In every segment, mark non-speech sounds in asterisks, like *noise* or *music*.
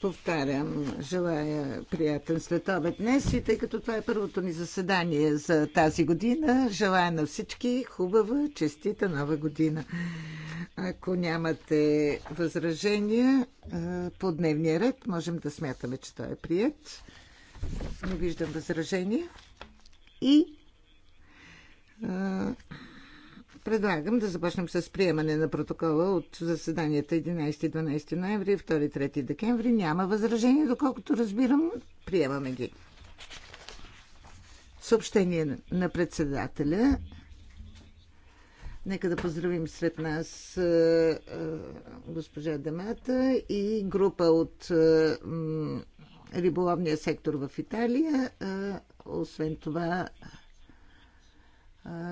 повтарям, желая приятен следобед днес и тъй като това е първото ни заседание за тази година, желая на всички хубава, честита нова година. Ако нямате възражения по дневния ред, можем да смятаме, че той е прият. Не виждам възражения. И Предлагам да започнем с приемане на протокола от заседанията 11-12 ноември и 2-3 декември. Няма възражение, доколкото разбирам, приемаме ги. Съобщение на председателя. Нека да поздравим сред нас е, е, госпожа Демата и група от е, риболовния сектор в Италия. Освен това,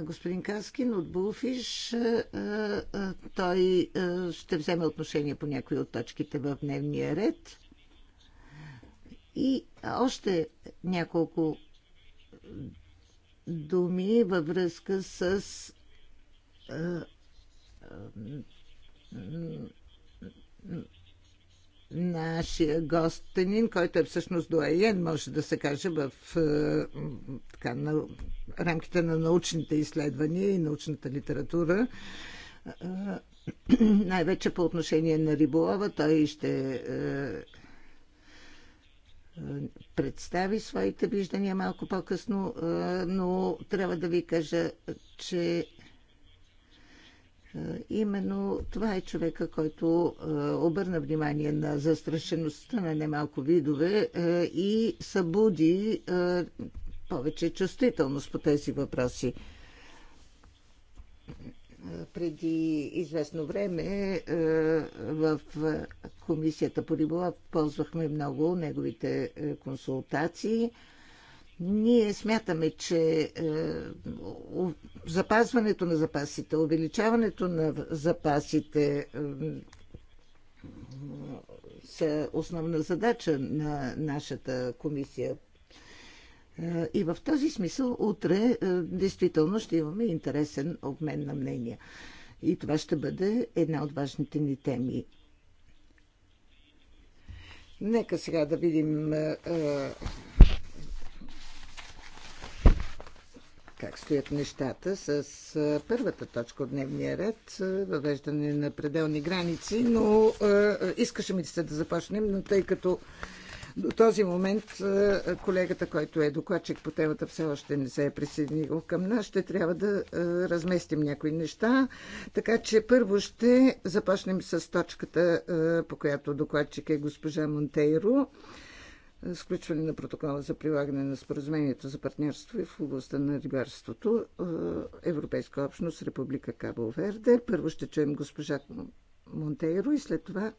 господин Каскин от Булфиш. Той ще вземе отношение по някои от точките в дневния ред. И още няколко думи във връзка с нашия гостенин, който е всъщност доаен, може да се каже, в е, така, на, рамките на научните изследвания и научната литература. Е, най-вече по отношение на риболова, той ще е, представи своите виждания малко по-късно, но трябва да ви кажа, че е, именно това е човека, който е, обърна внимание на застрашеността на немалко видове е, и събуди повече чувствителност по тези въпроси. Преди известно време в Комисията по риболов ползвахме много неговите консултации – ние смятаме, че е, запазването на запасите, увеличаването на запасите е, са основна задача на нашата комисия. Е, и в този смисъл утре действително ще имаме интересен обмен на мнения. И това ще бъде една от важните ни теми. Нека сега да видим как стоят нещата с първата точка от дневния ред, въвеждане на пределни граници, но искаше ми се да започнем, но тъй като до този момент колегата, който е докладчик по темата, все още не се е присъединил към нас. Ще трябва да разместим някои неща. Така че първо ще започнем с точката, по която докладчик е госпожа Монтейро сключване на протокола за прилагане на споразумението за партньорство и в областта на рибарството е, Европейска общност Република Кабо Верде. Първо ще чуем госпожа Монтейро и след това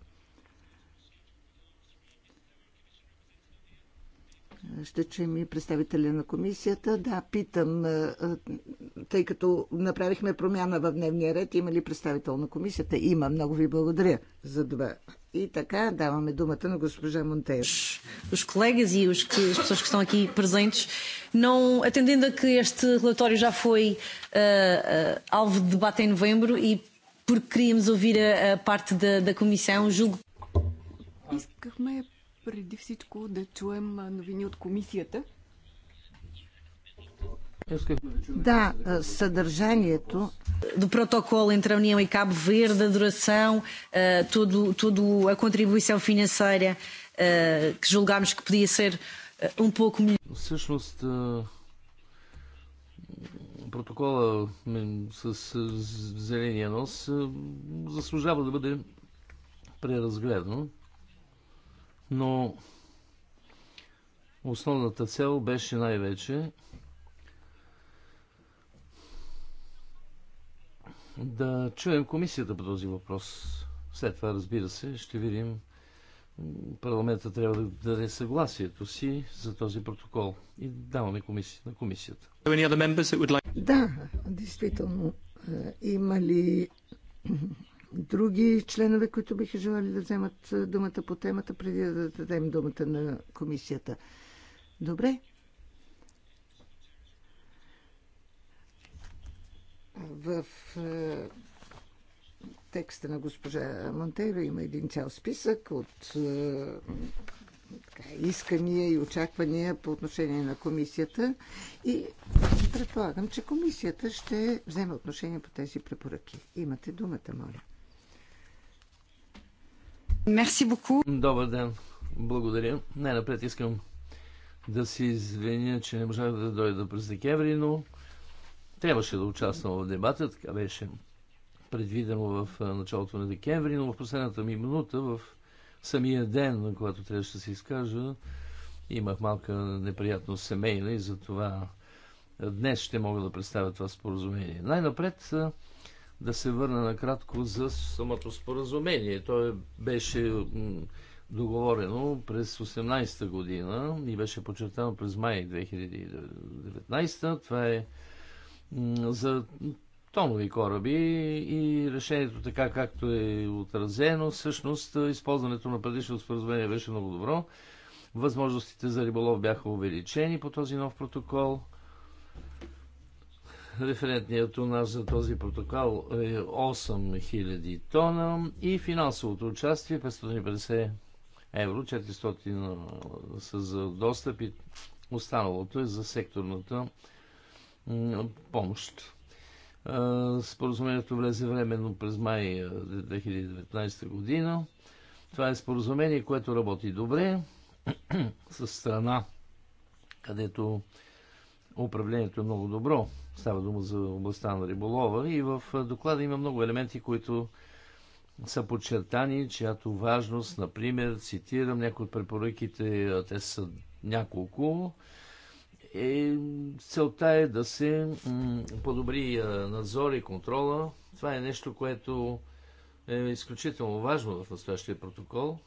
Ще чуем и представителя на комисията. Да, питам, тъй като направихме промяна в дневния ред, има ли представител на комисията? Има. Много ви благодаря за това. И така даваме думата на госпожа Монтея. Os colegas e os que, as pessoas que estão aqui presentes, não, atendendo a que este relatório já foi uh, uh, alvo de debate em novembro e porque queríamos ouvir a, a parte da, da comissão, julgo. Искахме преди всичко да чуем новини от комисията. Да, съдържанието. Do protocolo entre a União e Cabo Verde, a duração, uh, todo, todo a contribuição financeira uh, que julgámos que podia ser uh, um pouco melhor. Всъщност, протокола с, с зеления нос заслужава да бъде преразгледан но основната цел беше най-вече да чуем комисията по този въпрос. След това, разбира се, ще видим парламента трябва да даде съгласието си за този протокол и даваме комисия, на комисията. Да, действително. Е, има ли други членове, които биха желали да вземат думата по темата, преди да дадем думата на комисията? Добре. В е, текста на госпожа Монтейро има един цял списък от е, искания и очаквания по отношение на комисията и предполагам, че комисията ще вземе отношение по тези препоръки. Имате думата, моля. Мерси буку. Добър ден. Благодаря. Най-напред искам да се извиня, че не можах да дойда през декември, но трябваше да участвам в дебата, така беше предвидено в началото на декември, но в последната ми минута, в самия ден, на когато трябваше да се изкажа, имах малка неприятност семейна и затова днес ще мога да представя това споразумение. Най-напред да се върна накратко за самото споразумение. То е, беше договорено през 18-та година и беше подчертано през май 2019. Това е за тонови кораби и решението така както е отразено, всъщност използването на предишното споразумение беше много добро. Възможностите за риболов бяха увеличени по този нов протокол – Референтният у нас за този протокол е 8000 тона и финансовото участие 550 е евро, 400 са за достъп и останалото е за секторната помощ. Споразумението влезе временно през май 2019 година. Това е споразумение, което работи добре *clears throat* с страна, където управлението е много добро. Става дума за областта на риболова и в доклада има много елементи, които са подчертани, чиято важност, например, цитирам някои от препоръките, те са няколко, е, целта е да се подобри надзор и контрола. Това е нещо, което е изключително важно в настоящия протокол.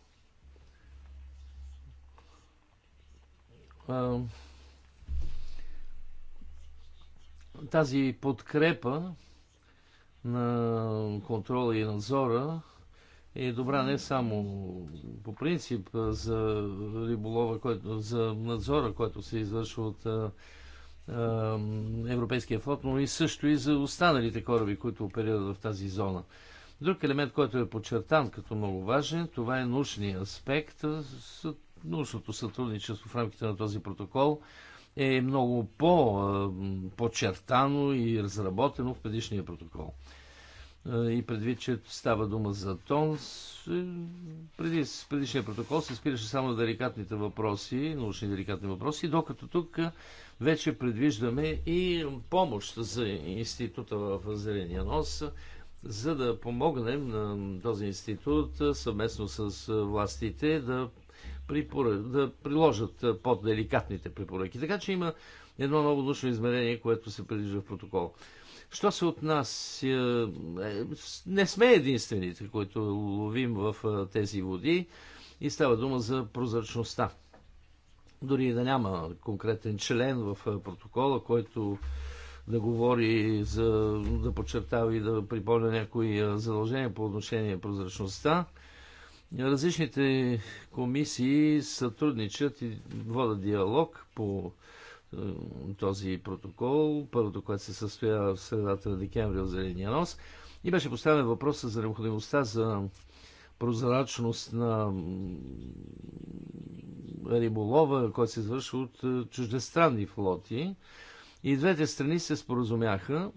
Тази подкрепа на контрола и надзора е добра не само по принцип за риболова, който, за надзора, който се извършва от а, а, Европейския флот, но и също и за останалите кораби, които оперират в тази зона. Друг елемент, който е подчертан като много важен, това е научния аспект, научното сътрудничество в рамките на този протокол – е много по-подчертано и разработено в предишния протокол. И предвид, че става дума за тон, е, преди, предишния протокол се спираше само на деликатните въпроси, научни деликатни въпроси, докато тук вече предвиждаме и помощ за института в Зеления нос, за да помогнем на този институт съвместно с властите да припоръ... да приложат по-деликатните препоръки. Така че има едно много душно измерение, което се предвижда в протокол. Що се от нас? Е, не сме единствените, които ловим в тези води и става дума за прозрачността. Дори да няма конкретен член в протокола, който да говори, за, да подчертава и да припомня някои задължения по отношение на прозрачността, Различните комисии сътрудничат и водят диалог по е, този протокол, първото, което се състоя в средата на декември в Зеления нос. И беше поставен въпроса за необходимостта за прозрачност на риболова, който се извършва от е, чуждестранни флоти. И двете страни се споразумяха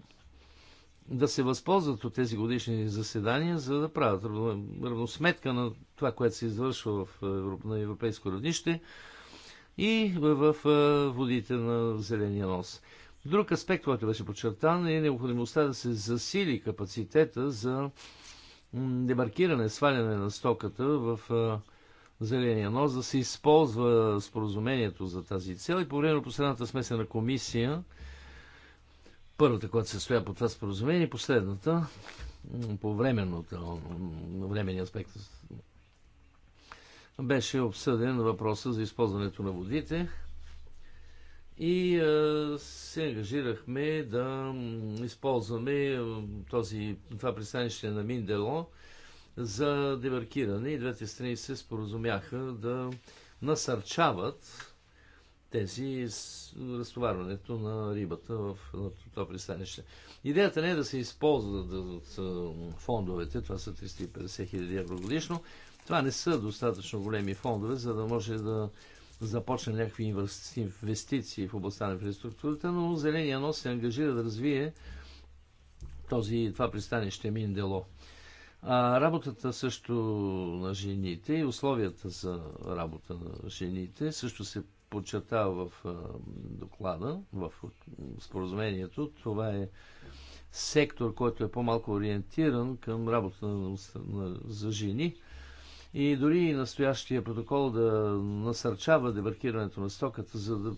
да се възползват от тези годишни заседания, за да правят равносметка на това, което се извършва в, е, на европейско роднище и в е, водите на Зеления нос. Друг аспект, който беше подчертан, е необходимостта да се засили капацитета за демаркиране, сваляне на стоката в е, Зеления нос, да се използва споразумението за тази цел и по време на последната смесена комисия Първата, която се стоя по това споразумение, последната, по временното, временния аспект, беше обсъден въпроса за използването на водите и а, се ангажирахме да използваме този, това пристанище на Миндело за дебаркиране и двете страни се споразумяха да насърчават тези разтоварването на рибата в, на това пристанище. Идеята не е да се използват от фондовете, това са 350 хиляди евро годишно. Това не са достатъчно големи фондове, за да може да започне някакви инвестиции в областта на инфраструктурата, но Зеления нос се ангажира да развие този, това пристанище Миндело. А, работата също на жените и условията за работа на жените също се подчертава в доклада, в споразумението, това е сектор, който е по-малко ориентиран към работа на, на, за жени. И дори настоящия протокол да насърчава дебаркирането на стоката, за да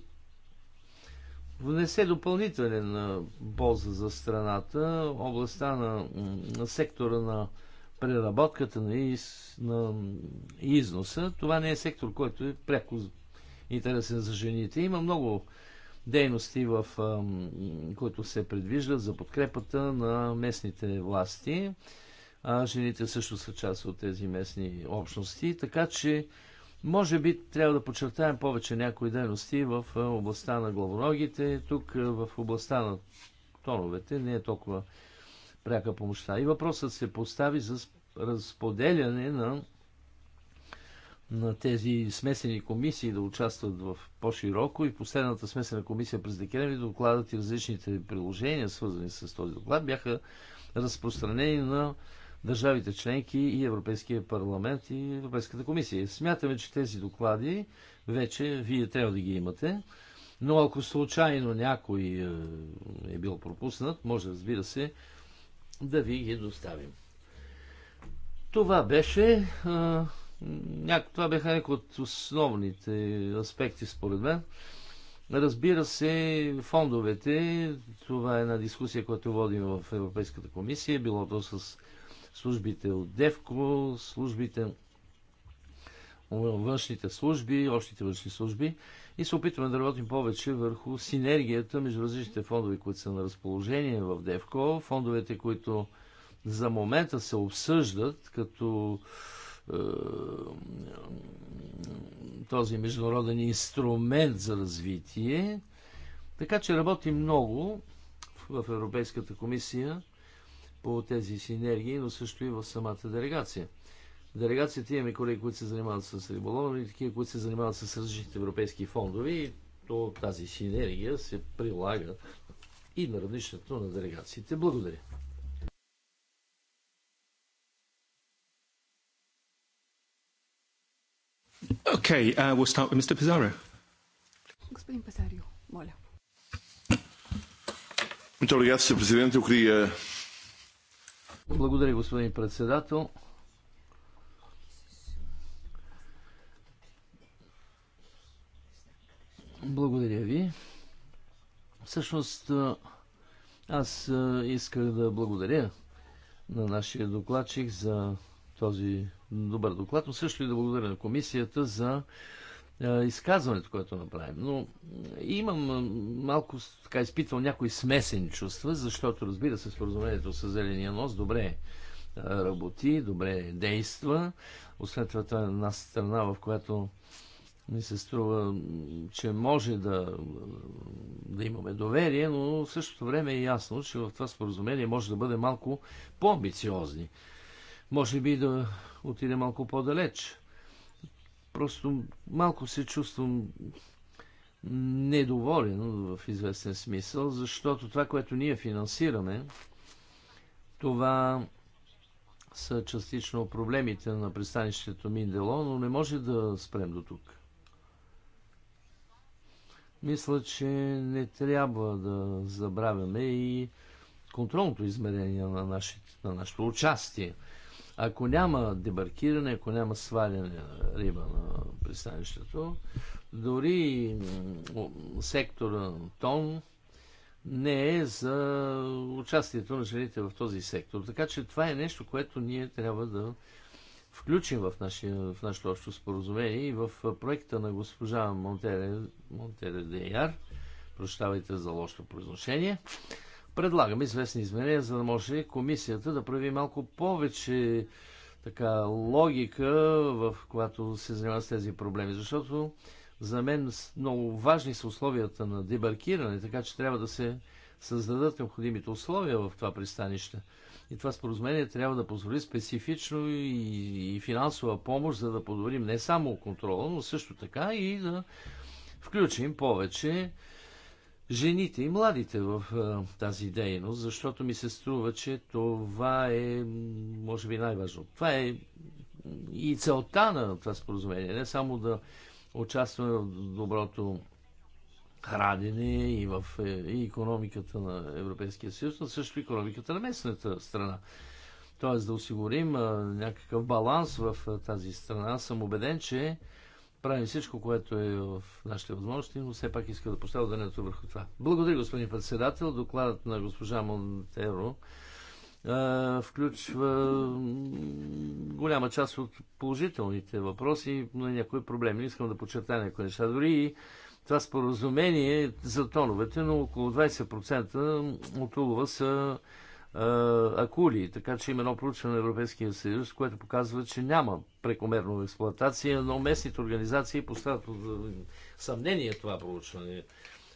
внесе допълнителен полза за страната, областта на, на сектора на преработката на, из, на износа. Това не е сектор, който е пряко интересен за жените. Има много дейности, в, които се предвиждат за подкрепата на местните власти. жените също са част от тези местни общности, така че може би трябва да подчертаем повече някои дейности в областта на главоногите, тук в областта на тоновете не е толкова пряка помощта. И въпросът се постави за разподеляне на на тези смесени комисии да участват в по-широко и последната смесена комисия през декември докладът и различните приложения, свързани с този доклад, бяха разпространени на държавите членки и Европейския парламент и Европейската комисия. Смятаме, че тези доклади вече вие трябва да ги имате, но ако случайно някой е, е бил пропуснат, може разбира се да ви ги доставим. Това беше Няк... Това бяха някои от основните аспекти, според мен. Разбира се, фондовете, това е една дискусия, която водим в Европейската комисия, било то с службите от ДЕВКО, службите външните служби, общите външни служби и се опитваме да работим повече върху синергията между различните фондове, които са на разположение в ДЕВКО, фондовете, които за момента се обсъждат като е, този международен инструмент за развитие. Така че работи много в Европейската комисия по тези синергии, но също и в самата делегация. В делегацията имаме колеги, които се занимават с риболов и такива, които се занимават с различните европейски фондове и то тази синергия се прилага и на равнището на делегациите. Благодаря. Okay, uh, we'll start with Mr. Pizarro. Господин Пазарио, моля. Благодаря, господин председател. Благодаря ви. Всъщност, аз исках да благодаря на нашия докладчик за този добър доклад, но също и да благодаря на комисията за е, изказването, което направим. Но е, имам е, малко, така изпитвам някои смесени чувства, защото разбира се, споразумението с Зеления нос добре работи, добре действа. Освен това, това е една страна, в която ми се струва, че може да, да имаме доверие, но в същото време е ясно, че в това споразумение може да бъде малко по-амбициозни. Може би да отиде малко по-далеч. Просто малко се чувствам недоволен в известен смисъл, защото това, което ние финансираме, това са частично проблемите на пристанището Миндело, но не може да спрем до тук. Мисля, че не трябва да забравяме и контролното измерение на, нашите, на нашето участие – ако няма дебаркиране, ако няма сваляне на риба на пристанището, дори сектора тон не е за участието на жените в този сектор. Така че това е нещо, което ние трябва да включим в, наши, в нашето общо споразумение и в проекта на госпожа Монтере, Монтере Деяр, прощавайте за лошо произношение, предлагаме известни изменения, за да може комисията да прави малко повече така логика, в която се занимава с тези проблеми. Защото за мен много важни са условията на дебаркиране, така че трябва да се създадат необходимите условия в това пристанище. И това споразумение трябва да позволи специфично и, и финансова помощ, за да подобрим не само контрола, но също така и да включим повече жените и младите в тази дейност, защото ми се струва, че това е, може би, най-важно. Това е и целта на това споразумение. Не само да участваме в доброто хранене и в е, и економиката на Европейския съюз, но също и економиката на местната страна. Тоест да осигурим някакъв баланс в тази страна. Аз съм убеден, че правим всичко, което е в нашите възможности, но все пак иска да поставя ударението върху това. Благодаря, господин председател. Докладът на госпожа Монтеро включва голяма част от положителните въпроси на някои проблеми. Искам да подчертая някои неща. Дори и това споразумение за тоновете, но около 20% от улова са акули. Така че има едно проучване на Европейския съюз, което показва, че няма прекомерно експлоатация, но местните организации поставят под съмнение това проучване.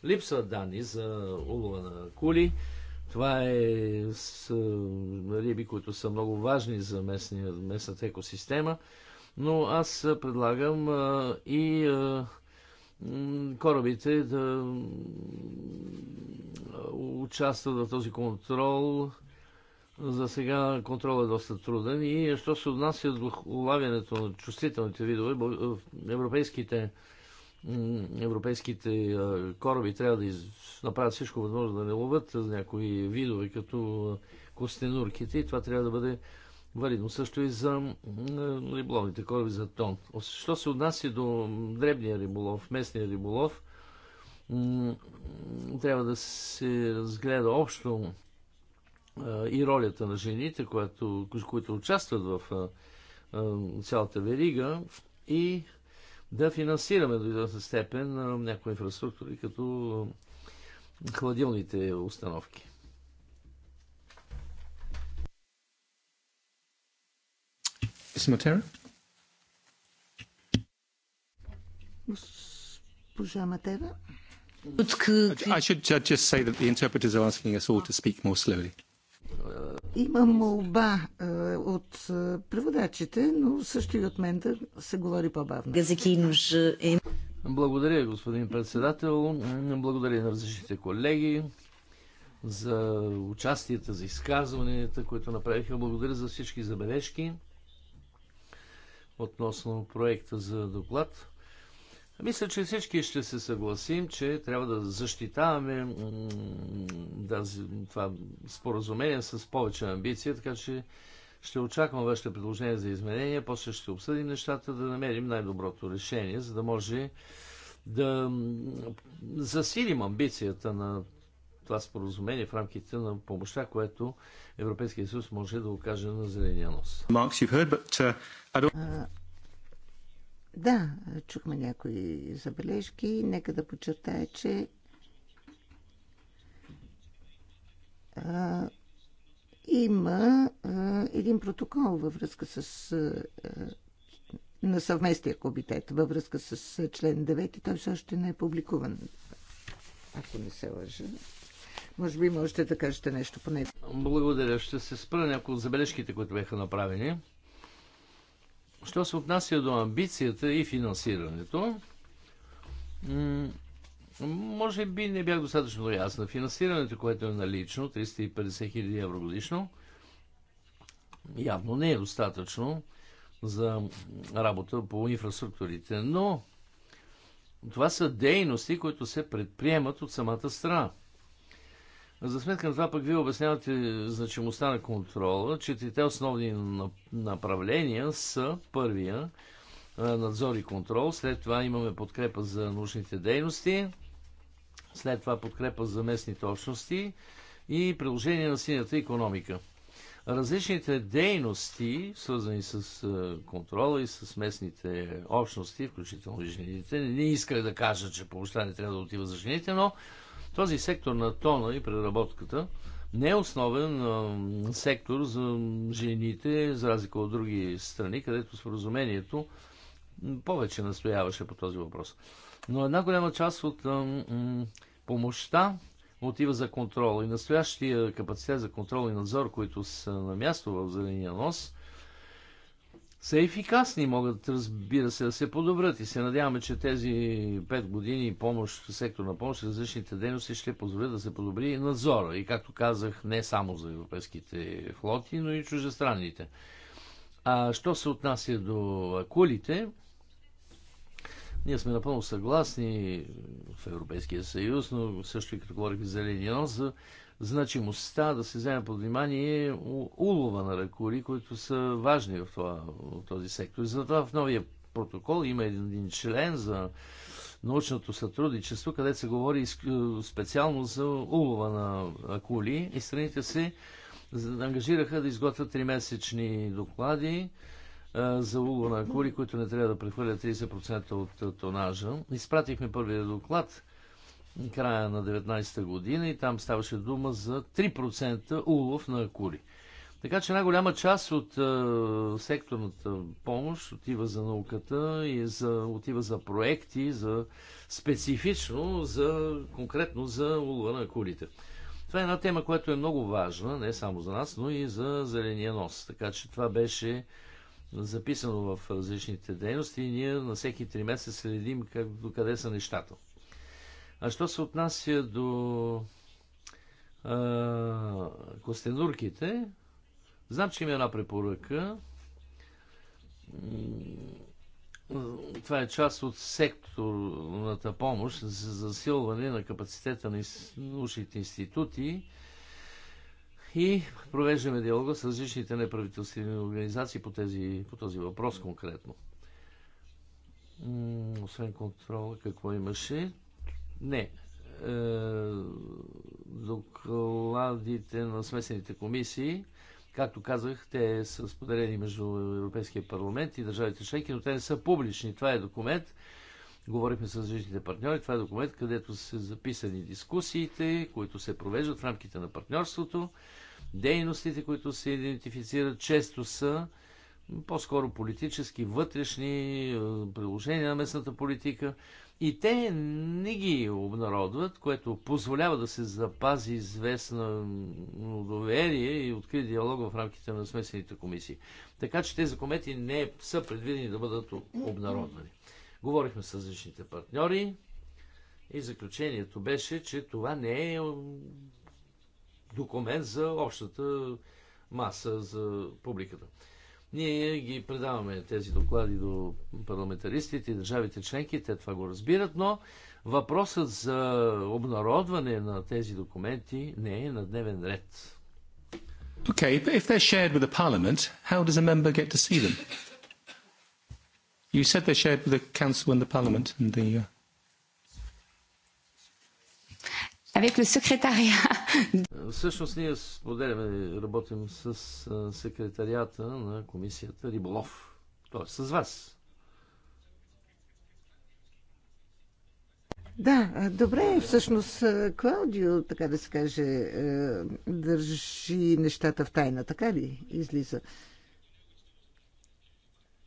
Липсват данни за улова на акули. Това е с риби, които са много важни за местния, местната екосистема. Но аз предлагам а, и а, корабите да участват в този контрол. За сега контролът е доста труден и що се отнася до улавянето на чувствителните видове, европейските, европейските кораби трябва да направят всичко възможно да не ловят някои видове, като костенурките и това трябва да бъде валидно също и за риболовните кораби за тон. Що се отнася до дребния риболов, местния риболов, трябва да се разгледа общо и ролята на жените, която, които участват в цялата верига и да финансираме до известна степен някои инфраструктури, като хладилните установки. Матера? Госпожа Матера? I should just say that the interpreters are asking us all to speak more slowly. Имам молба е, от е, преводачите, но също и от мен да се говори по-бавно. Е. Благодаря, господин председател. Благодаря на различните колеги за участията, за изказванията, които направиха. Благодаря за всички забележки относно проекта за доклад. Мисля, че всички ще се съгласим, че трябва да защитаваме да, това споразумение с повече амбиция, така че ще очаквам вашето предложение за изменения, после ще обсъдим нещата, да намерим най-доброто решение, за да може да засилим амбицията на това споразумение в рамките на помощта, което Европейския съюз може да окаже на зеления нос. Uh, да, чухме някои забележки. Нека да подчертая, че а, има а, един протокол във връзка с а, на съвместия комитет във връзка с член 9. Той все още не е публикуван, ако не се лъжа. Може би можете да кажете нещо по него. Благодаря. Ще се спра някои от забележките, които бяха направени. Що се отнася до амбицията и финансирането, може би не бях достатъчно ясна. Финансирането, което е налично, 350 хиляди евро годишно, явно не е достатъчно за работа по инфраструктурите, но това са дейности, които се предприемат от самата страна. За сметка на това пък вие обяснявате значимостта на контрола. Четирите основни направления са първия е, надзор и контрол, след това имаме подкрепа за научните дейности, след това подкрепа за местните общности и приложение на синята економика. Различните дейности, свързани с е, контрола и с местните общности, включително и жените, не иска да кажа, че помощта не трябва да отива за жените, но този сектор на тона и преработката не е основен а, сектор за жените, за разлика от други страни, където споразумението повече настояваше по този въпрос. Но една голяма част от а, помощта отива за контрол. И настоящия капацитет за контрол и надзор, които са на място в Зеления нос, са ефикасни, могат, разбира се, да се подобрят и се надяваме, че тези 5 години помощ, сектор на помощ, различните дейности ще позволят да се подобри надзора. И както казах, не само за европейските флоти, но и чужестранните. А що се отнася до кулите, ние сме напълно съгласни в Европейския съюз, но също и като говорихме за зеления за значимостта да се вземе под внимание е улова на ракури, които са важни в, това, в този сектор. Затова в новия протокол има един член за научното сътрудничество, където се говори специално за улова на акули и страните се ангажираха да изготвят тримесечни месечни доклади е, за улова на акули, които не трябва да прехвърлят 30% от тонажа. Изпратихме първия доклад края на 19-та година и там ставаше дума за 3% улов на акули. Така че една голяма част от а, е, секторната помощ отива за науката и за, отива за проекти, за специфично, за, конкретно за улова на кулите. Това е една тема, която е много важна, не само за нас, но и за зеления нос. Така че това беше записано в различните дейности и ние на всеки 3 месеца следим как, до къде са нещата. А що се отнася до а, костенурките, знам, че има една препоръка. Това е част от секторната помощ за засилване на капацитета на научните институти и провеждаме диалога с различните неправителствени организации по, тези, по този въпрос конкретно. Освен контрола, какво имаше? Не. Е, докладите на смесените комисии, както казах, те са споделени между Европейския парламент и държавите членки, но те не са публични. Това е документ, Говорихме с различните партньори. Това е документ, където са записани дискусиите, които се провеждат в рамките на партньорството. Дейностите, които се идентифицират, често са по-скоро политически, вътрешни, е, приложения на местната политика. И те не ги обнародват, което позволява да се запази известно доверие и открит диалог в рамките на смесените комисии. Така че тези комети не са предвидени да бъдат обнародвани. Говорихме с различните партньори и заключението беше, че това не е документ за общата маса за публиката. Ние ги предаваме тези доклади до парламентаристите и държавите членки, те това го разбират, но въпросът за обнародване на тези документи не е на дневен ред. Okay, but if they're shared with the parliament, how does a member get to see them? You said they're shared with the council and the parliament and the... Uh... Avec le secrétariat. Всъщност ние споделяме, работим с секретарията на комисията Риболов. Тоест с вас. Да, добре, всъщност Клаудио, така да се каже, държи нещата в тайна, така ли излиза?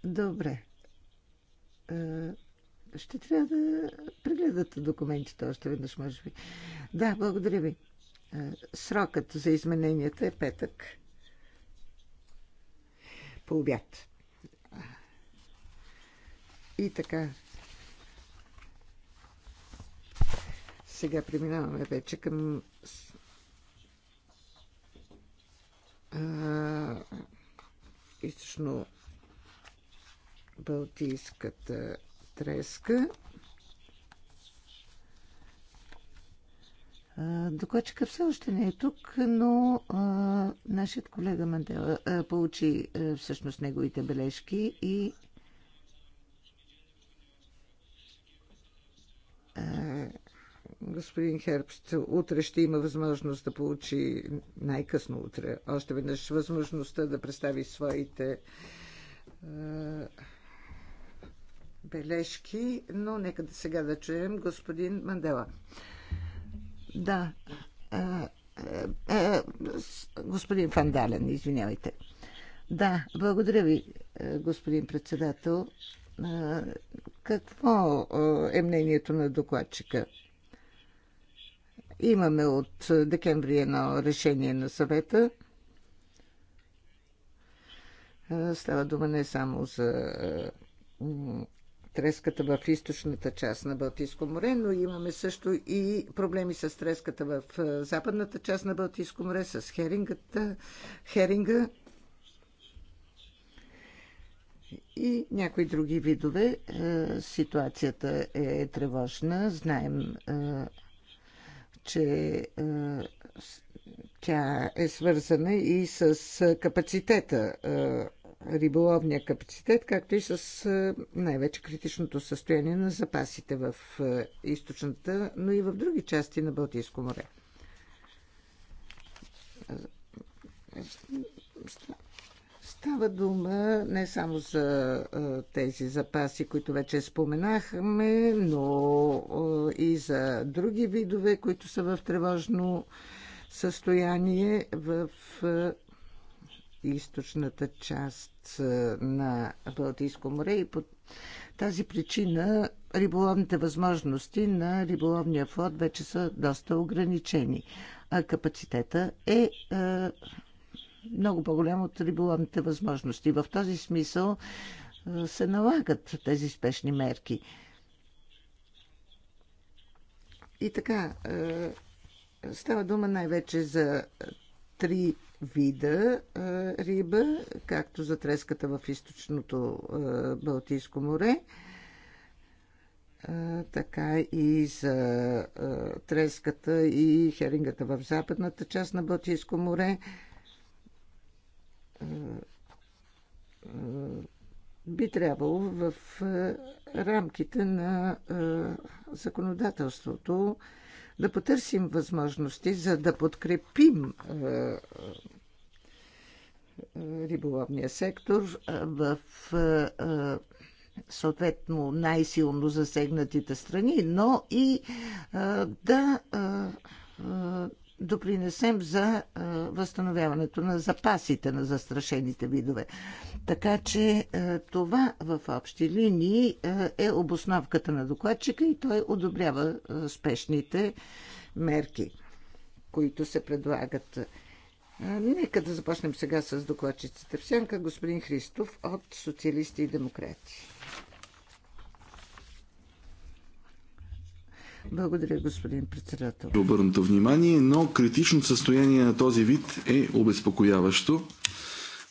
Добре. Ще трябва да прегледате документите още веднъж, може би. Да, благодаря ви. Срокът за измененията е петък. По обяд. И така. Сега преминаваме вече към източно Балтийската Треска. Докладчика все още не е тук, но а, нашият колега Мандела а, получи а, всъщност неговите бележки и а, господин Хербст утре ще има възможност да получи най-късно утре още веднъж възможността да представи своите а, бележки, но нека да сега да чуем господин Мандела. Да. господин Фандален, извинявайте. Да, благодаря ви, господин председател. Какво е мнението на докладчика? Имаме от декември едно решение на съвета. Става дума не само за треската в източната част на Балтийско море, но имаме също и проблеми с треската в западната част на Балтийско море, с херингата, херинга и някои други видове. Ситуацията е тревожна. Знаем, че тя е свързана и с капацитета риболовния капацитет, както и с най-вече критичното състояние на запасите в източната, но и в други части на Балтийско море. Става дума не само за тези запаси, които вече споменахме, но и за други видове, които са в тревожно състояние в източната част на Балтийско море и по тази причина риболовните възможности на риболовния флот вече са доста ограничени. А капацитета е, е много по-голям от риболовните възможности. В този смисъл е, се налагат тези спешни мерки. И така, е, става дума най-вече за три вида а, риба, както за треската в източното а, Балтийско море, а, така и за а, треската и херингата в западната част на Балтийско море. би трябвало в рамките на законодателството да потърсим възможности, за да подкрепим е, е, риболовния сектор е, в съответно най-силно засегнатите страни, но и да допринесем за възстановяването на запасите на застрашените видове. Така че това в общи линии е обосновката на докладчика и той одобрява спешните мерки, които се предлагат. Нека да започнем сега с докладчицата в сянка, господин Христов от Социалисти и Демократи. Благодаря, господин председател. Обърнато внимание, но критичното състояние на този вид е обезпокояващо.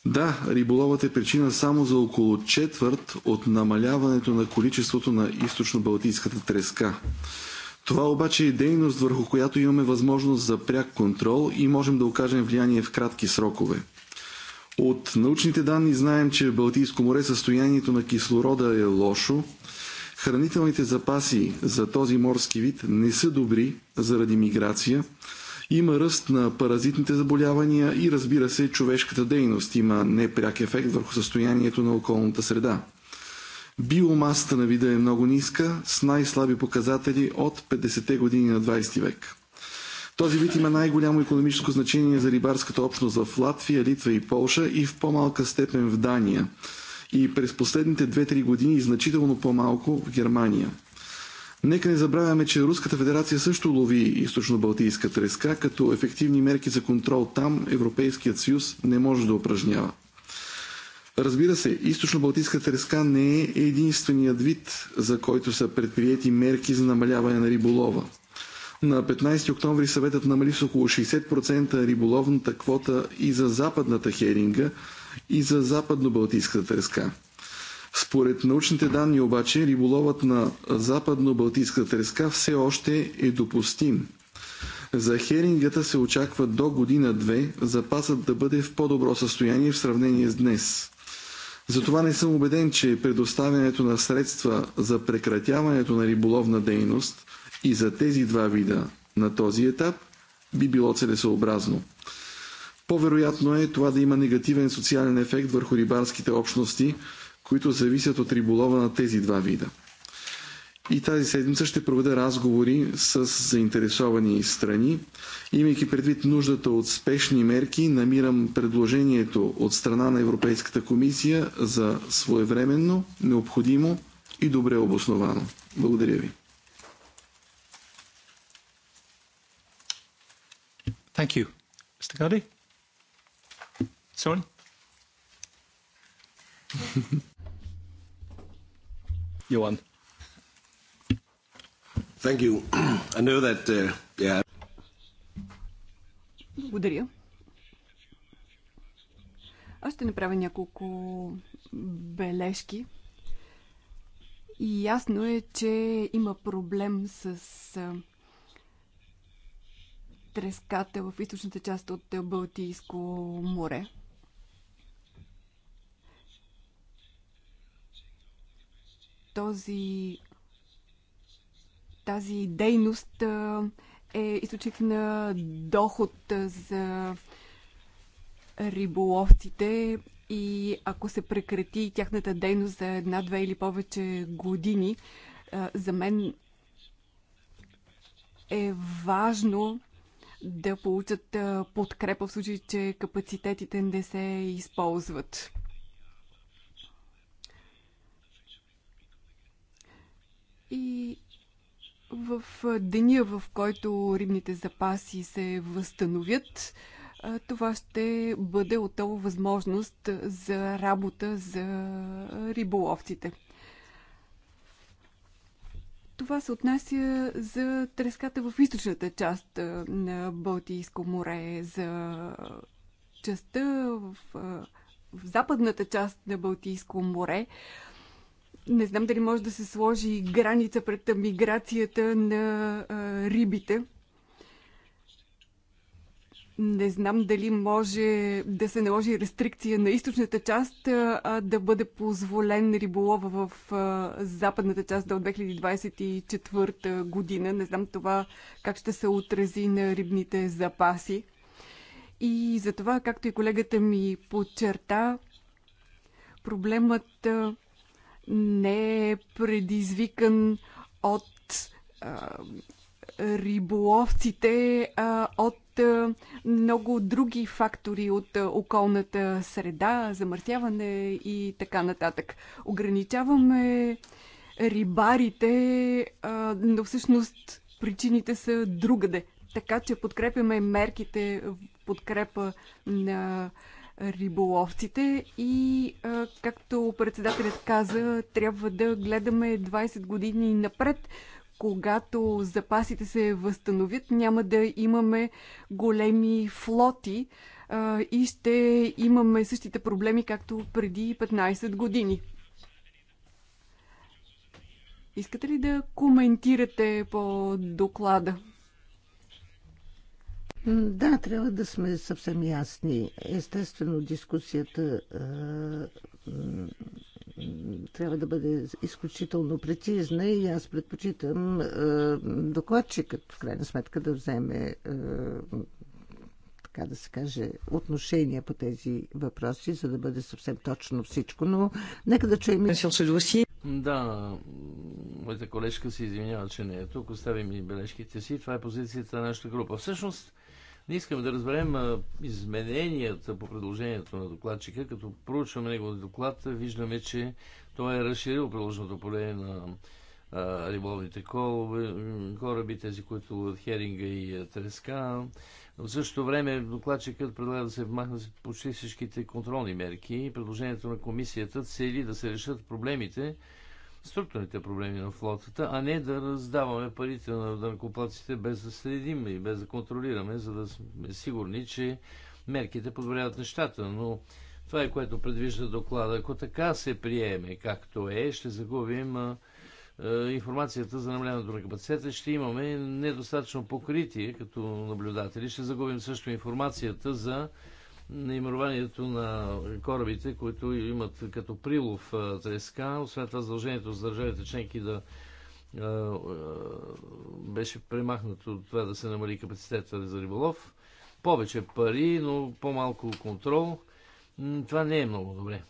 Да, риболовът е причина само за около четвърт от намаляването на количеството на източно-балтийската треска. Това обаче е дейност, върху която имаме възможност за пряк контрол и можем да окажем влияние в кратки срокове. От научните данни знаем, че в Балтийско море състоянието на кислорода е лошо, Хранителните запаси за този морски вид не са добри заради миграция. Има ръст на паразитните заболявания и разбира се, човешката дейност има непряк ефект върху състоянието на околната среда. Биомасата на вида е много ниска, с най-слаби показатели от 50-те години на 20 век. Този вид има най-голямо економическо значение за рибарската общност в Латвия, Литва и Полша и в по-малка степен в Дания – и през последните 2-3 години значително по-малко в Германия. Нека не забравяме, че Руската федерация също лови източно-балтийска треска, като ефективни мерки за контрол там Европейският съюз не може да упражнява. Разбира се, източно-балтийска треска не е единственият вид, за който са предприяти мерки за намаляване на риболова. На 15 октомври съветът намали с около 60% риболовната квота и за западната херинга, и за западно-балтийската треска. Според научните данни обаче, риболовът на западно-балтийската треска все още е допустим. За херингата се очаква до година-две запасът да бъде в по-добро състояние в сравнение с днес. Затова не съм убеден, че предоставянето на средства за прекратяването на риболовна дейност и за тези два вида на този етап би било целесообразно. По-вероятно е това да има негативен социален ефект върху рибарските общности, които зависят от риболова на тези два вида. И тази седмица ще проведа разговори с заинтересовани страни. Имайки предвид нуждата от спешни мерки, намирам предложението от страна на Европейската комисия за своевременно, необходимо и добре обосновано. Благодаря ви. Thank you. Mr. Gardy? Sorry? *laughs* Johan. Thank you. I know that, uh, yeah. Благодаря. Аз ще направя няколко бележки. И ясно е, че има проблем с треската в източната част от Балтийско море. този, тази дейност е източник на доход за риболовците и ако се прекрати тяхната дейност за една, две или повече години, за мен е важно да получат подкрепа в случай, че капацитетите не се използват. И в деня, в който рибните запаси се възстановят, това ще бъде отново възможност за работа за риболовците. Това се отнася за треската в източната част на Балтийско море, за частта в, в западната част на Балтийско море. Не знам дали може да се сложи граница пред миграцията на а, рибите. Не знам дали може да се наложи рестрикция на източната част, а да бъде позволен риболова в а, западната част до 2024 година. Не знам това как ще се отрази на рибните запаси. И за това, както и колегата ми подчерта, проблемът не е предизвикан от а, риболовците, а от а, много други фактори от а, околната среда, замъртяване и така нататък. Ограничаваме рибарите, а, но всъщност причините са другаде. Така че подкрепяме мерките в подкрепа на риболовците и, както председателят каза, трябва да гледаме 20 години напред. Когато запасите се възстановят, няма да имаме големи флоти и ще имаме същите проблеми, както преди 15 години. Искате ли да коментирате по доклада? Да, трябва да сме съвсем ясни. Естествено, дискусията е, трябва да бъде изключително прецизна и аз предпочитам е, докладчикът, в крайна сметка, да вземе е, така да се каже, отношение по тези въпроси, за да бъде съвсем точно всичко, но нека да чуем... Да, моята колежка се извинява, че не е тук. Оставим и бележките си. Това е позицията на нашата група. Всъщност, не искаме да разберем измененията по предложението на докладчика. Като проучваме неговия доклад, виждаме, че той е разширил приложното поле на риболните риболовните кораби, тези, които ловят херинга и треска. В същото време докладчикът предлага да се вмахнат почти всичките контролни мерки. Предложението на комисията цели да се решат проблемите, структурните проблеми на флотата, а не да раздаваме парите на дъркоплаците без да следим и без да контролираме, за да сме сигурни, че мерките подобряват нещата. Но това е което предвижда доклада. Ако така се приеме, както е, ще загубим а, а, информацията за намаляването на капацитета, ще имаме недостатъчно покритие като наблюдатели, ще загубим също информацията за наименованието на корабите, които имат като прилов треска. Освен това, задължението за държавите членки да беше премахнато това да се намали капацитета за риболов. Повече пари, но по-малко контрол. Това не е много добре.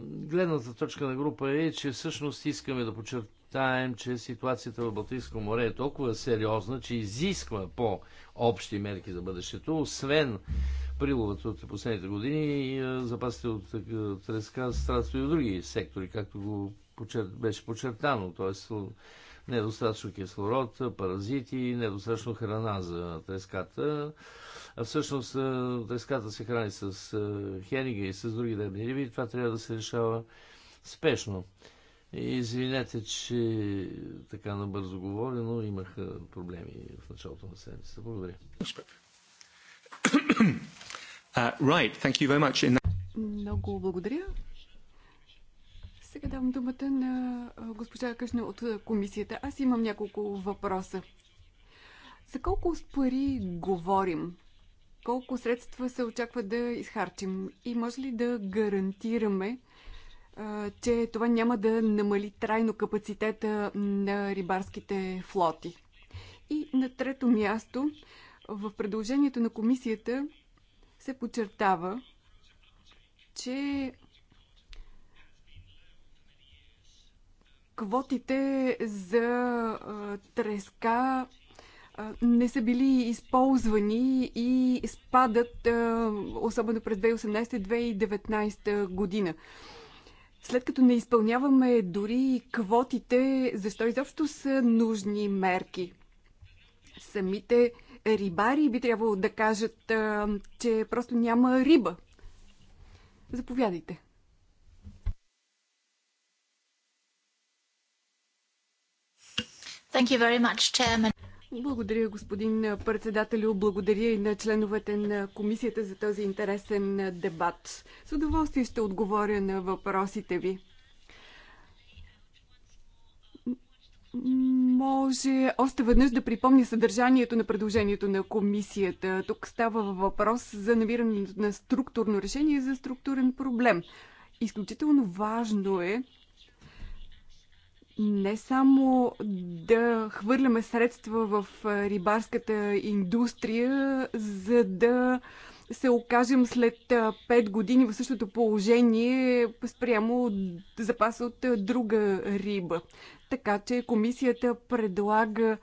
Гледната точка на група е, че всъщност искаме да, почерп подчертаем, че ситуацията в Балтийско море е толкова сериозна, че изисква по-общи мерки за бъдещето, освен приловът от последните години и запасите от треска страдат и от други сектори, както го беше подчертано, т.е. недостатъчно кислород, паразити, недостатъчно храна за треската. А всъщност треската се храни с хениги и с други дребни риби. Това трябва да се решава спешно. Е, извинете, че така набързо говоря, но имах проблеми в началото на седмицата. Благодаря. *coughs* Uh, right. Thank you very much. In... Много благодаря. Сега давам думата на госпожа Къшна от комисията. Аз имам няколко въпроса. За колко пари говорим? Колко средства се очаква да изхарчим? И може ли да гарантираме, че това няма да намали трайно капацитета на рибарските флоти. И на трето място, в предложението на комисията се подчертава, че квотите за треска не са били използвани и спадат, особено през 2018-2019 година. След като не изпълняваме дори квотите, защо изобщо са нужни мерки? Самите рибари би трябвало да кажат, че просто няма риба. Заповядайте. Thank you very much, Chairman. Благодаря, господин председателю. Благодаря и на членовете на комисията за този интересен дебат. С удоволствие ще отговоря на въпросите ви. Може още веднъж да припомня съдържанието на предложението на комисията. Тук става въпрос за намирането на структурно решение за структурен проблем. Изключително важно е не само да хвърляме средства в рибарската индустрия, за да се окажем след 5 години в същото положение спрямо запаса от друга риба. Така че комисията предлага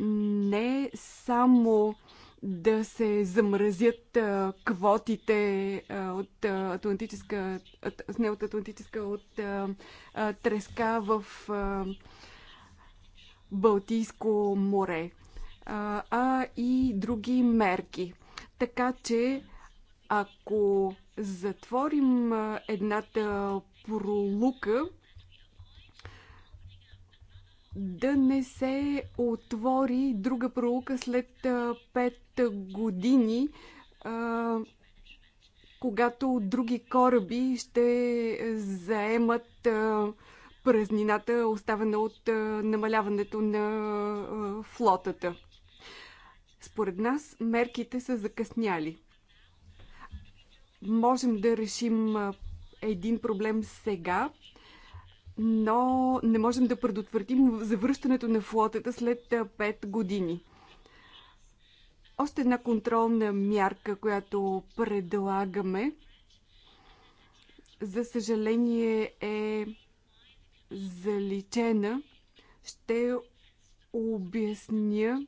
не само да се замразят а, квотите а, от а, Атлантическа, а, не от Атлантическа, от а, а, треска в а, Балтийско море, а, а и други мерки. Така че, ако затворим едната пролука, да не се отвори друга проука след пет години, когато други кораби ще заемат празнината, оставена от намаляването на флотата. Според нас мерките са закъсняли. Можем да решим един проблем сега, но не можем да предотвратим завръщането на флотата след 5 години. Още една контролна мярка, която предлагаме, за съжаление е заличена. Ще обясня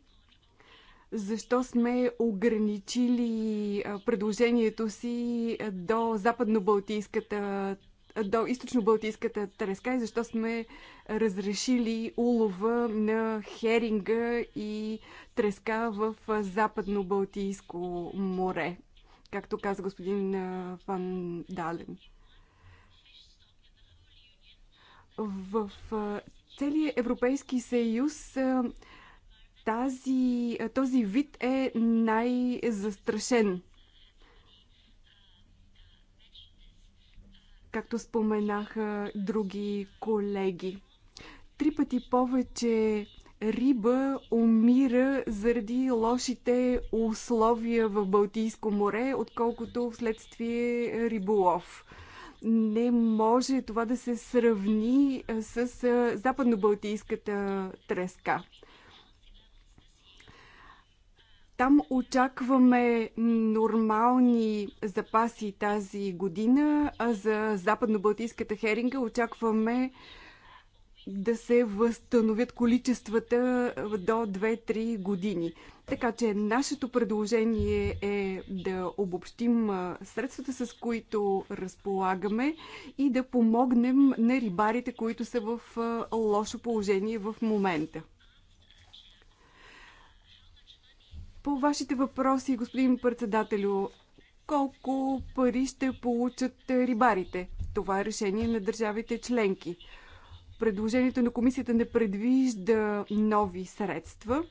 защо сме ограничили предложението си до Западно-Балтийската до източно-балтийската треска и защо сме разрешили улова на херинга и треска в западно-балтийско море, както каза господин Фан Дален. В целия Европейски съюз тази, този вид е най-застрашен както споменаха други колеги. Три пъти повече риба умира заради лошите условия в Балтийско море, отколкото вследствие риболов. Не може това да се сравни с западно-балтийската треска. Там очакваме нормални запаси тази година, а за западно-балтийската херинга очакваме да се възстановят количествата до 2-3 години. Така че нашето предложение е да обобщим средствата, с които разполагаме и да помогнем на рибарите, които са в лошо положение в момента. По вашите въпроси, господин председателю, колко пари ще получат рибарите? Това е решение на държавите членки. Предложението на комисията не предвижда нови средства.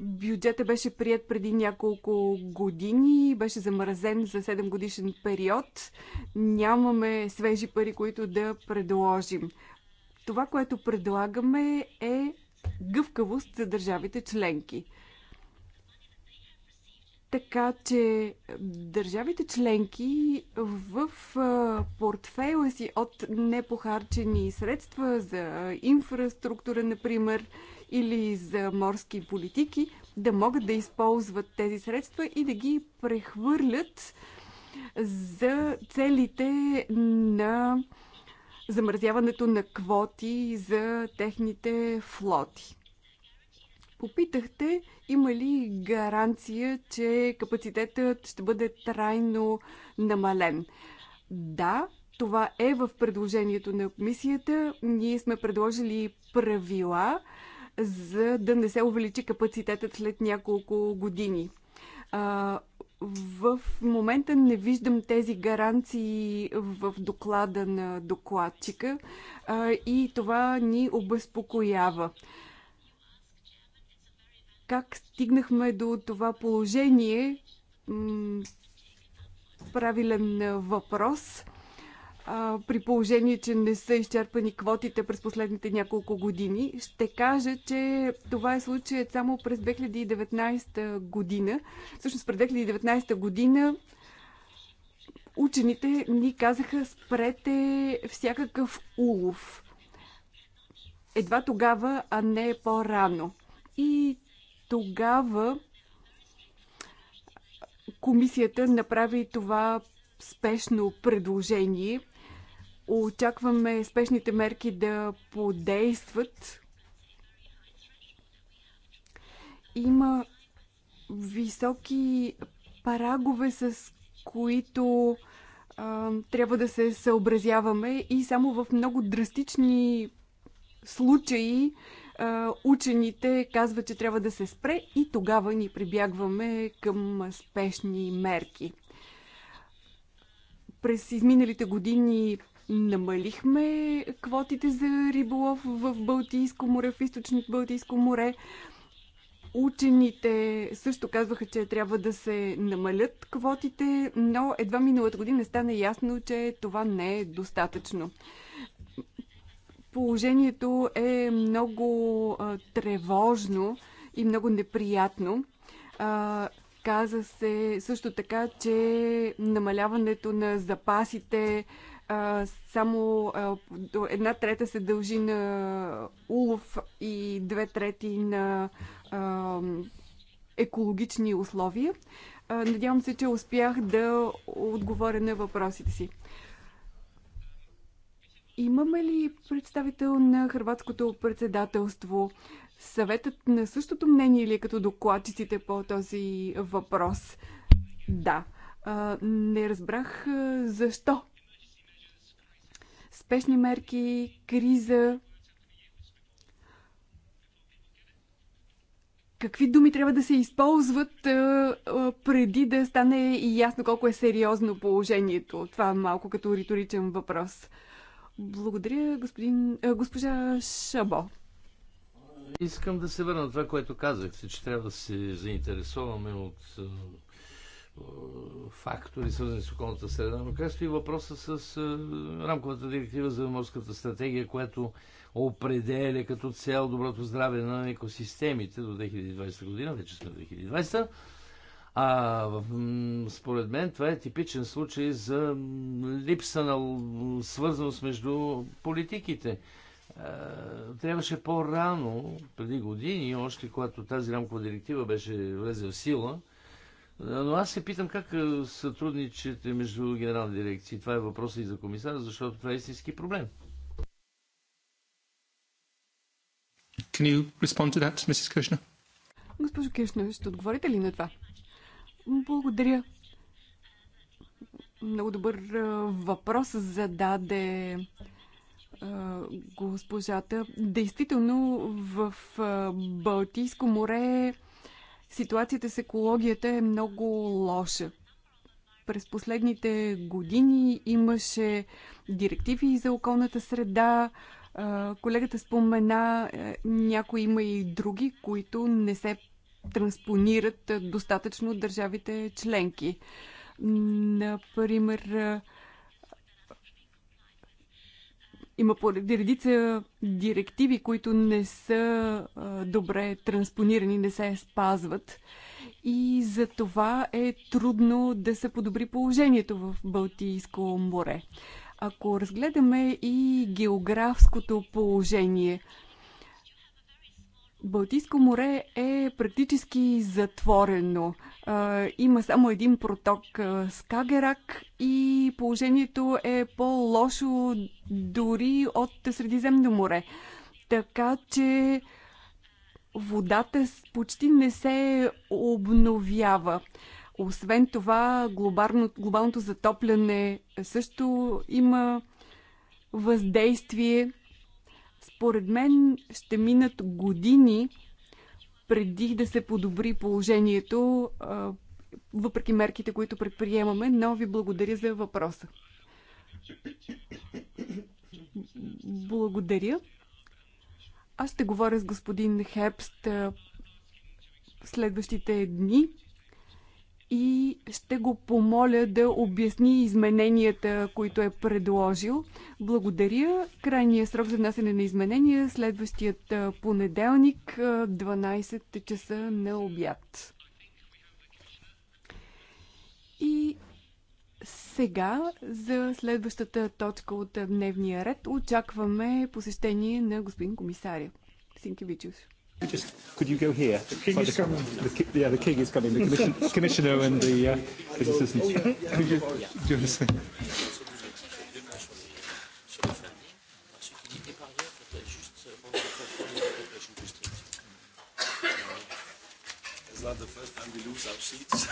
Бюджетът беше прият преди няколко години, беше замразен за 7 годишен период. Нямаме свежи пари, които да предложим. Това, което предлагаме е гъвкавост за държавите членки. Така че държавите членки в портфейла си от непохарчени средства за инфраструктура, например, или за морски политики, да могат да използват тези средства и да ги прехвърлят за целите на замразяването на квоти за техните флоти. Попитахте, има ли гаранция, че капацитетът ще бъде трайно намален? Да, това е в предложението на комисията. Ние сме предложили правила, за да не се увеличи капацитетът след няколко години. В момента не виждам тези гаранции в доклада на докладчика и това ни обезпокоява. Как стигнахме до това положение? Правилен въпрос а, при положение, че не са изчерпани квотите през последните няколко години. Ще кажа, че това е случаят само през 2019 година. Всъщност през 2019 година учените ни казаха спрете всякакъв улов. Едва тогава, а не по-рано. И тогава комисията направи това спешно предложение Очакваме спешните мерки да подействат. Има високи парагове, с които а, трябва да се съобразяваме и само в много драстични случаи а, учените казват, че трябва да се спре и тогава ни прибягваме към спешни мерки. През изминалите години Намалихме квотите за риболов в Балтийско море, в източното Балтийско море. Учените също казваха, че трябва да се намалят квотите, но едва миналата година стана ясно, че това не е достатъчно. Положението е много а, тревожно и много неприятно. А, каза се също така, че намаляването на запасите а, само а, една трета се дължи на улов и две трети на а, екологични условия. А, надявам се, че успях да отговоря на въпросите си. Имаме ли представител на хрватското председателство? Съветът на същото мнение или е като докладчиците по този въпрос? Да. А, не разбрах защо спешни мерки, криза. Какви думи трябва да се използват преди да стане и ясно колко е сериозно положението? Това е малко като риторичен въпрос. Благодаря, господин, госпожа Шабо. Искам да се върна на това, което казахте, че трябва да се заинтересуваме от фактори, свързани с околната среда, но както и въпроса с рамковата директива за морската стратегия, която определя като цел доброто здраве на екосистемите до 2020 година, вече сме 2020, а според мен това е типичен случай за липса на свързаност между политиките. Трябваше по-рано, преди години, още когато тази рамкова директива беше влезе в сила, но аз се питам как е, сътрудничате между генерални дирекции. Това е въпросът и за комисара, защото това е истински проблем. Can you respond to that, Mrs. Госпожо Кишна, ще отговорите ли на това? Благодаря. Много добър е, въпрос зададе е, госпожата. Действително в Балтийско море Ситуацията с екологията е много лоша. През последните години имаше директиви за околната среда. Колегата спомена, е, някои има и други, които не се транспонират достатъчно от държавите членки. Например, има редица директиви, които не са добре транспонирани, не се спазват. И за това е трудно да се подобри положението в Балтийско море. Ако разгледаме и географското положение – Балтийско море е практически затворено. Има само един проток с Кагерак и положението е по-лошо дори от Средиземно море. Така че водата почти не се обновява. Освен това, глобално, глобалното затопляне също има въздействие – според мен ще минат години преди да се подобри положението, въпреки мерките, които предприемаме, но ви благодаря за въпроса. Благодаря. Аз ще говоря с господин Хепст следващите дни и ще го помоля да обясни измененията, които е предложил. Благодаря. Крайният срок за внасяне на изменения е следващият понеделник, 12 часа на обяд. И сега за следващата точка от дневния ред очакваме посещение на господин комисаря Синкевичус. Just, could you go here? The king is coming. The, the, yeah, the king is coming. The commission, commissioner and the uh, his assistant. Oh, yeah, yeah. could you, do you understand? It's not the first time we lose our seats.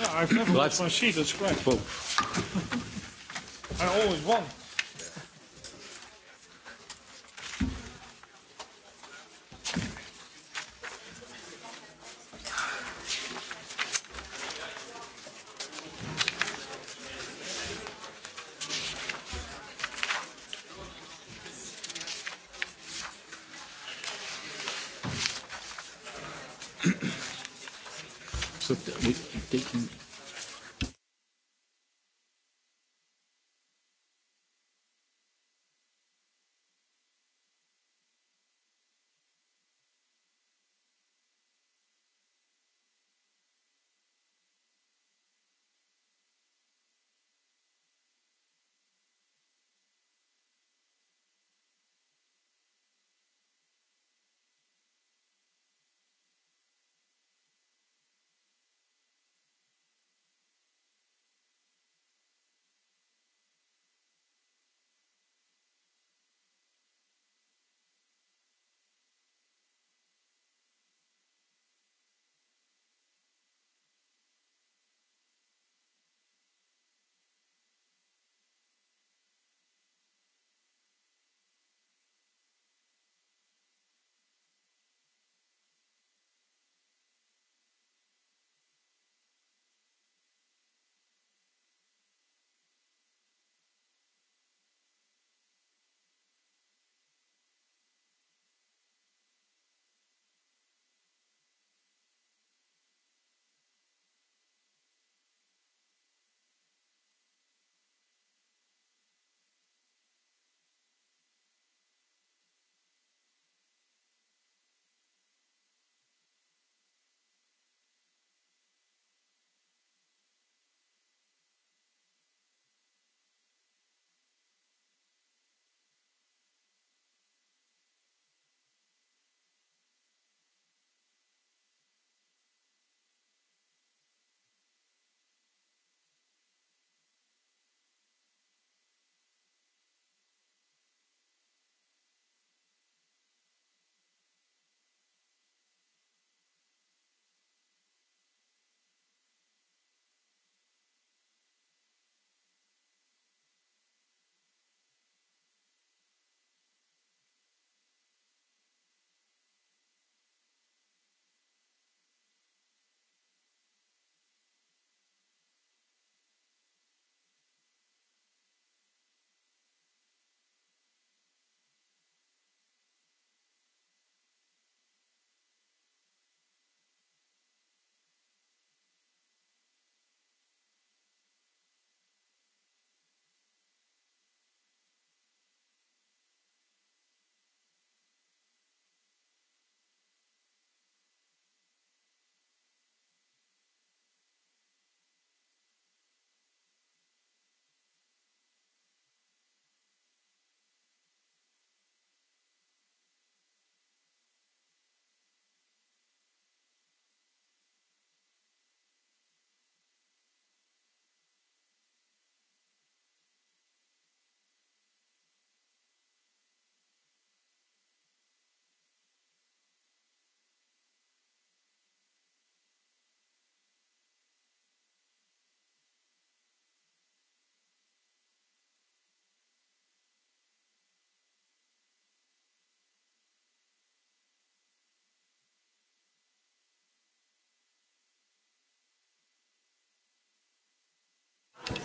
no, I've never lost my seat. That's great. I always won.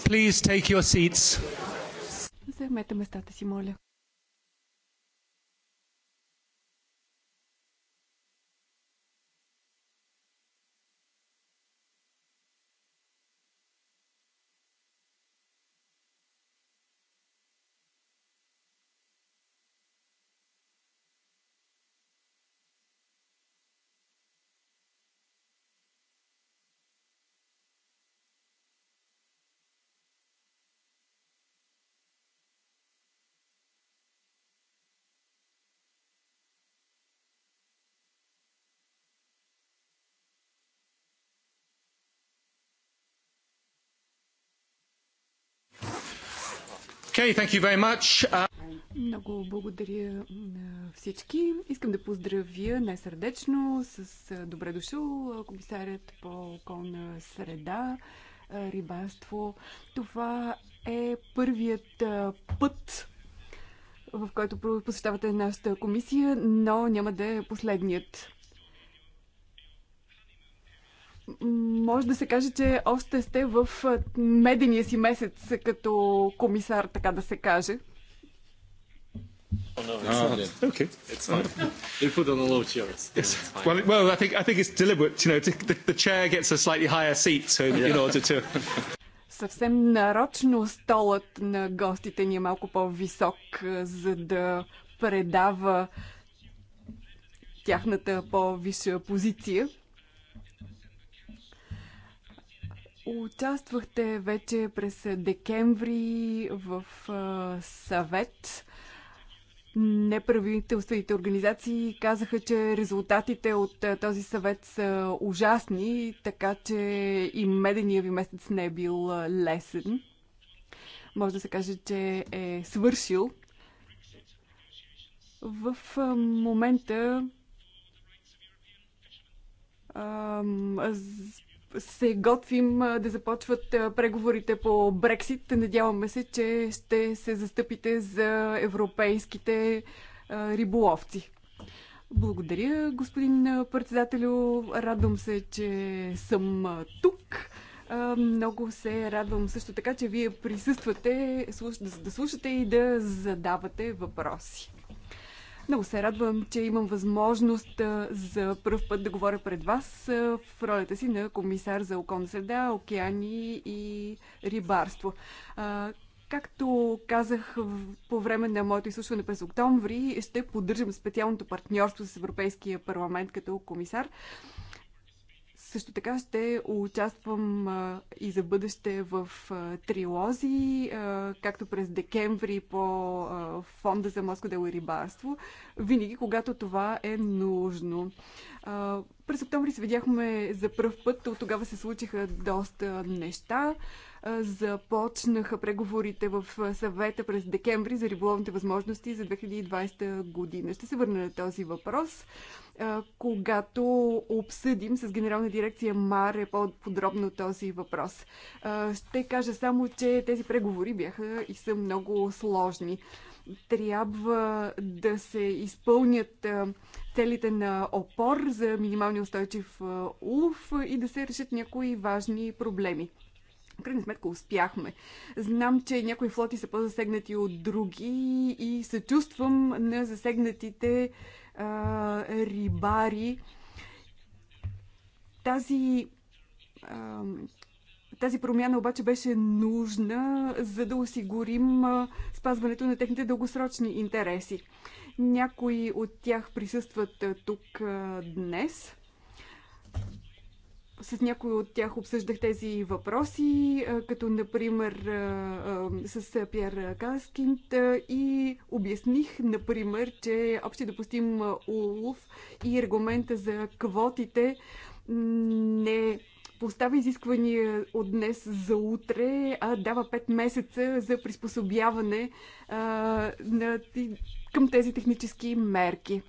Please take your seats. Заемете местата си, моля. Okay, thank you very much. Uh... Много благодаря на всички. Искам да поздравя най-сърдечно с добре дошъл комисарят по околна среда, рибарство. Това е първият път, в който посещавате нашата комисия, но няма да е последният може да се каже, че още сте в медения си месец като комисар, така да се каже. Съвсем нарочно столът на гостите ни е малко по-висок, за да предава тяхната по-висша позиция. Участвахте вече през декември в съвет. Неправителствените организации казаха, че резултатите от този съвет са ужасни, така че и медения ви месец не е бил лесен. Може да се каже, че е свършил. В момента се готвим да започват преговорите по Брексит. Надяваме се, че ще се застъпите за европейските риболовци. Благодаря, господин председателю. Радвам се, че съм тук. Много се радвам също така, че вие присъствате да слушате и да задавате въпроси. Много се радвам, че имам възможност за първ път да говоря пред вас в ролята си на комисар за околна среда, океани и рибарство. Както казах по време на моето изслушване през октомври, ще поддържам специалното партньорство с Европейския парламент като комисар. Също така ще участвам и за бъдеще в трилози, както през декември по Фонда за морско дело и рибарство, винаги когато това е нужно. През октомври се видяхме за пръв път. От тогава се случиха доста неща. Започнаха преговорите в съвета през декември за риболовните възможности за 2020 година. Ще се върна на този въпрос, когато обсъдим с генерална дирекция МАР по-подробно този въпрос. Ще кажа само, че тези преговори бяха и са много сложни трябва да се изпълнят целите на опор за минимални устойчив улов и да се решат някои важни проблеми. В крайна сметка успяхме. Знам, че някои флоти са по-засегнати от други и съчувствам на засегнатите а, рибари. Тази тази промяна обаче беше нужна, за да осигурим спазването на техните дългосрочни интереси. Някои от тях присъстват тук днес. С някои от тях обсъждах тези въпроси, като например с Пьер Каскинт и обясних, например, че общи допустим улов и регламента за квотите не поставя изисквания от днес за утре, а дава 5 месеца за приспособяване а, на, към тези технически мерки.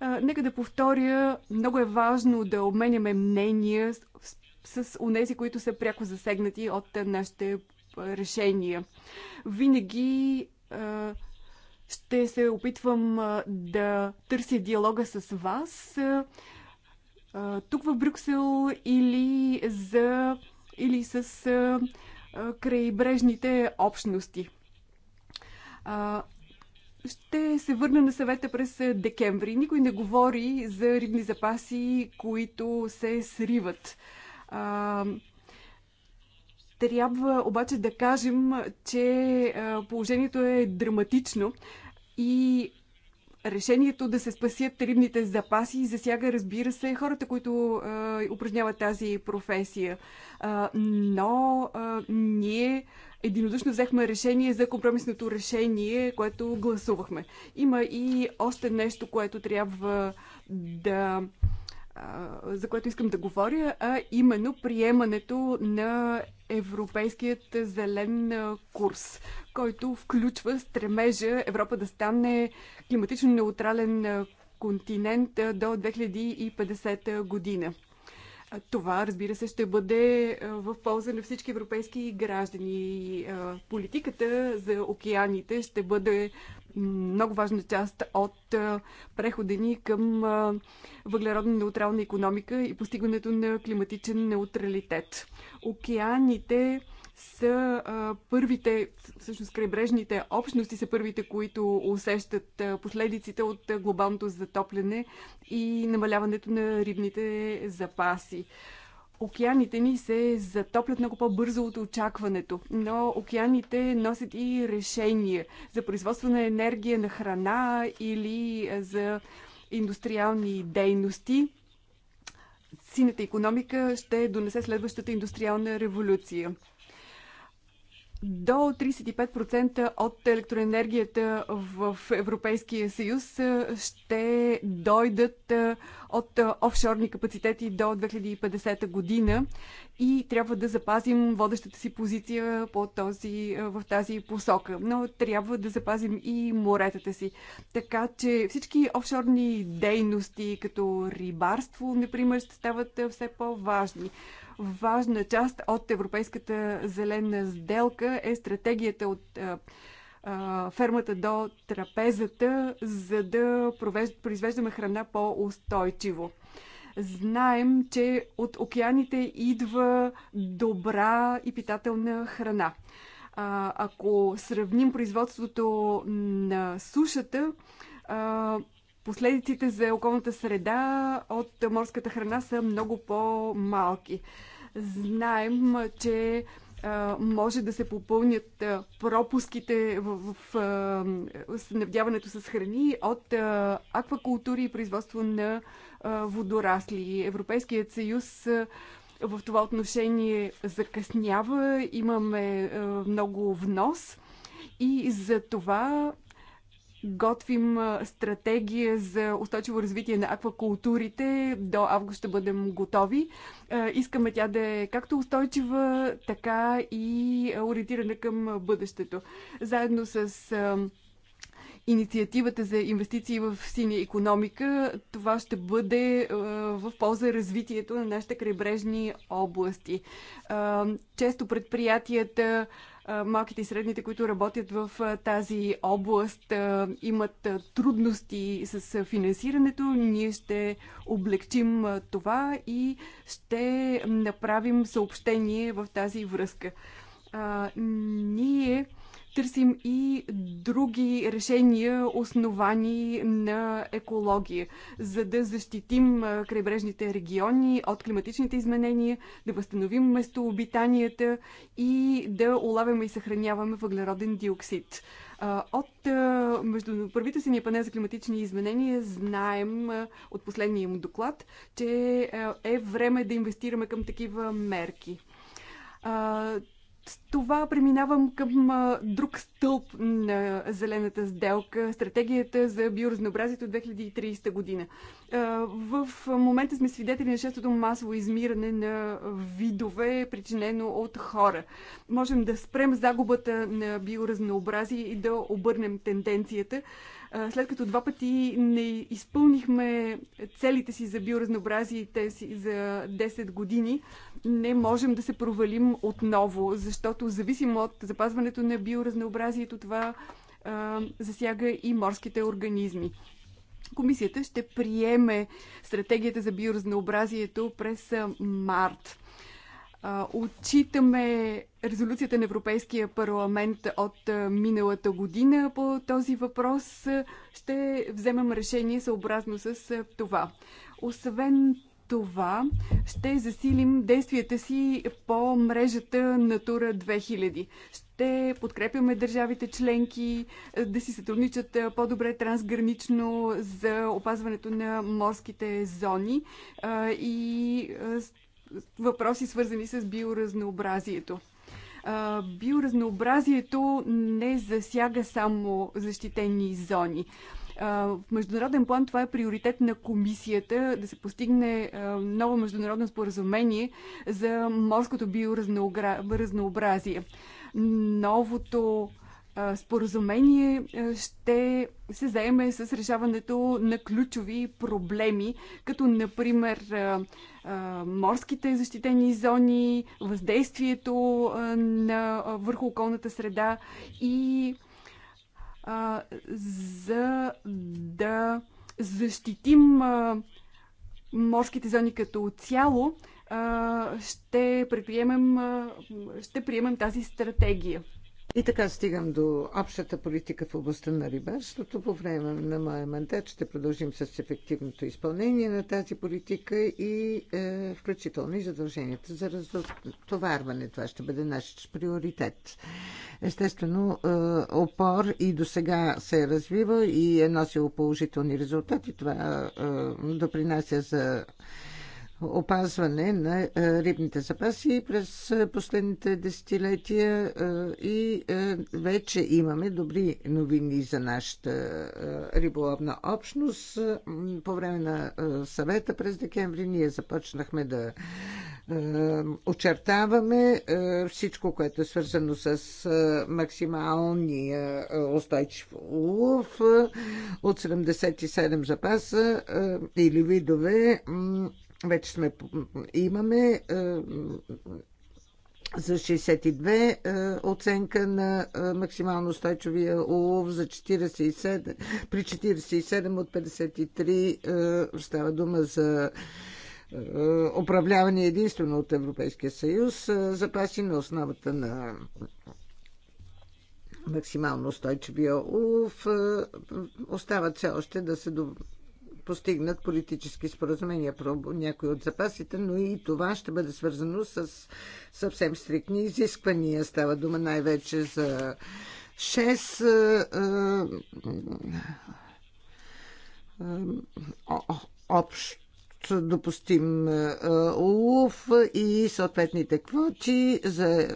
А, нека да повторя, много е важно да обменяме мнения с, с, с унези, които са пряко засегнати от нашите решения. Винаги а, ще се опитвам да търся диалога с вас. А, тук в Брюксел или, за, или с а, крайбрежните общности. А, ще се върна на съвета през декември. Никой не говори за рибни запаси, които се сриват. А, трябва обаче да кажем, че положението е драматично и решението да се спасят рибните запаси засяга, разбира се, хората, които е, упражняват тази професия. Е, но е, ние единодушно взехме решение за компромисното решение, което гласувахме. Има и още нещо, което трябва да за което искам да говоря, а именно приемането на Европейският зелен курс, който включва стремежа Европа да стане климатично неутрален континент до 2050 година. Това, разбира се, ще бъде в полза на всички европейски граждани. Политиката за океаните ще бъде много важна част от прехода ни към въглеродно неутрална економика и постигането на климатичен неутралитет. Океаните са а, първите, всъщност крайбрежните общности са първите, които усещат последиците от глобалното затопляне и намаляването на рибните запаси океаните ни се затоплят много по-бързо от очакването, но океаните носят и решения за производство на енергия, на храна или за индустриални дейности. Синята економика ще донесе следващата индустриална революция. До 35% от електроенергията в Европейския съюз ще дойдат от офшорни капацитети до 2050 година и трябва да запазим водещата си позиция по този, в тази посока. Но трябва да запазим и моретата си. Така че всички офшорни дейности, като рибарство, например, стават все по-важни важна част от Европейската зелена сделка е стратегията от фермата до трапезата, за да произвеждаме храна по-устойчиво. Знаем, че от океаните идва добра и питателна храна. А, ако сравним производството на сушата, а, последиците за околната среда от морската храна са много по-малки. Знаем, че може да се попълнят пропуските в, снабдяването с храни от аквакултури и производство на водорасли. Европейският съюз в това отношение закъснява, имаме много внос и за това Готвим стратегия за устойчиво развитие на аквакултурите. До август ще бъдем готови. Искаме тя да е както устойчива, така и ориентирана към бъдещето. Заедно с инициативата за инвестиции в синя економика, това ще бъде в полза развитието на нашите крайбрежни области. Често предприятията малките и средните, които работят в тази област, имат трудности с финансирането. Ние ще облегчим това и ще направим съобщение в тази връзка. Ние търсим и други решения, основани на екология, за да защитим крайбрежните региони от климатичните изменения, да възстановим местообитанията и да улавяме и съхраняваме въглероден диоксид. От Междуправителствения панел за климатични изменения знаем от последния му доклад, че е време да инвестираме към такива мерки с това преминавам към друг стълб на зелената сделка стратегията за биоразнообразието 2030 година. В момента сме свидетели на шестото масово измиране на видове, причинено от хора. Можем да спрем загубата на биоразнообразие и да обърнем тенденцията след като два пъти не изпълнихме целите си за биоразнообразие, те за 10 години, не можем да се провалим отново, защото зависимо от запазването на биоразнообразието, това а, засяга и морските организми. Комисията ще приеме стратегията за биоразнообразието през март. Отчитаме резолюцията на Европейския парламент от миналата година по този въпрос. Ще вземем решение съобразно с това. Освен това ще засилим действията си по мрежата Натура 2000. Ще подкрепяме държавите членки е, да си сътрудничат е, по-добре трансгранично за опазването на морските зони е, и въпроси свързани с биоразнообразието биоразнообразието не засяга само защитени зони. В международен план това е приоритет на комисията да се постигне ново международно споразумение за морското биоразнообразие. Новото споразумение ще се заеме с решаването на ключови проблеми, като например морските защитени зони, въздействието на, върху околната среда и а, за да защитим а, морските зони като цяло, а, ще предприемем, а, ще приемем тази стратегия. И така стигам до общата политика в областта на рибарството. По време на моя мандат ще продължим с ефективното изпълнение на тази политика и е, включително и задълженията за разтоварване. Това ще бъде наш приоритет. Естествено, е, опор и до сега се е развива и е носило положителни резултати. Това е, допринася за опазване на е, рибните запаси през е, последните десетилетия е, и вече имаме добри новини за нашата риболовна общност. По време на съвета през декември ние започнахме да очертаваме всичко, което е свързано с максималния устойчив улов от 77 запаса или видове вече сме, имаме е, за 62 е, оценка на е, максимално устойчивия улов за 47. При 47 от 53 става дума за управляване единствено от Европейския съюз запаси на основата на максимално устойчивия улов остават все още да се постигнат политически споразумения про някои от запасите, но и това ще бъде свързано с съвсем стрикни изисквания. Става дума най-вече за 6 общ допустим улов и съответните квоти за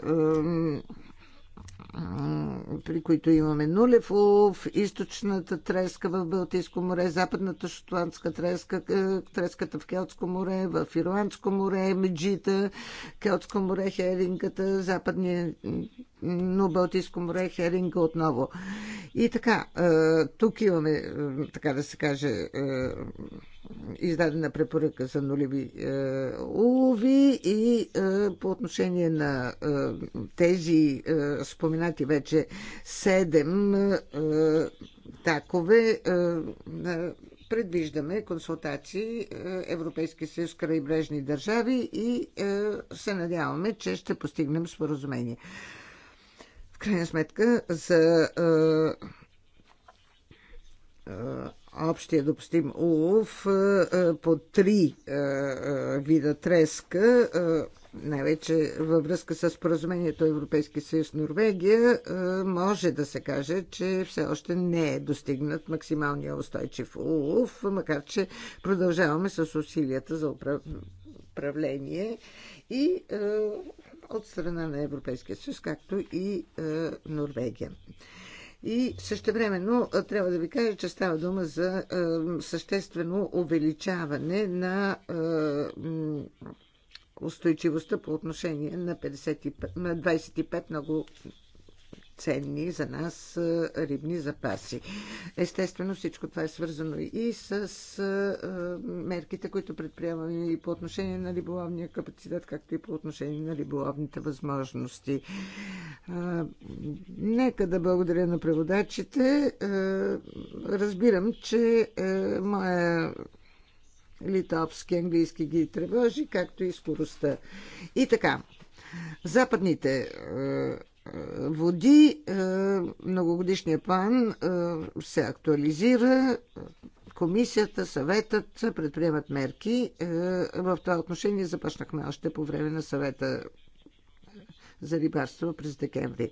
при които имаме нулев улов, източната треска в Балтийско море, западната шотландска треска, е, треската в Келтско море, в Ирландско море, меджита, Келтско море, херингата, западния но Балтийско море, Херинга отново. И така, е, тук имаме, е, така да се каже, е, издадена препоръка за нулеви улови и по отношение на тези споменати вече седем такове предвиждаме консултации Европейски съюз крайбрежни държави и се надяваме, че ще постигнем споразумение крайна сметка за общия допустим улов по три вида треска, най-вече във връзка с поразумението Европейски съюз Норвегия, може да се каже, че все още не е достигнат максималния устойчив улов, макар че продължаваме с усилията за управление и от страна на Европейския съюз, както и е, Норвегия. И същевременно е, трябва да ви кажа, че става дума за е, съществено увеличаване на е, устойчивостта по отношение на, 50, на 25 много ценни за нас рибни запаси. Естествено, всичко това е свързано и с мерките, които предприемаме и по отношение на риболовния капацитет, както и по отношение на риболовните възможности. Нека да благодаря на преводачите. Разбирам, че моя литовски, английски ги тревожи, както и скоростта. И така, западните води. Е, многогодишният план е, се актуализира. Комисията, съветът предприемат мерки. Е, в това отношение започнахме още по време на съвета за рибарство през декември.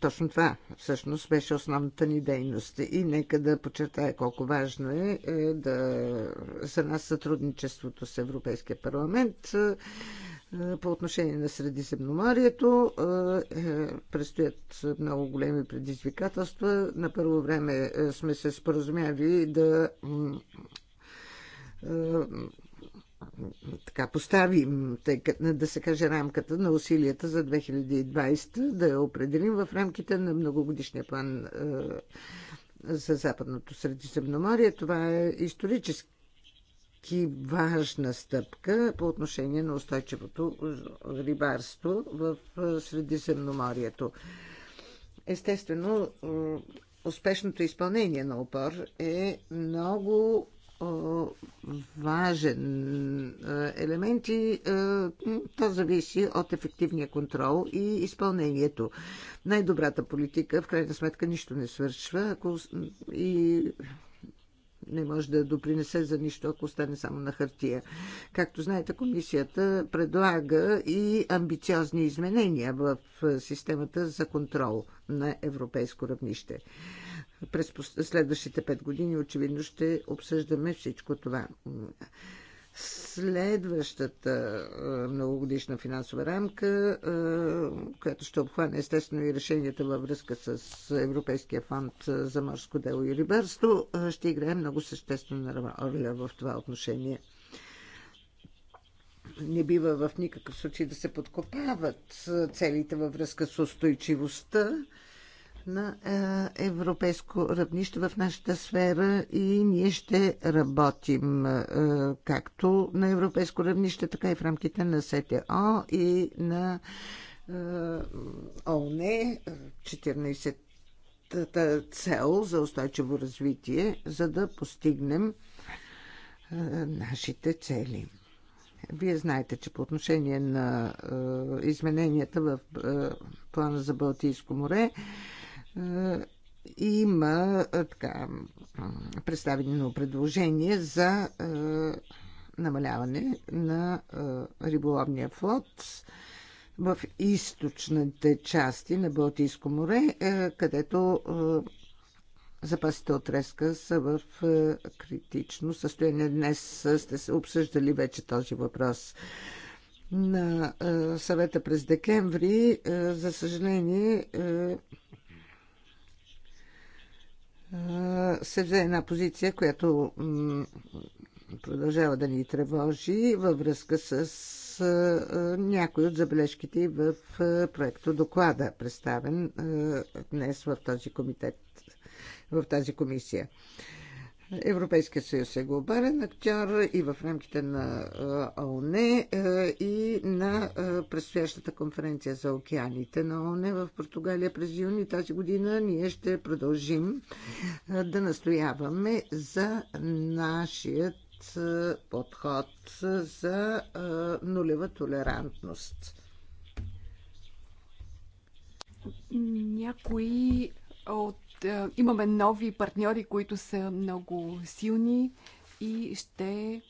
Точно това всъщност беше основната ни дейност. И нека да подчертая колко важно е, да, за нас сътрудничеството с Европейския парламент по отношение на Средиземноморието е, е, предстоят много големи предизвикателства. На първо време е, сме се споразумяли да така поставим, тъй, да се каже, рамката на усилията за 2020, да я определим в рамките на многогодишния план за Западното Средиземноморие. Това е исторически и важна стъпка по отношение на устойчивото рибарство в е, Средиземноморието. Естествено, е, успешното изпълнение на опор е много е, важен елемент и то зависи от ефективния контрол и изпълнението. Най-добрата политика, в крайна сметка, нищо не свършва, ако и не може да допринесе за нищо, ако остане само на хартия. Както знаете, комисията предлага и амбициозни изменения в системата за контрол на европейско равнище. През следващите пет години очевидно ще обсъждаме всичко това следващата многогодишна финансова рамка, която ще обхване естествено и решенията във връзка с Европейския фонд за морско дело и рибарство, ще играе много съществена роля в това отношение. Не бива в никакъв случай да се подкопават целите във връзка с устойчивостта на е, европейско равнище в нашата сфера и ние ще работим е, както на европейско равнище, така и в рамките на СТО и на е, ООН 14 цел за устойчиво развитие, за да постигнем нашите цели. Вие знаете, че по отношение на е, измененията в е, плана за Балтийско море, е, има е, така, представено предложение за е, намаляване на риболовния флот в източните части на Балтийско море, където запасите от треска са в критично състояние. Днес сте се обсъждали вече този въпрос на съвета през декември. За съжаление, се взе една позиция, която продължава да ни тревожи във връзка с някои от забележките в проекто доклада, представен днес в този комитет, в тази комисия. Европейския съюз е глобален актьор и в рамките на ООН е, и на предстоящата конференция за океаните на ООН в Португалия през юни тази година ние ще продължим да настояваме за нашият подход за нулева толерантност. Някои от е, имаме нови партньори, които са много силни и ще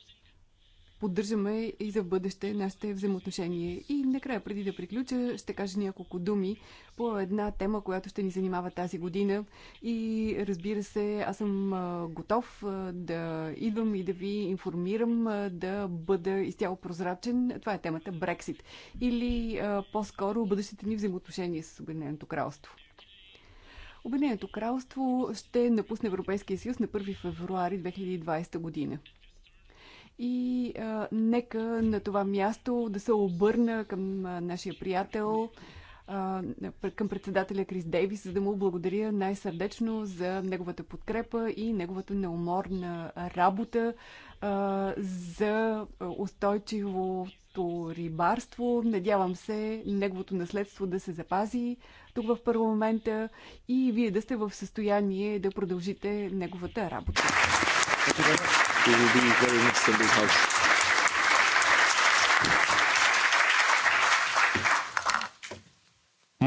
поддържаме и за бъдеще нашите взаимоотношения. И накрая, преди да приключа, ще кажа няколко думи по една тема, която ще ни занимава тази година. И разбира се, аз съм готов да идвам и да ви информирам, да бъда изцяло прозрачен. Това е темата Брексит. Или по-скоро бъдещите ни взаимоотношения с Обединеното кралство. Обединеното кралство ще напусне Европейския съюз на 1 февруари 2020 година. И а, нека на това място да се обърна към а, нашия приятел, към председателя Крис Дейвис, за да му благодаря най-сърдечно за неговата подкрепа и неговата неуморна работа за устойчивото рибарство. Надявам се неговото наследство да се запази тук в парламента и вие да сте в състояние да продължите неговата работа. Thank you very much.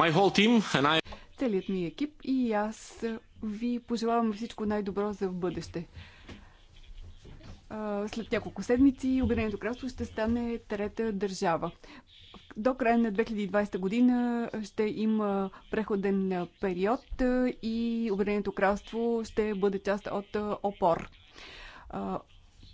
My whole team and I... Целият ми екип и аз ви пожелавам всичко най-добро за в бъдеще. След няколко седмици Обединеното кралство ще стане трета държава. До края на 2020 година ще има преходен период и Обединеното кралство ще бъде част от ОПОР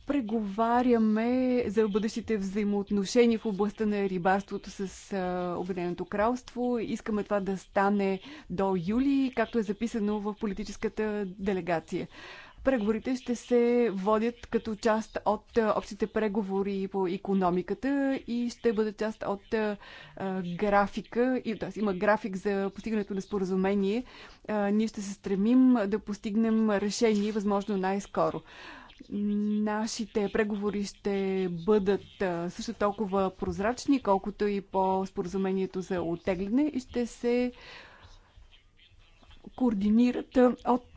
преговаряме за бъдещите взаимоотношения в областта на рибарството с Обединеното кралство. Искаме това да стане до юли, както е записано в политическата делегация. Преговорите ще се водят като част от общите преговори по економиката и ще бъдат част от графика. И, т.е. има график за постигането на споразумение. ние ще се стремим да постигнем решение възможно най-скоро. Нашите преговори ще бъдат също толкова прозрачни, колкото и по споразумението за отегляне и ще се координират от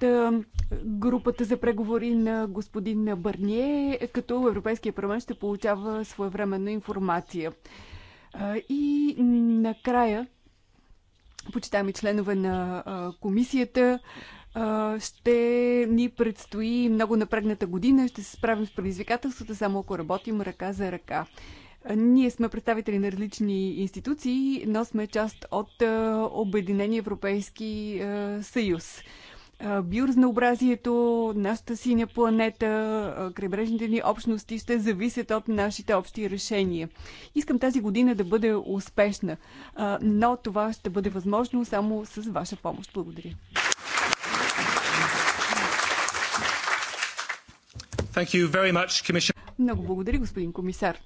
групата за преговори на господин Бърние, като Европейския парламент ще получава своевременна информация. И накрая, почитаеми членове на комисията, ще ни предстои много напрегната година. Ще се справим с предизвикателствата, само ако работим ръка за ръка. Ние сме представители на различни институции, но сме част от Обединени Европейски съюз. Биоразнообразието, нашата синя планета, крайбрежните ни общности ще зависят от нашите общи решения. Искам тази година да бъде успешна, но това ще бъде възможно само с ваша помощ. Благодаря. much, Много благодаря, господин комисар,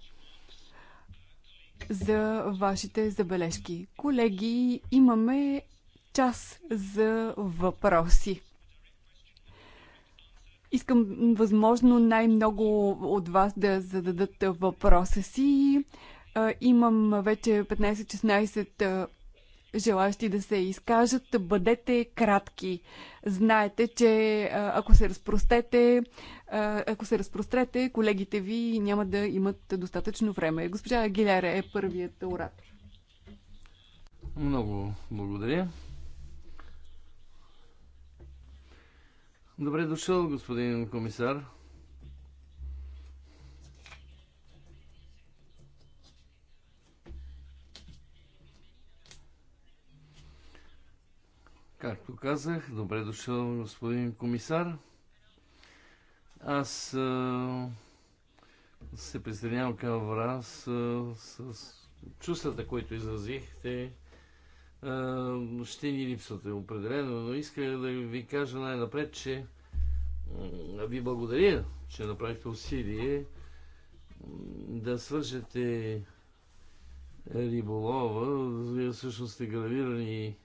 за вашите забележки. Колеги, имаме час за въпроси. Искам възможно най-много от вас да зададат въпроса си. Имам вече 15-16 желащи да се изкажат. Бъдете кратки. Знаете, че ако се разпростете, ако се разпрострете, колегите ви няма да имат достатъчно време. Госпожа Агиляра е първият оратор. Много благодаря. Добре дошъл, господин комисар. Както казах, добре дошъл, господин комисар. Аз а, се присъединявам към вас с, с чувствата, които изразихте. А, ще ни липсвате определено, но исках да ви кажа най-напред, че а, ви благодаря, че направихте усилие да свържете риболова. Вие всъщност сте гравирани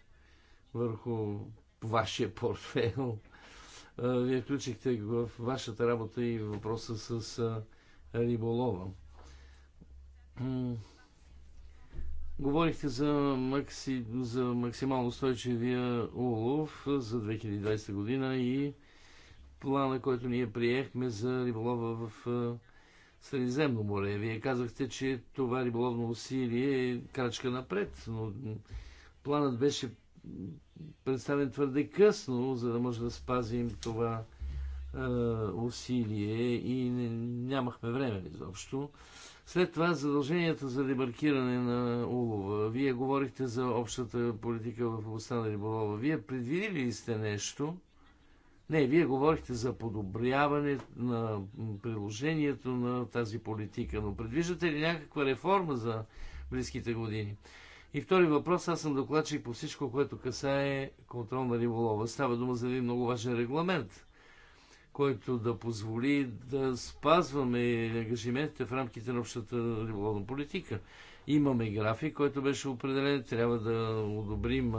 върху вашия портфел. Вие включихте в вашата работа и въпроса с риболова. Говорихте за, макси, за максимално устойчивия улов за 2020 година и плана, който ние приехме за риболова в Средиземно море. Вие казахте, че това риболовно усилие е крачка напред, но планът беше представен твърде късно, за да може да спазим това е, усилие и не, нямахме време изобщо. След това задълженията за дебаркиране на улова. Вие говорихте за общата политика в областта на риболова. Вие предвидили ли сте нещо? Не, вие говорихте за подобряване на приложението на тази политика, но предвиждате ли някаква реформа за близките години? И втори въпрос, аз съм докладчик по всичко, което касае контрол на риболова. Става дума за един много важен регламент, който да позволи да спазваме ангажиментите в рамките на общата риболовна политика. Имаме график, който беше определен. Трябва да одобрим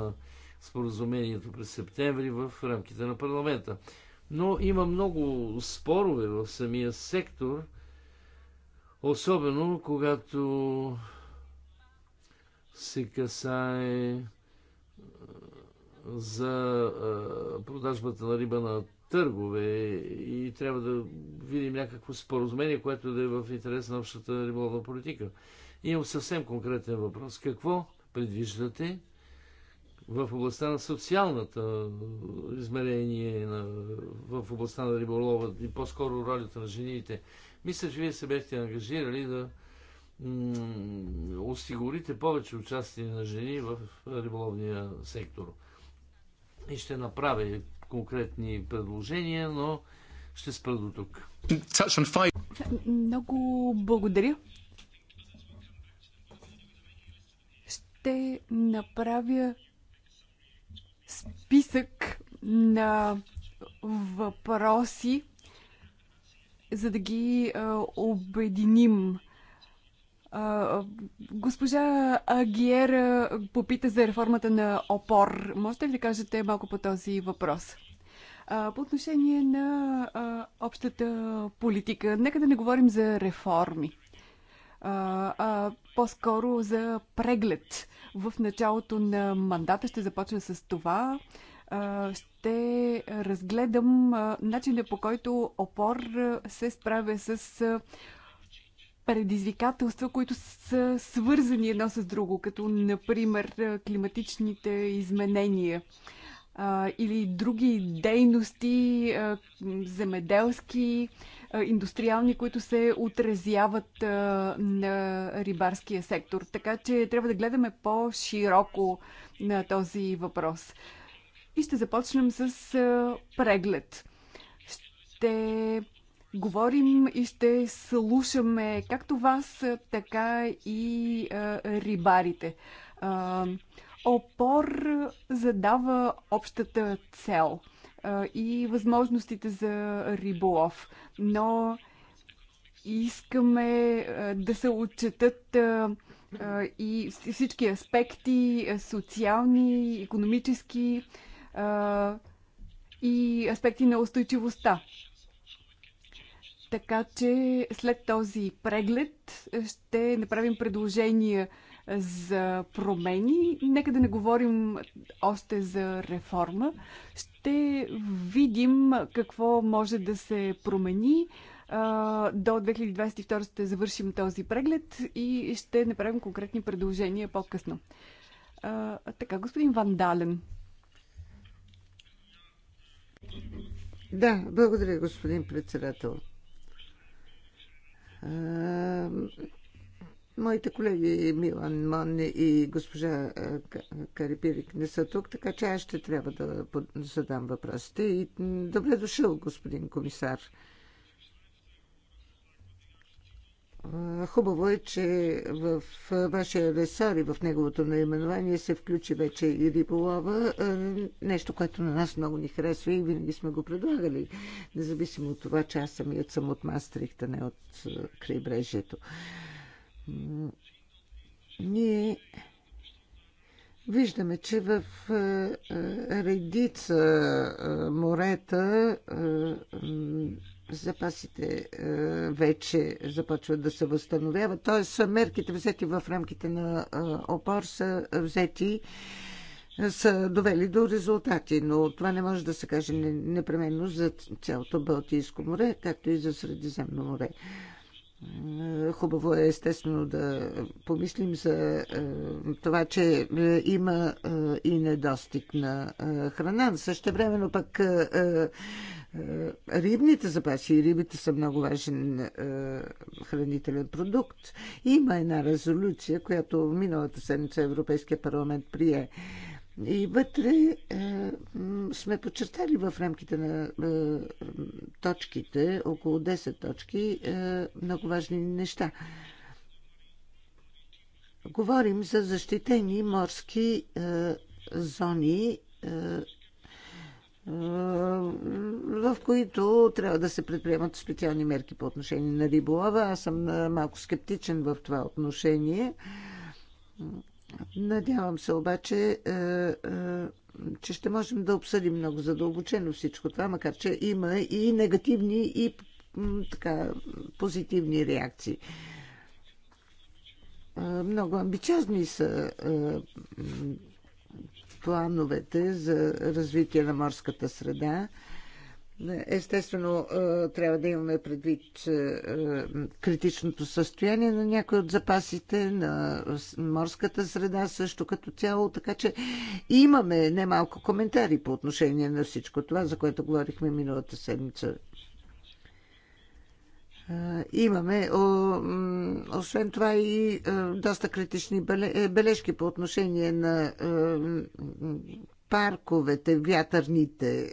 споразумението през септември в рамките на парламента. Но има много спорове в самия сектор, особено когато се касае за продажбата на риба на търгове и трябва да видим някакво споразумение, което да е в интерес на общата риболовна политика. имам съвсем конкретен въпрос. Какво предвиждате в областта на социалната измерение, на, в областта на риболова и по-скоро ролята на жените? Мисля, че вие се бяхте ангажирали да осигурите повече участие на жени в риболовния сектор. И ще направя конкретни предложения, но ще спра до тук. Много благодаря. Ще направя списък на въпроси, за да ги а, обединим а, госпожа Агиер попита за реформата на ОПОР. Можете ли да кажете малко по този въпрос? А, по отношение на а, общата политика, нека да не говорим за реформи, а, а по-скоро за преглед. В началото на мандата ще започна с това. ще разгледам начина по който опор се справя с предизвикателства, които са свързани едно с друго, като например климатичните изменения или други дейности, земеделски, индустриални, които се отразяват на рибарския сектор. Така че трябва да гледаме по-широко на този въпрос. И ще започнем с преглед. Ще говорим и ще слушаме както вас, така и а, рибарите. А, опор задава общата цел а, и възможностите за риболов, но искаме а, да се отчетат а, и всички аспекти социални, економически а, и аспекти на устойчивостта. Така че след този преглед ще направим предложения за промени. Нека да не говорим още за реформа. Ще видим какво може да се промени. До 2022 ще завършим този преглед и ще направим конкретни предложения по-късно. Така, господин Вандален. Да, благодаря, господин председател. Е, моите колеги Милан Мон и госпожа е, Карипирик не са тук, така че аз ще трябва да задам въпросите. И добре дошъл, господин комисар. Хубаво е, че в вашия ресор и в неговото наименование се включи вече и риболова. Е, нещо, което на нас много ни харесва и винаги сме го предлагали. Независимо от това, че аз самият съм от Мастрихта, не от е, крайбрежието. Ние виждаме, че в е, редица морета запасите е, вече започват да се възстановяват. Тоест, мерките взети в рамките на е, опор са взети е, са довели до резултати, но това не може да се каже непременно за цялото Балтийско море, както и за Средиземно море. Хубаво е естествено да помислим за това, че има и недостиг на храна. Също времено пък е, рибните запаси. и Рибите са много важен е, хранителен продукт. Има една резолюция, която миналата седмица Европейския парламент прие. И вътре е, сме подчертали в рамките на е, точките, около 10 точки, е, много важни неща. Говорим за защитени морски е, зони е, в които трябва да се предприемат специални мерки по отношение на риболова. Аз съм малко скептичен в това отношение. Надявам се обаче, че ще можем да обсъдим много задълбочено всичко това, макар че има и негативни, и така, позитивни реакции. Много амбициозни са плановете за развитие на морската среда. Естествено, е, трябва да имаме предвид е, критичното състояние на някои от запасите, на морската среда също като цяло, така че имаме немалко коментари по отношение на всичко това, за което говорихме миналата седмица е, имаме, освен това, и е, доста критични е, бележки по отношение на парковете, вятърните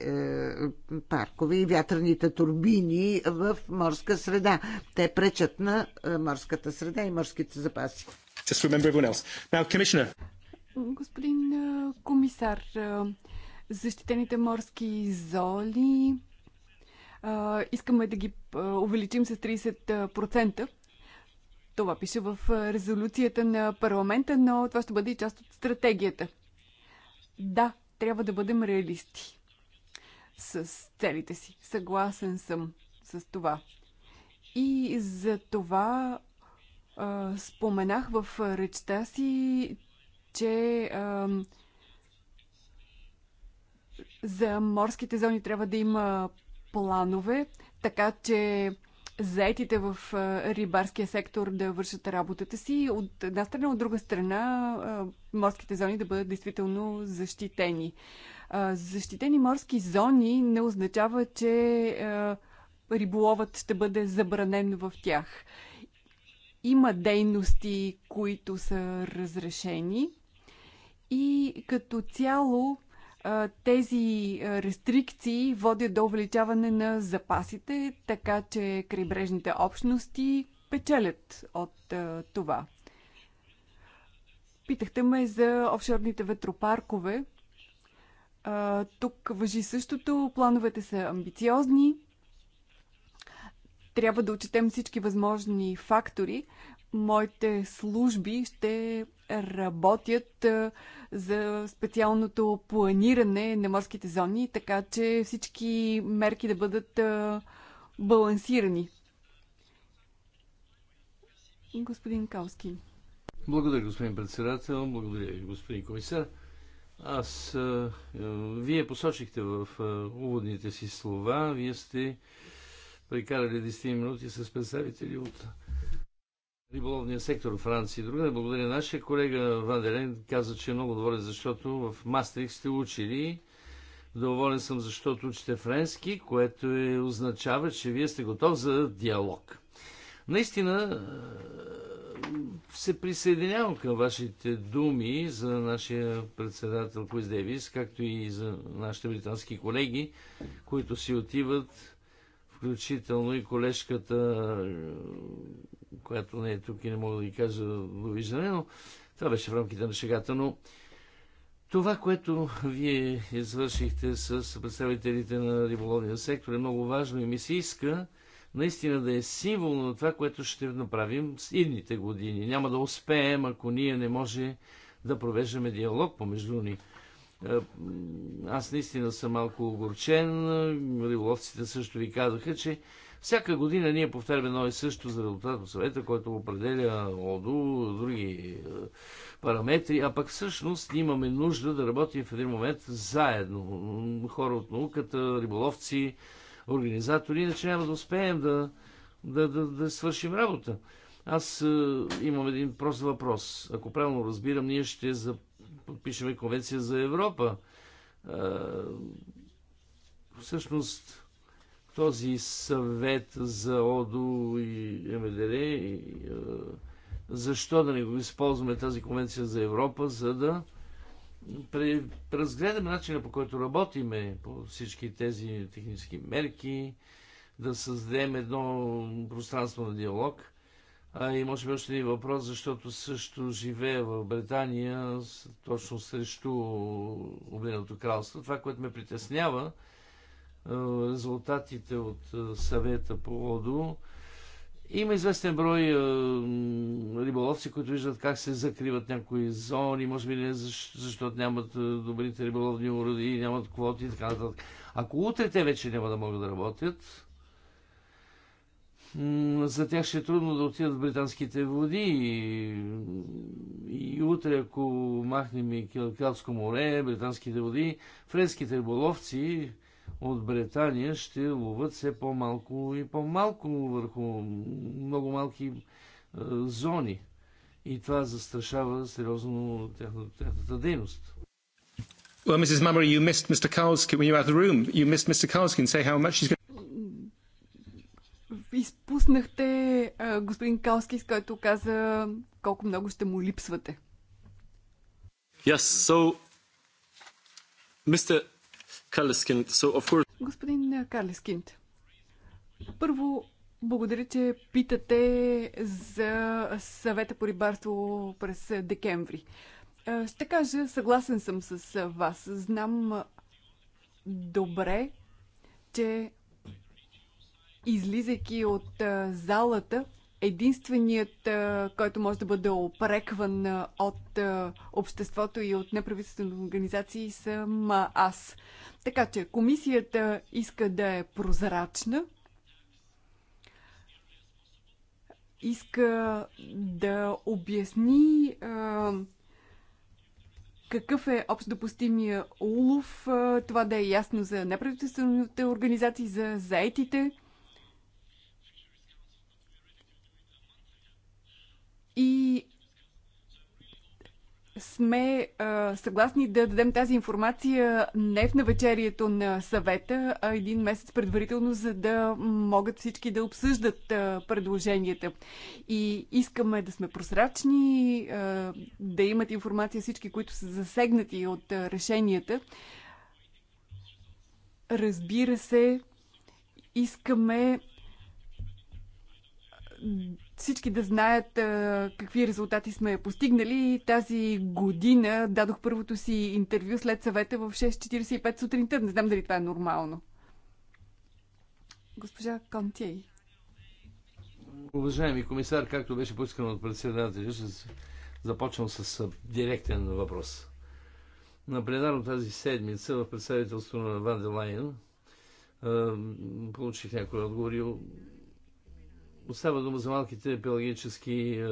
паркове и вятърните турбини в морска среда. Те пречат на морската среда и морските запаси. Господин комисар, защитените морски золи искаме да ги увеличим с 30%. Това пише в резолюцията на парламента, но това ще бъде и част от стратегията. Да, трябва да бъдем реалисти с целите си. Съгласен съм с това. И за това а, споменах в речта си, че а, за морските зони трябва да има планове, така че заетите в рибарския сектор да вършат работата си. От една страна, от друга страна, морските зони да бъдат действително защитени. Защитени морски зони не означава, че риболовът ще бъде забранен в тях. Има дейности, които са разрешени и като цяло тези рестрикции водят до увеличаване на запасите, така че крайбрежните общности печелят от това. Питахте ме за офшорните ветропаркове. Тук въжи същото. Плановете са амбициозни. Трябва да отчетем всички възможни фактори. Моите служби ще работят за специалното планиране на морските зони, така че всички мерки да бъдат балансирани. Господин Калски. Благодаря, господин председател. Благодаря, господин комисар. Аз, вие посочихте в уводните си слова, вие сте прекарали 10 минути с представители от риболовния сектор в Франция и друга. Благодаря нашия колега Ванделен каза, че е много доволен, защото в Мастрих сте учили. Доволен съм, защото учите френски, което е, означава, че вие сте готов за диалог. Наистина е, се присъединявам към вашите думи за нашия председател Куиз Девис, както и за нашите британски колеги, които си отиват включително и колежката, която не е тук и не мога да ги кажа довиждане, но това беше в рамките на шегата. Но това, което вие извършихте с представителите на риболовния сектор е много важно и ми се иска наистина да е символ на това, което ще направим с идните години. Няма да успеем, ако ние не може да провеждаме диалог помежду ни. Е, аз наистина съм малко огорчен. Риболовците нали, също ви казаха, че всяка година ние повтаряме едно и също за резултат от съвета, който определя ОДО, други е, параметри, а пък всъщност имаме нужда да работим в един момент заедно. Хора от науката, риболовци, организатори, иначе няма да успеем да, да, да, да свършим работа. Аз е, имам един прост въпрос. Ако правилно разбирам, ние ще за подпишеме конвенция за Европа. Всъщност, този съвет за ОДО и МДР, и, защо да не го използваме тази конвенция за Европа, за да разгледаме начина по който работиме по всички тези технически мерки, да създадем едно пространство на диалог – а и може би още един въпрос, защото също живее в Британия, точно срещу Обединеното кралство. Това, което ме притеснява, е, резултатите от е, съвета по ОДО, има известен брой е, риболовци, които виждат как се закриват някои зони, може би не защото нямат добрите риболовни уроди, нямат квоти и така нататък. Ако утре те вече няма да могат да работят, за тях ще е трудно да отидат в британските води и, и утре, ако махнем и Калкатско море, британските води, френските риболовци от Британия ще ловат все по-малко и по-малко върху много малки е, зони. И това застрашава сериозно тяхната, тяхната дейност. Well, Mrs. Mummery, you missed Mr. Karlskin when you were out of the room. You missed Mr. Karlskin say how much he's going изпуснахте а, господин Калски, с който каза колко много ще му липсвате. Yes, so, Mr. so of course... Господин Калескинт, първо благодаря, че питате за съвета по рибарство през декември. Ще кажа, съгласен съм с вас. Знам добре, че излизайки от залата, единственият, който може да бъде опрекван от обществото и от неправителствени организации съм аз. Така че комисията иска да е прозрачна, иска да обясни а, какъв е общо допустимия улов, това да е ясно за неправителствените организации, за заетите. и сме а, съгласни да дадем тази информация не в навечерието на съвета, а един месец предварително, за да могат всички да обсъждат а, предложенията. И искаме да сме прозрачни, а, да имат информация всички, които са засегнати от а, решенията. Разбира се, искаме всички да знаят а, какви резултати сме постигнали. Тази година дадох първото си интервю след съвета в 6.45 сутринта. Не знам дали това е нормално. Госпожа Контей. Уважаеми комисар, както беше поискано от председателя, ще започвам с директен въпрос. На пленарно тази седмица в представителство на Ван Делайен получих някои отговори Остава дума за малките пелагически е, е,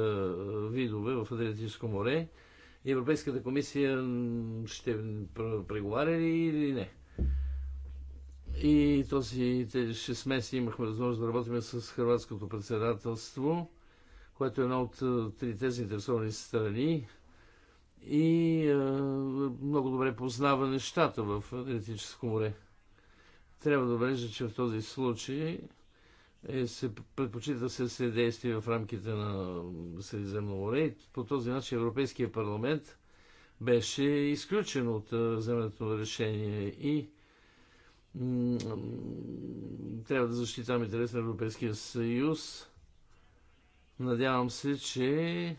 видове в Адриатическо море. Европейската комисия ще преговаря ли или не? И този 6 смеси имахме възможност да работим с хрватското председателство, което е една от е, трите заинтересовани страни и е, много добре познава нещата в Адриатическо море. Трябва да обрежда, че в този случай е, се предпочита да се съдействие в рамките на Средиземно море. По този начин Европейския парламент беше изключен от вземането на решение и трябва да защитаваме интерес на Европейския съюз. Надявам се, че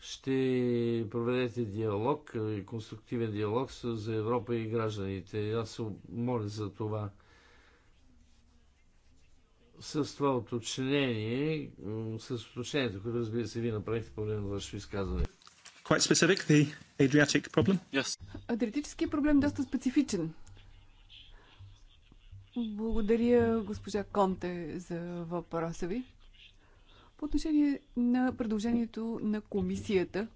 ще проведете диалог, конструктивен диалог с Европа и гражданите. Аз се моля за това с това уточнение, с уточнението, което разбира се, вие направихте по време на вашето изказване. Quite specific, the Adriatic problem? Yes. Адриатическият проблем е доста специфичен. Благодаря госпожа Конте за въпроса ви. По отношение на предложението на комисията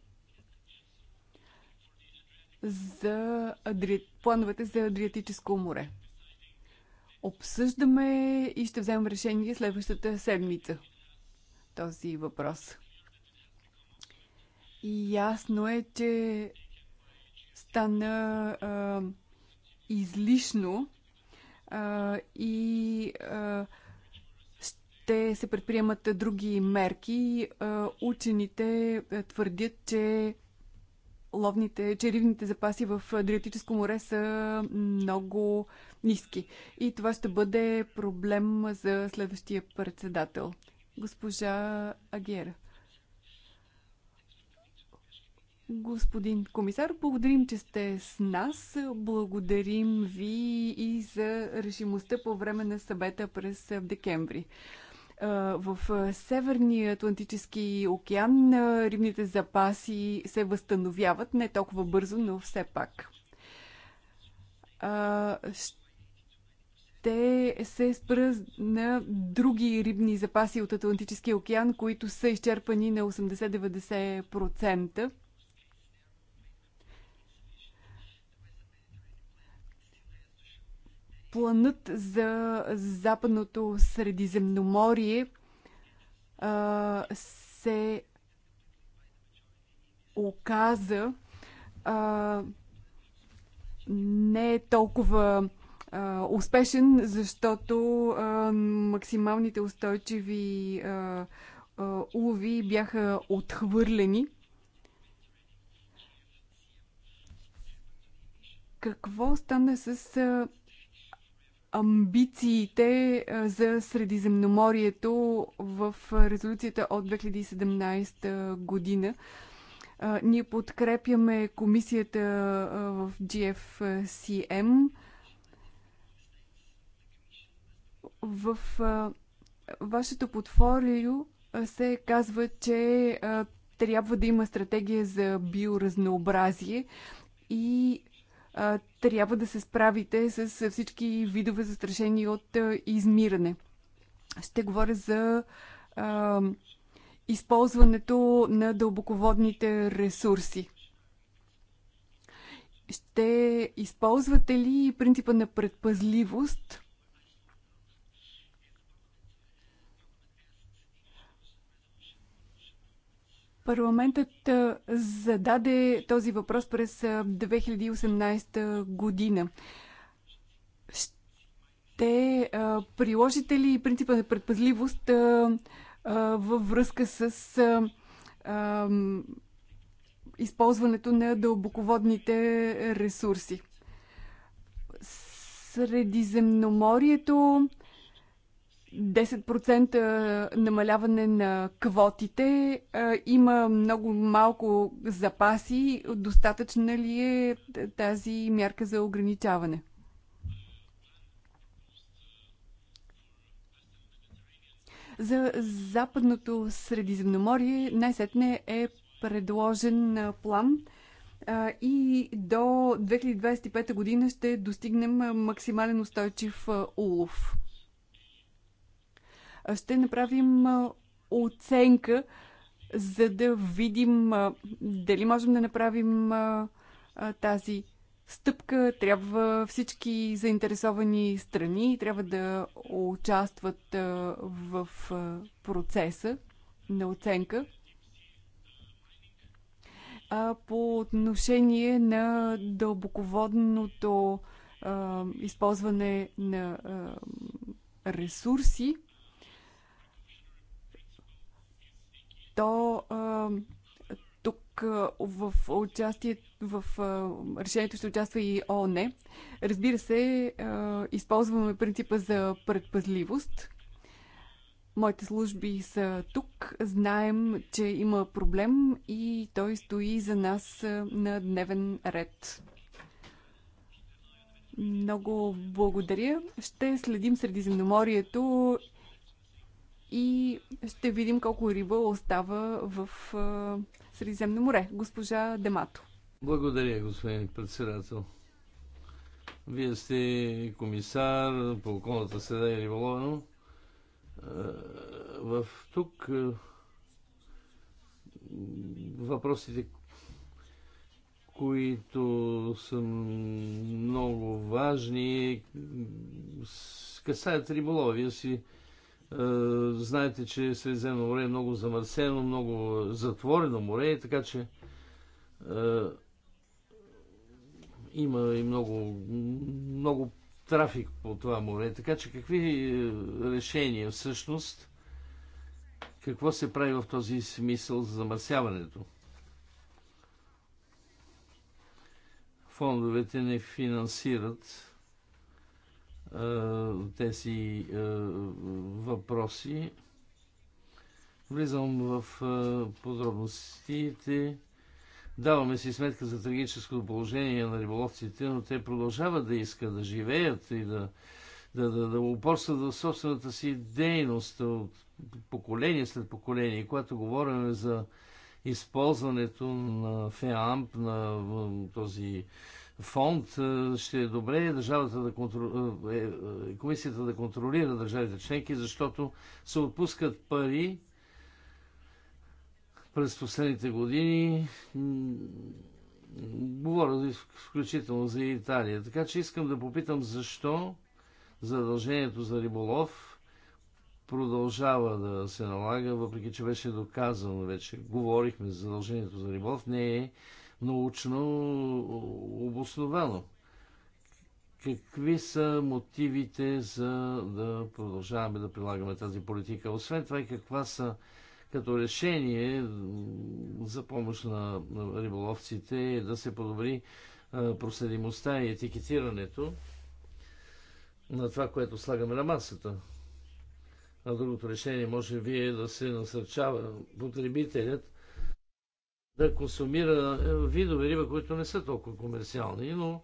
за адри... плановете за Адриатическо море обсъждаме и ще вземем решение следващата седмица този въпрос. И ясно е, че стана а, излишно а, и а, ще се предприемат други мерки. А, учените твърдят, че ловните, черивните запаси в Адриатическо море са много ниски. И това ще бъде проблем за следващия председател. Госпожа Агера. Господин комисар, благодарим, че сте с нас. Благодарим ви и за решимостта по време на съвета през декември. В Северния Атлантически океан рибните запаси се възстановяват не толкова бързо, но все пак. Ще се спра на други рибни запаси от Атлантическия океан, които са изчерпани на 80-90%. планът за Западното Средиземноморие а, се оказа а, не е толкова а, успешен, защото а, максималните устойчиви а, а, улови бяха отхвърлени. Какво стана с амбициите за Средиземноморието в резолюцията от 2017 година. Ние подкрепяме комисията в GFCM в вашето портфолио се казва, че трябва да има стратегия за биоразнообразие и трябва да се справите с всички видове застрашени от измиране. Ще говоря за а, използването на дълбоководните ресурси. Ще използвате ли принципа на предпазливост Парламентът зададе този въпрос през 2018 година. Ще приложите ли принципа на предпазливост във връзка с използването на дълбоководните ресурси? Средиземноморието 10% намаляване на квотите. Има много малко запаси. Достатъчна ли е тази мярка за ограничаване? За Западното Средиземноморие най-сетне е предложен план и до 2025 година ще достигнем максимален устойчив улов ще направим оценка, за да видим дали можем да направим тази стъпка. Трябва всички заинтересовани страни трябва да участват в процеса на оценка. А по отношение на дълбоководното а, използване на а, ресурси, то тук в участие в решението ще участва и ООН. Разбира се, използваме принципа за предпазливост. Моите служби са тук. Знаем, че има проблем и той стои за нас на дневен ред. Много благодаря. Ще следим Средиземноморието и ще видим колко риба остава в Средиземно море. Госпожа Демато. Благодаря, господин председател. Вие сте комисар по околната среда и риболова, в тук въпросите, които са много важни, касаят риболова. Вие си е, знаете, че Средиземно е море е много замърсено, много затворено море, така че е, има и много, много трафик по това море. Така че какви решения всъщност, какво се прави в този смисъл за замърсяването? Фондовете не финансират тези въпроси. Влизам в подробностите. Даваме си сметка за трагическото положение на риболовците, но те продължават да искат да живеят и да, да, да, да упорстват в собствената си дейност от поколение след поколение. Когато говорим за използването на ФЕАМП, на този фонд, е, ще е добре държавата да контрол... Е, е, комисията да контролира държавите членки, защото се отпускат пари през последните години. Говоря включително за Италия. Така че искам да попитам защо задължението за риболов продължава да се налага, въпреки че беше доказано вече. Говорихме за задължението за риболов. Не е научно обосновано. Какви са мотивите за да продължаваме да прилагаме тази политика? Освен това и каква са като решение за помощ на риболовците е да се подобри проследимостта и етикетирането на това, което слагаме на масата. А другото решение може вие да се насърчава потребителят да консумира е, видове риба, които не са толкова комерциални, но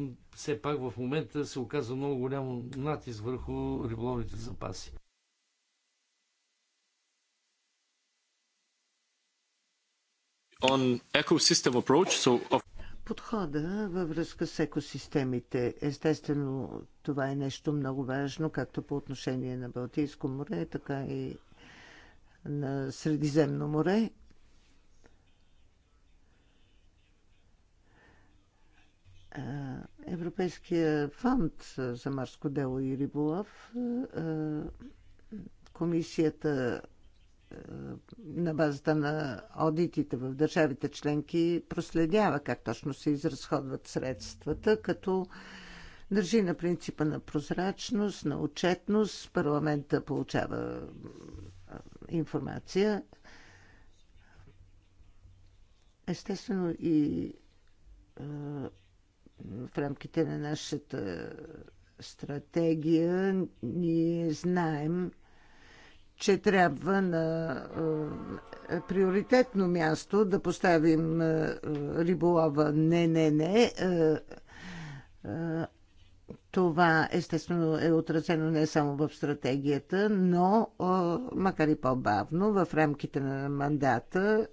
*clears throat* все пак в момента се оказва много голям натиск върху риболовните запаси. On ecosystem approach, so of... Подхода във връзка с екосистемите. Естествено, това е нещо много важно, както по отношение на Балтийско море, така и на Средиземно море. Е, Европейския фонд за морско дело и риболов. Е, е, комисията на базата на аудитите в държавите членки проследява как точно се изразходват средствата, като държи на принципа на прозрачност, на отчетност. Парламента получава информация. Естествено и в рамките на нашата стратегия ние знаем, че трябва на а, е, приоритетно място да поставим а, е, риболова не, не, не, е, това естествено е отразено не само в стратегията, но макар и по-бавно, в рамките на мандата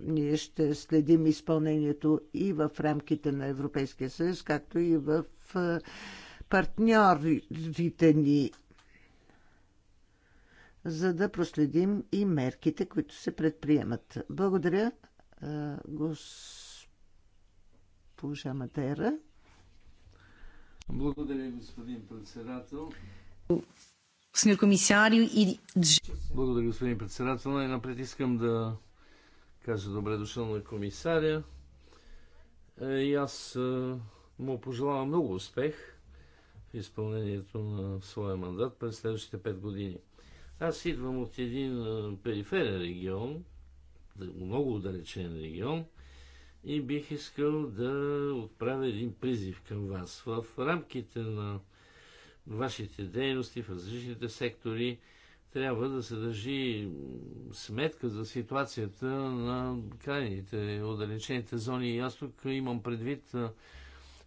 ние ще следим изпълнението и в рамките на Европейския съюз, както и в партньорите ни, за да проследим и мерките, които се предприемат. Благодаря, госпожа Матера. Благодаря, господин председател. Сеньор комисарио и... Благодаря, господин председател. Най-напред искам да кажа добре дошъл на комисаря. Е, и аз е, му пожелавам много успех в изпълнението на своя мандат през следващите 5 години. Аз идвам от един е, периферен регион, много отдалечен регион – и бих искал да отправя един призив към вас. В рамките на вашите дейности в различните сектори трябва да се държи сметка за ситуацията на крайните, отдалечените зони. И аз тук имам предвид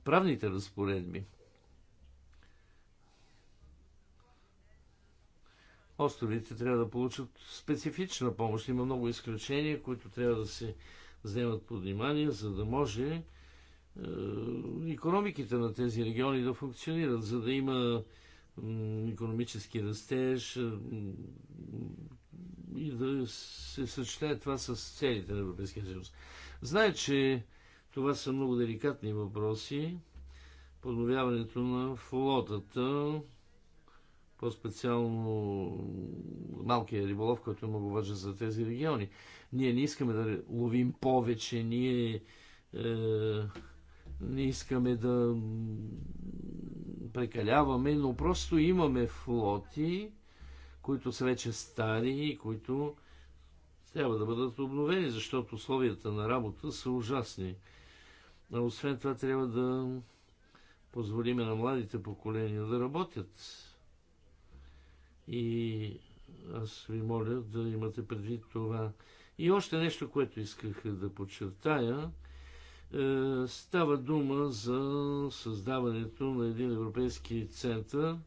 правните разпоредби. Островите трябва да получат специфична помощ. Има много изключения, които трябва да се вземат под внимание, за да може економиките на тези региони да функционират, за да има економически растеж е, и да се съчетае това с целите на Европейския съюз. Знае, че това са много деликатни въпроси. Подновяването на флотата, по-специално малкия риболов, който е много важен за тези региони. Ние не искаме да ловим повече, ние е, не искаме да прекаляваме, но просто имаме флоти, които са вече стари и които трябва да бъдат обновени, защото условията на работа са ужасни. А освен това трябва да позволиме на младите поколения да работят и аз ви моля да имате предвид това. И още нещо, което исках да подчертая. Е, става дума за създаването на един европейски център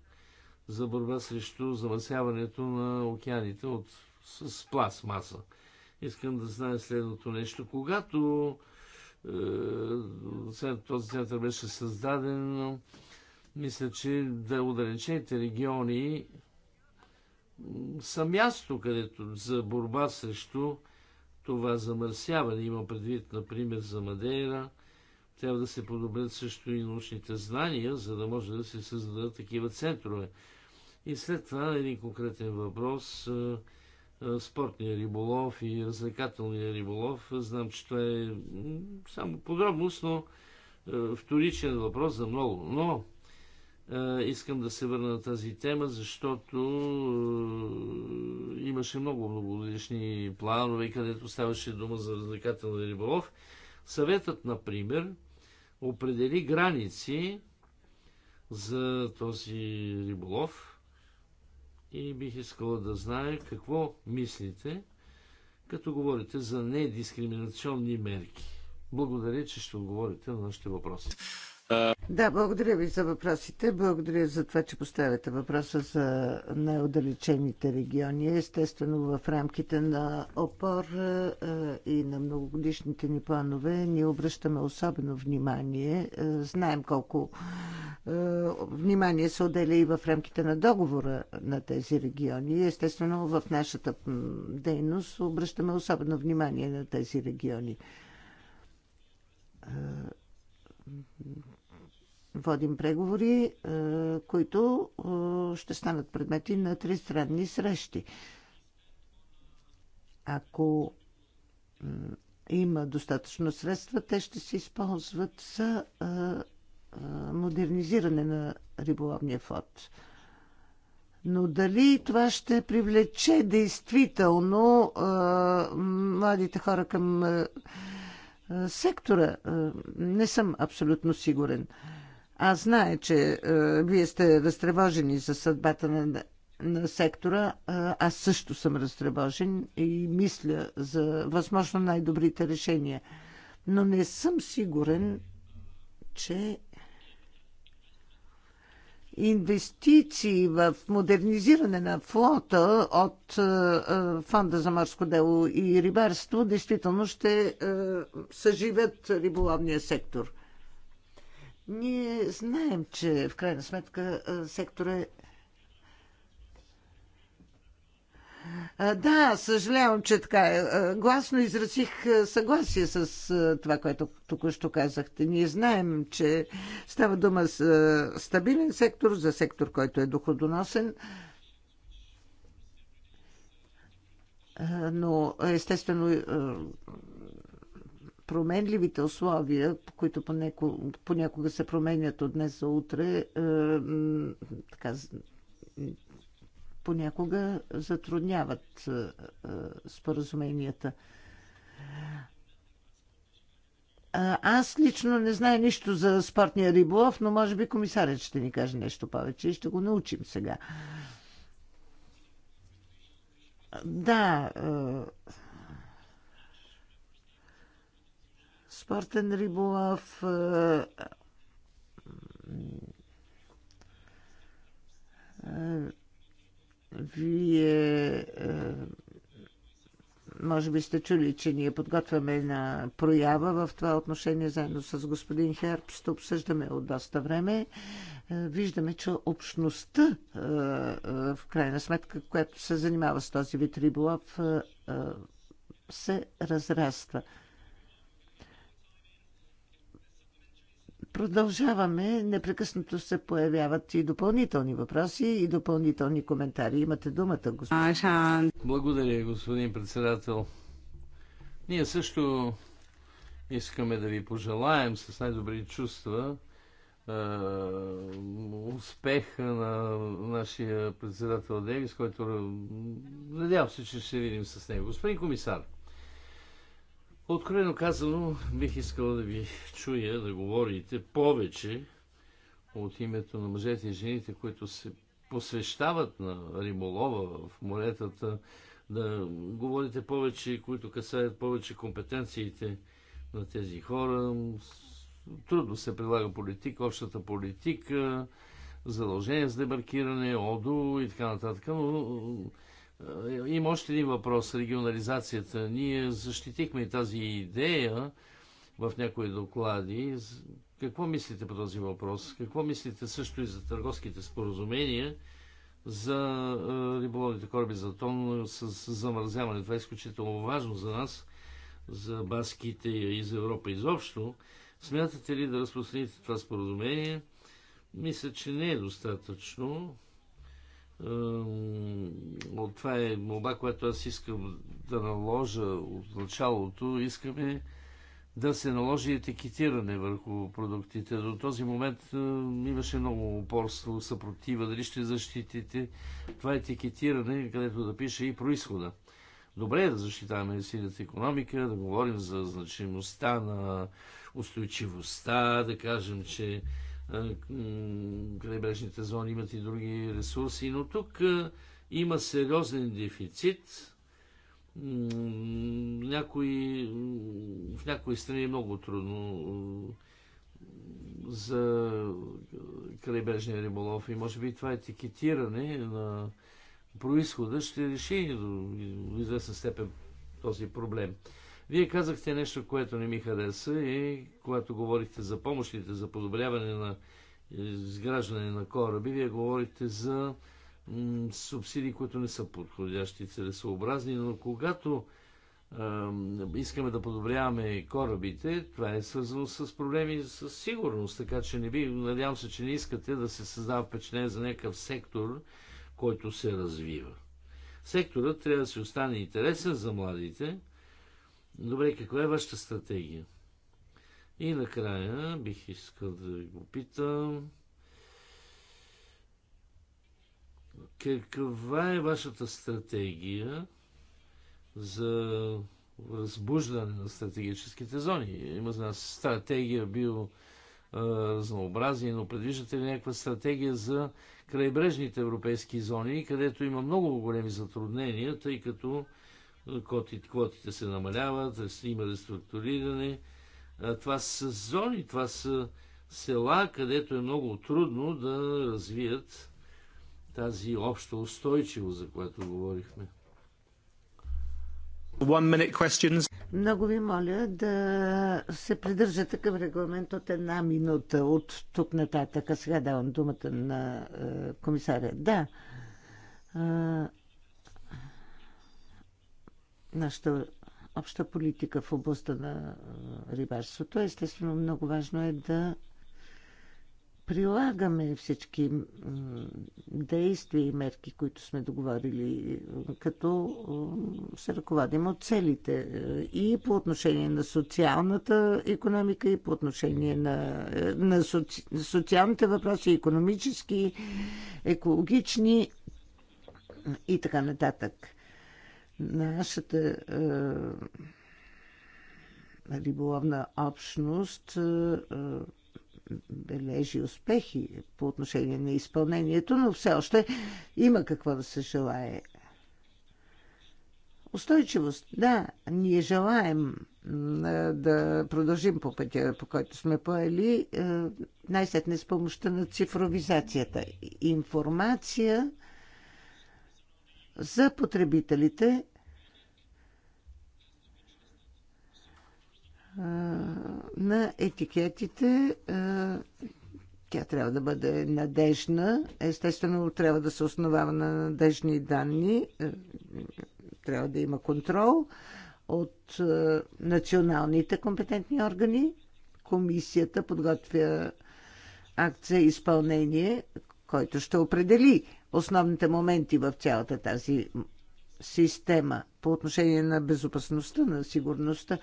за борба срещу замърсяването на океаните от, с, пластмаса. Искам да знае следното нещо. Когато е, този център беше създаден, мисля, че да отдалечените региони са място, където за борба срещу това замърсяване. Има предвид, например, за Мадейра. Трябва да се подобрят също и научните знания, за да може да се създадат такива центрове. И след това един конкретен въпрос. Е, е, спортния риболов и развлекателния риболов. Знам, че това е само подробност, но е, вторичен въпрос за много. Но е, искам да се върна на тази тема, защото е, имаше много многогодишни планове, където ставаше дума за развлекателни риболов. Съветът, например, определи граници за този риболов и бих искала да знае какво мислите, като говорите за недискриминационни мерки. Благодаря, че ще отговорите на нашите въпроси. Да, благодаря ви за въпросите. Благодаря за това, че поставяте въпроса за най-отдалечените региони. Естествено, в рамките на опор е, и на многогодишните ни планове ние обръщаме особено внимание. Е, знаем колко е, внимание се отделя и в рамките на договора на тези региони. Естествено, в нашата дейност обръщаме особено внимание на тези региони Водим преговори, е, които е, ще станат предмети на тристранни срещи. Ако има достатъчно средства, те ще се използват за е, модернизиране на риболовния флот. Но дали това ще привлече действително а, младите хора към а, сектора, а, не съм абсолютно сигурен. А, аз знае, че е, вие сте разтревожени за съдбата на, на сектора. Е, аз също съм разтревожен и мисля за възможно най-добрите решения. Но не съм сигурен, че инвестиции в модернизиране на флота от е, е, Фонда за морско дело и рибарство действително ще съживят риболовния сектор. Ние знаем, че в крайна сметка сектора е Да, съжалявам, че така е, гласно изразих съгласие с това, което току-що казахте. Ние знаем, че става дума за стабилен сектор, за сектор, който е доходоносен. Но естествено променливите условия, които понякога се променят от днес за утре, е, така, понякога затрудняват е, е, споразуменията. Аз лично не знае нищо за спортния риболов, но може би комисарят ще ни каже нещо повече и ще го научим сега. Да, спортен риболов, е, е, вие е, може би сте чули, че ние подготвяме на проява в това отношение заедно с господин Херпст. Обсъждаме от доста време. Виждаме, че общността, в крайна сметка, която се занимава с този вид риболов, се разраства. Продължаваме. Непрекъснато се появяват и допълнителни въпроси и допълнителни коментари. Имате думата, господин. Благодаря, господин председател. Ние също искаме да ви пожелаем с най-добри чувства е, успеха на нашия председател Девис, който надявам се, че ще видим с него. Господин комисар, Откровено казано, бих искала да ви чуя да говорите повече от името на мъжете и жените, които се посвещават на риболова в моретата, да говорите повече, които касаят повече компетенциите на тези хора. Трудно се прилага политика, общата политика, задължение за дебаркиране, ОДО и така нататък, но е, има още един въпрос. Регионализацията. Ние защитихме тази идея в някои доклади. Какво мислите по този въпрос? Какво мислите също и за търговските споразумения за е, риболовните кораби за тон с замързяване? Това е изключително важно за нас, за баските и за Европа изобщо. Смятате ли да разпространите това споразумение? Мисля, че не е достатъчно това е моба, която аз искам да наложа от началото. Искаме да се наложи етикетиране върху продуктите. До този момент имаше много упорство, съпротива, дали ще защитите това етикетиране, където да пише и происхода. Добре е да защитаваме синята економика, да говорим за значимостта на устойчивостта, да кажем, че крайбрежните зони имат и други ресурси, но тук има сериозен дефицит. Някои, в някои страни е много трудно за крайбрежния риболов и може би това етикетиране на происхода ще реши до известна степен този проблем. Вие казахте нещо, което не ми хареса и когато говорихте за помощите, за подобряване на изграждане на кораби, вие говорихте за субсидии, които не са подходящи и целесообразни, но когато искаме да подобряваме корабите, това е свързано с проблеми с сигурност, така че не би, надявам се, че не искате да се създава впечатление за някакъв сектор, който се развива. Секторът трябва да си остане интересен за младите, Добре, каква е вашата стратегия? И накрая бих искал да ви го питам. Каква е вашата стратегия за разбуждане на стратегическите зони? Има за нас стратегия био разнообразие, но предвиждате ли някаква стратегия за крайбрежните европейски зони, където има много големи затруднения, тъй като квотите, квотите се намаляват, има реструктуриране. Това са зони, това са села, където е много трудно да развият тази обща устойчивост, за която говорихме. Много ви моля да се придържа такъв регламент от една минута от тук нататък. сега давам думата на е, комисаря. Да нашата обща политика в областта на рибарството. Естествено, много важно е да прилагаме всички действия и мерки, които сме договорили, като се ръководим от целите и по отношение на социалната економика, и по отношение на, на соци, социалните въпроси, економически, екологични и така нататък. Нашата е, е, риболовна общност е, е, бележи успехи по отношение на изпълнението, но все още има какво да се желае. Устойчивост. Да, ние желаем е, да продължим по пътя, по който сме поели, най-сетне с помощта на цифровизацията. Информация за потребителите на етикетите. Тя трябва да бъде надежна. Естествено, трябва да се основава на надежни данни. Трябва да има контрол от националните компетентни органи. Комисията подготвя акция изпълнение, който ще определи основните моменти в цялата тази система по отношение на безопасността, на сигурността.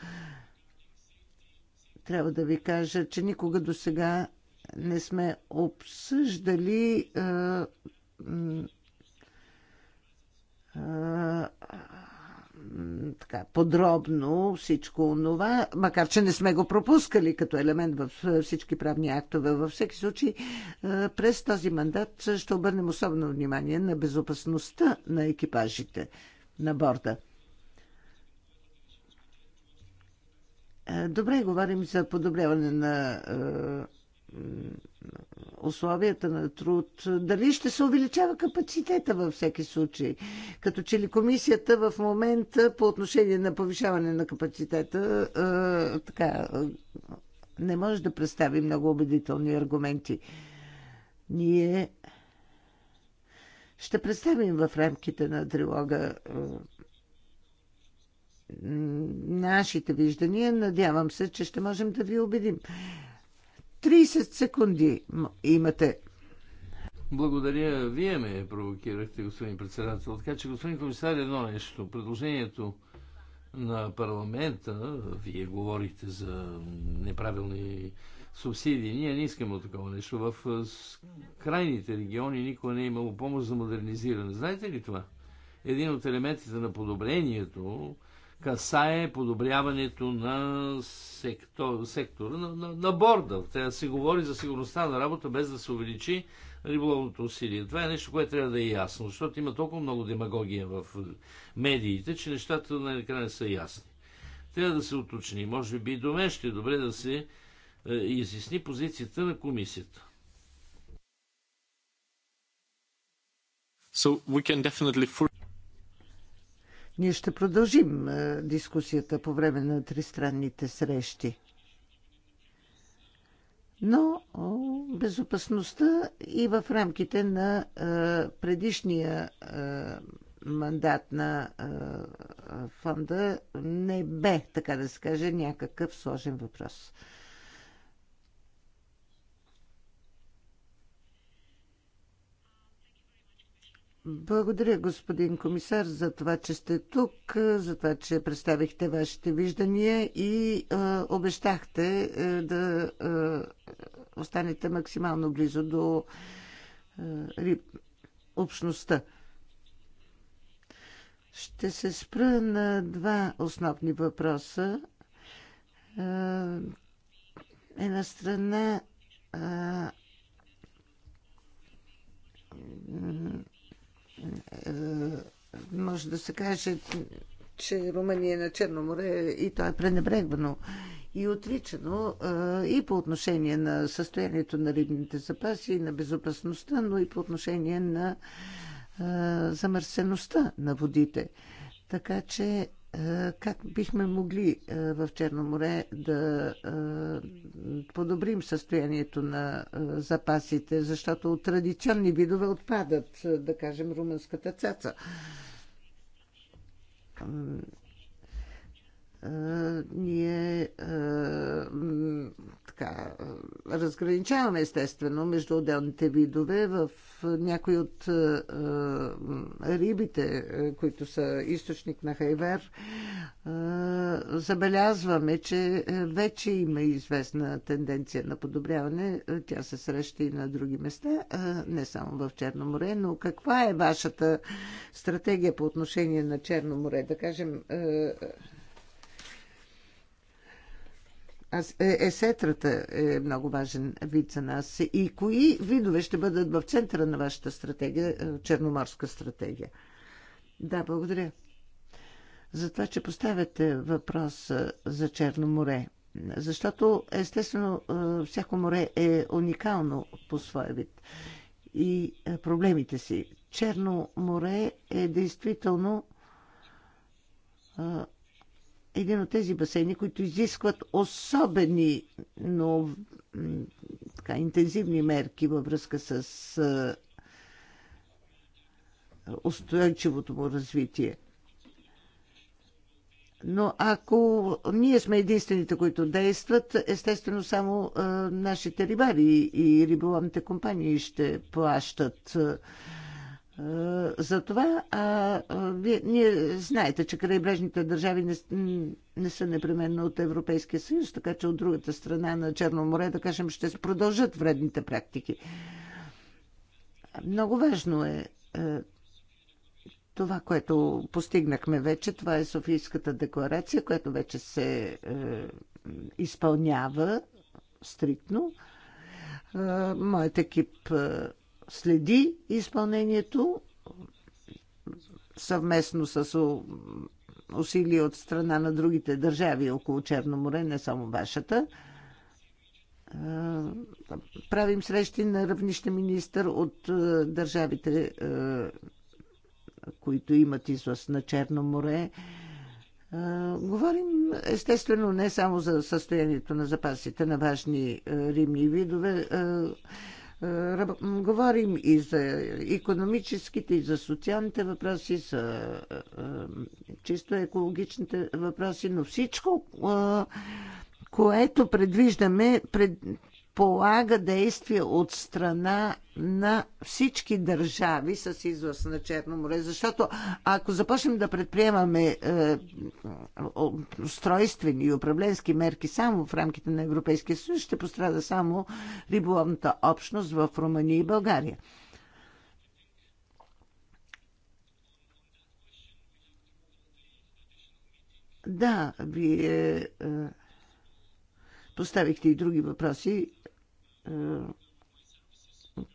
Трябва да ви кажа, че никога до сега не сме обсъждали а, а, така, подробно всичко това, макар че не сме го пропускали като елемент в всички правни актове. Във всеки случай, през този мандат ще обърнем особено внимание на безопасността на екипажите на борда. Добре, говорим за подобряване на условията на труд, дали ще се увеличава капацитета във всеки случай. Като че ли комисията в момента по отношение на повишаване на капацитета е, така, е, не може да представи много убедителни аргументи. Ние ще представим в рамките на трилога е, нашите виждания. Надявам се, че ще можем да ви убедим. 30 секунди имате. Благодаря. Вие ме провокирахте, господин председател. Така че, господин комисар, едно нещо. Предложението на парламента, вие говорихте за неправилни субсидии. Ние не искаме от такова нещо. В крайните региони никога не е имало помощ за модернизиране. Знаете ли това? Един от елементите на подобрението касае подобряването на сектор, сектора, на, на, на борда. Трябва да се говори за сигурността на работа, без да се увеличи риболовното усилие. Това е нещо, което трябва да е ясно, защото има толкова много демагогия в медиите, че нещата накрая не са ясни. Трябва да се уточни. Може би и до мен ще е добре да се е, изясни позицията на комисията. So we can definitely... Ние ще продължим е, дискусията по време на тристранните срещи. Но безопасността и в рамките на е, предишния е, мандат на фонда не бе, така да се каже, някакъв сложен въпрос. Благодаря, господин комисар, за това, че сте тук, за това, че представихте вашите виждания и е, обещахте е, да е, останете максимално близо до е, общността. Ще се спра на два основни въпроса. Е, една страна. Е, е, може да се каже, че Румъния е на Черно море и то е пренебрегвано и отричано е, и по отношение на състоянието на рибните запаси и на безопасността, но и по отношение на замърсеността на водите. Така че е, как бихме могли е, в Черно море да е, подобрим състоянието на запасите, защото от традиционни видове отпадат, да кажем, румънската цаца. Ние така, е, разграничаваме естествено между отделните видове. В е, някои от е, е рибите, които са източник на Хайвер, е, забелязваме, че вече има известна тенденция на подобряване. Тя се среща и на други места, е, не само в Черно море, но каква е вашата стратегия по отношение на Черно море? Да кажем, е, е, есетрата е много важен вид за нас. И кои видове ще бъдат в центъра на вашата стратегия, е, черноморска стратегия? Да, благодаря. За това, че поставяте въпрос за Черно море. Защото, естествено, е, всяко море е уникално по своя вид и проблемите си. Черно море е действително един от тези басейни, които изискват особени, но така, интензивни мерки във връзка с устойчивото му развитие. Но ако ние сме единствените, които действат, естествено само а, нашите рибари и риболовните компании ще плащат. Затова това, а, вие, ние знаете, че крайбрежните държави не, не са непременно от Европейския съюз, така че от другата страна на Черно море, да кажем, ще се продължат вредните практики. Много важно е, е това, което постигнахме вече. Това е Софийската декларация, която вече се е, изпълнява стриктно. Е, моят екип следи изпълнението съвместно с усилия от страна на другите държави около Черно море, не само вашата. Е, правим срещи на равнище министър от е, държавите, е, които имат излъз на Черно море. Говорим естествено не само за състоянието на запасите на важни римни видове. Говорим и за економическите, и за социалните въпроси, за е, е, чисто екологичните въпроси, но всичко, е, което предвиждаме, пред, полага действия от страна на всички държави с излъз на Черно море. Защото ако започнем да предприемаме е, устройствени и управленски мерки само в рамките на Европейския съюз, ще пострада само риболовната общност в Румъния и България. Да, вие е, поставихте и други въпроси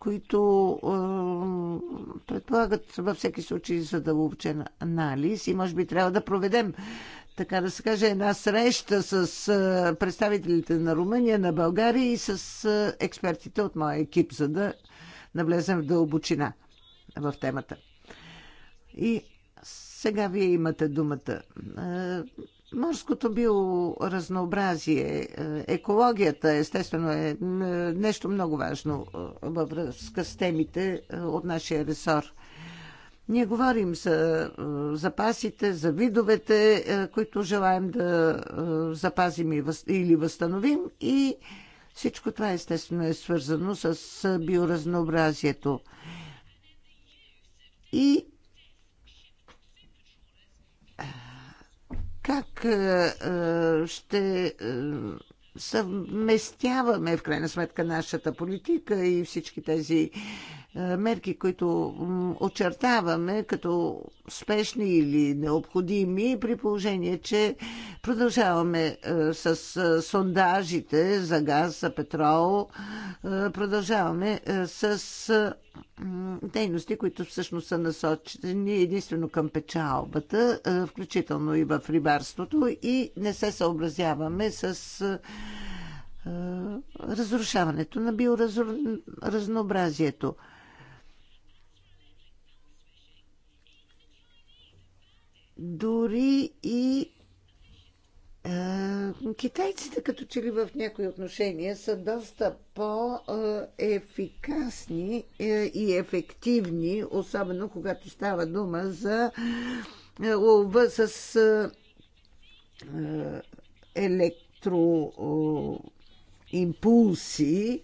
които е, предполагат във всеки случай задълбочен анализ и може би трябва да проведем, така да се каже, една среща с е, представителите на Румъния, на България и с е, експертите от моя екип, за да навлезем в дълбочина в темата. И сега вие имате думата. Морското биоразнообразие, е, екологията, естествено е, е нещо много важно е, във връзка с темите от нашия ресор. Ние говорим за запасите, за видовете, които желаем да запазим или възстановим и всичко това естествено е свързано с биоразнообразието. И Как е, е, ще е, съвместяваме в крайна сметка нашата политика и всички тези е, мерки, които очертаваме като спешни или необходими, при положение, че продължаваме е, с е, сондажите за газ, за петрол, продължаваме с дейности, които всъщност са насочени единствено към печалбата, включително и в рибарството и не се съобразяваме с разрушаването на биоразнообразието. Дори и китайците като че ли в някои отношения са доста по-ефикасни е, и ефективни, особено когато става дума за лова е, с е, електроимпулси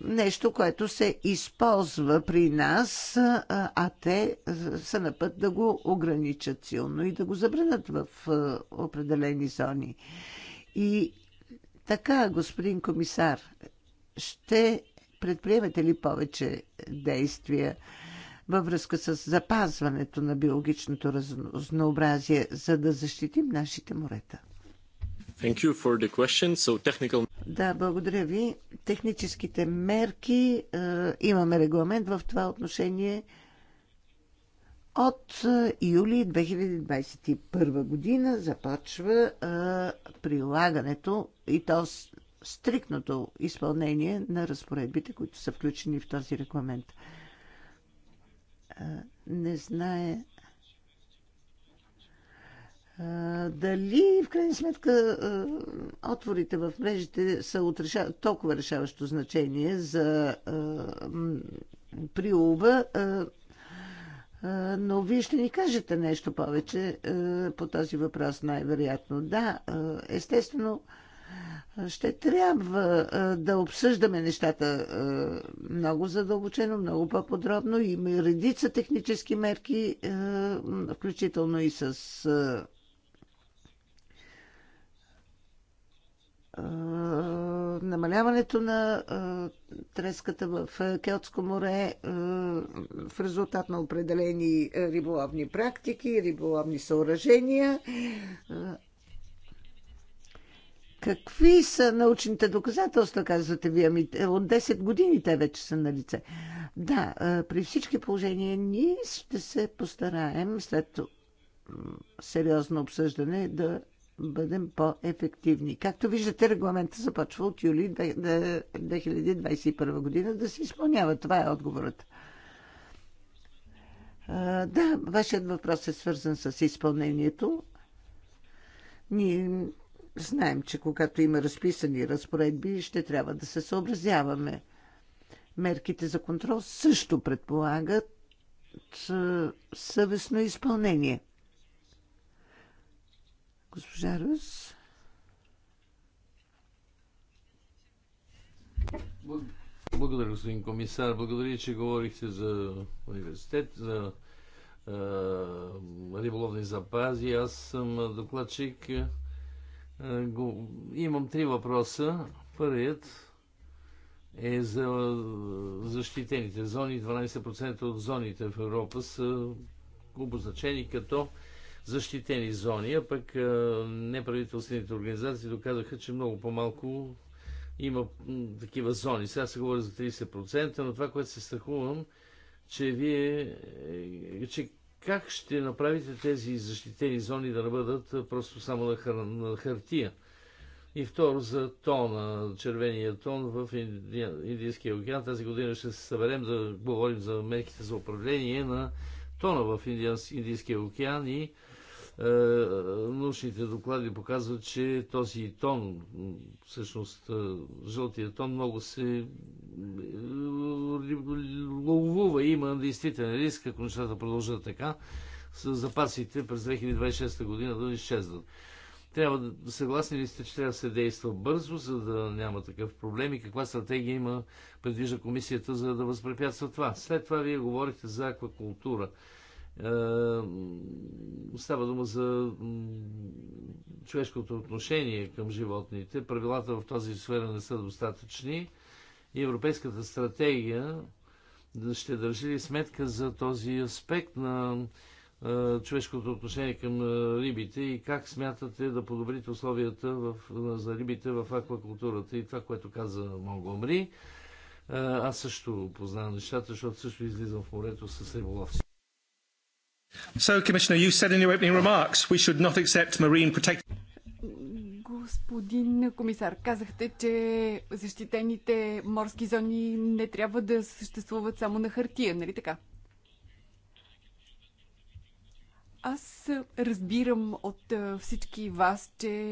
нещо, което се използва при нас, а те са на път да го ограничат силно и да го забранят в определени зони. И така, господин комисар, ще предприемете ли повече действия във връзка с запазването на биологичното разнообразие, за да защитим нашите морета? Thank you for the question. So technical... Да, благодаря ви. Техническите мерки, е, имаме регламент в това отношение от е, юли 2021 година започва е, прилагането и то стрикното изпълнение на разпоредбите, които са включени в този регламент. Не знае дали в крайна сметка отворите в мрежите са от реша... толкова решаващо значение за приуба, но вие ще ни кажете нещо повече по този въпрос, най-вероятно. Да, естествено, ще трябва да обсъждаме нещата много задълбочено, много по-подробно. Има редица технически мерки, включително и с намаляването на треската в Келтско море в резултат на определени риболовни практики, риболовни съоръжения. Какви са научните доказателства, казвате вие? Ами, е, от 10 години те вече са на лице. Да, при всички положения ние ще се постараем след сериозно обсъждане да бъдем по-ефективни. Както виждате, регламента започва от юли 2021 година да се изпълнява. Това е отговорът. Да, вашият въпрос е свързан с изпълнението. Ние знаем, че когато има разписани разпоредби, ще трябва да се съобразяваме. Мерките за контрол също предполагат съвестно изпълнение – Госпожа Рус. Благодаря, господин комисар. Благодаря, че говорихте за университет, за а, риболовни запази. Аз съм докладчик. А, го, имам три въпроса. Първият е за защитените зони. 12% от зоните в Европа са обозначени като защитени зони, а пък неправителствените организации доказаха, че много по-малко има такива зони. Сега се говори за 30%, но това, което се страхувам, че вие, е, че как ще направите тези защитени зони да не бъдат просто само на, хар... на хартия? И второ, за тона, червения тон в Индийския океан. Тази година ще се съберем да говорим за мерките за управление на тона в Индийския океан и е, научните доклади показват, че този тон, всъщност е, жълтия тон, много се е, ловува. Има действителен риск, ако нещата продължат така, с запасите през 2026 година да изчезнат. Трябва да, съгласни ли сте, че трябва да се действа бързо, за да няма такъв проблем и каква стратегия има, предвижда комисията, за да възпрепятства това? След това вие говорите за аквакултура. Е, става дума за човешкото отношение към животните. Правилата в тази сфера не са достатъчни. И Европейската стратегия ще държи ли сметка за този аспект на е, човешкото отношение към е, рибите и как смятате да подобрите условията в, за рибите в аквакултурата и това, което каза Монгомри. Аз също познавам нещата, защото също излизам в морето с риболовци. So, Commissioner, you said in your opening remarks we should not accept marine protected господин комисар, казахте, че защитените морски зони не трябва да съществуват само на хартия, нали така? Аз разбирам от всички вас, че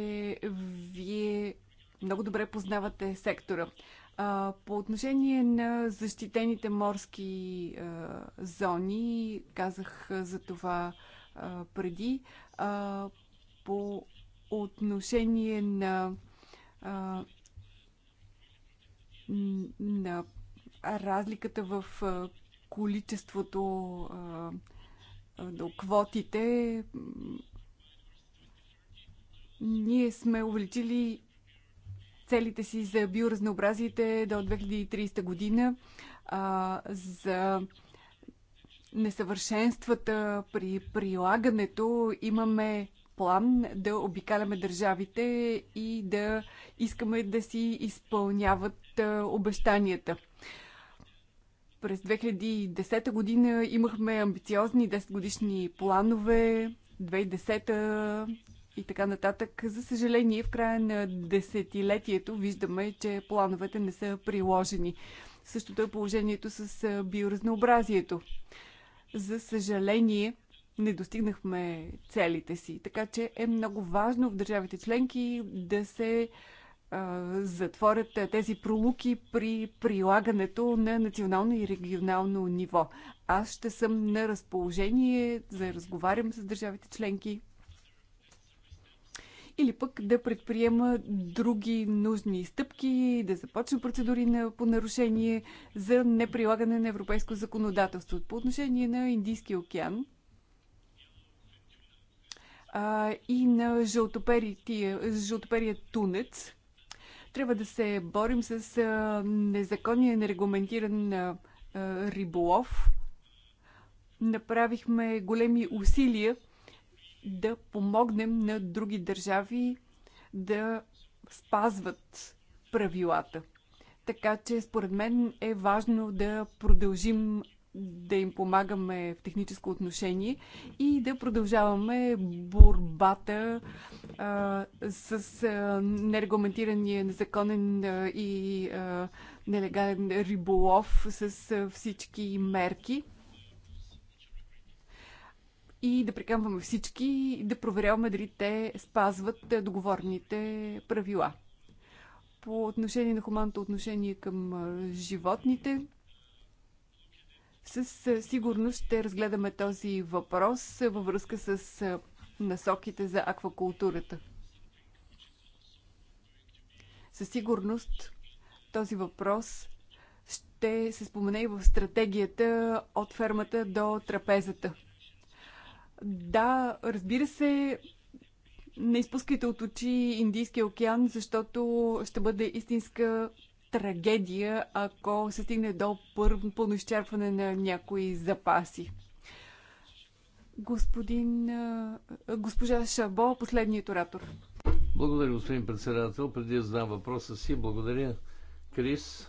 вие много добре познавате сектора. А, по отношение на защитените морски а, зони, казах за това а, преди, а, по отношение на, а, на разликата в а, количеството а, квотите, ние сме увеличили целите си за биоразнообразите до 2030 година, а, за несъвършенствата при прилагането имаме план да обикаляме държавите и да искаме да си изпълняват обещанията. През 2010 година имахме амбициозни 10 годишни планове. 2010 та и така нататък. За съжаление, в края на десетилетието виждаме, че плановете не са приложени. Същото е положението с биоразнообразието. За съжаление, не достигнахме целите си. Така че е много важно в държавите членки да се а, затворят тези пролуки при прилагането на национално и регионално ниво. Аз ще съм на разположение за да разговарям с държавите членки или пък да предприема други нужни стъпки, да започне процедури на, по нарушение за неприлагане на европейско законодателство. По отношение на Индийския океан а, и на жълтоперия тунец, трябва да се борим с а, незаконния, нерегламентиран а, риболов. Направихме големи усилия да помогнем на други държави да спазват правилата. Така че, според мен, е важно да продължим да им помагаме в техническо отношение и да продължаваме борбата а, с а, нерегламентирания, незаконен а, и а, нелегален риболов с а, всички мерки и да прикамваме всички и да проверяваме дали те спазват е, договорните правила. По отношение на хуманното отношение към животните, със сигурност ще разгледаме този въпрос е, във връзка с насоките за аквакултурата. Със сигурност този въпрос ще се спомене и в стратегията от фермата до трапезата – да, разбира се, не изпускайте от очи Индийския океан, защото ще бъде истинска трагедия, ако се стигне до пълно изчерпване на някои запаси. Господин, госпожа Шабо, последният оратор. Благодаря, господин председател. Преди да задам въпроса си, благодаря Крис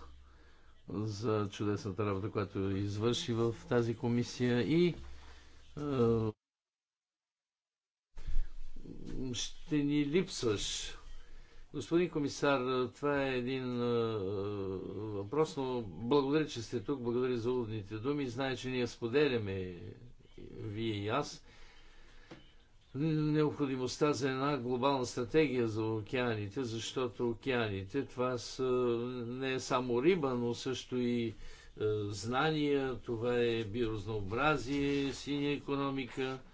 за чудесната работа, която извърши в тази комисия и ще ни липсваш. Господин комисар, това е един въпрос, но благодаря, че сте тук, благодаря за удните думи. Знае, че ние споделяме, вие и аз, необходимостта за една глобална стратегия за океаните, защото океаните това са, не е само риба, но също и знания, това е биоразнообразие, синя економика –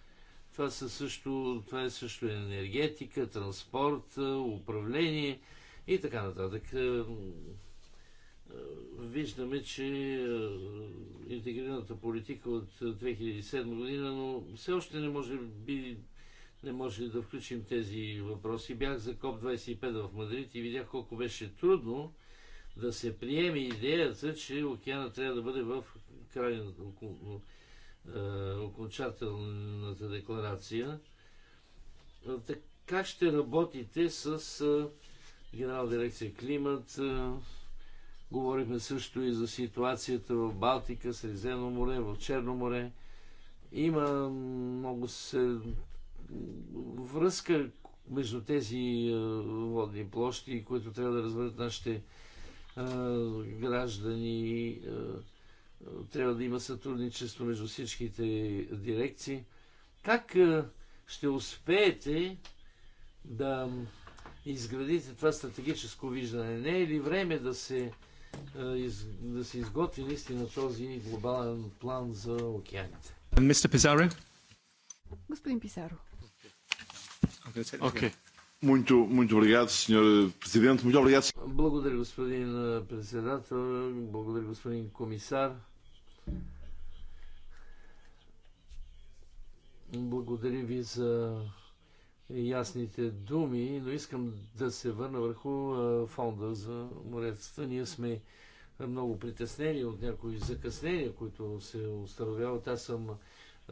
това, са също, това е също енергетика, транспорт, е, управление и така нататък. Е, е, виждаме, че интегрираната политика от 2007 година, но все още не може, би, не може да включим тези въпроси. Бях за КОП-25 в Мадрид и видях колко беше трудно да се приеме идеята, че океана трябва да бъде в крайна. Е, окончателната декларация. Как ще работите с е, генерал дирекция Климат? Е, говорихме също и за ситуацията в Балтика, Средиземно море, в Черно море. Има много се... връзка между тези водни площи, които трябва да разберат нашите граждани трябва да има сътрудничество между всичките дирекции. Как е, ще успеете да изградите това стратегическо виждане? Не е ли време да се, е, да се изготви наистина този глобален план за океаните? Мистер Господин Писаро. Okay. Muito, muito obrigado, Sr. Presidente. Muito obrigado. Благодаря, господин е, председател. Благодаря, господин комисар. Благодаря ви за ясните думи, но искам да се върна върху фонда за морецата. Ние сме много притеснени от някои закъснения, които се установяват. Аз съм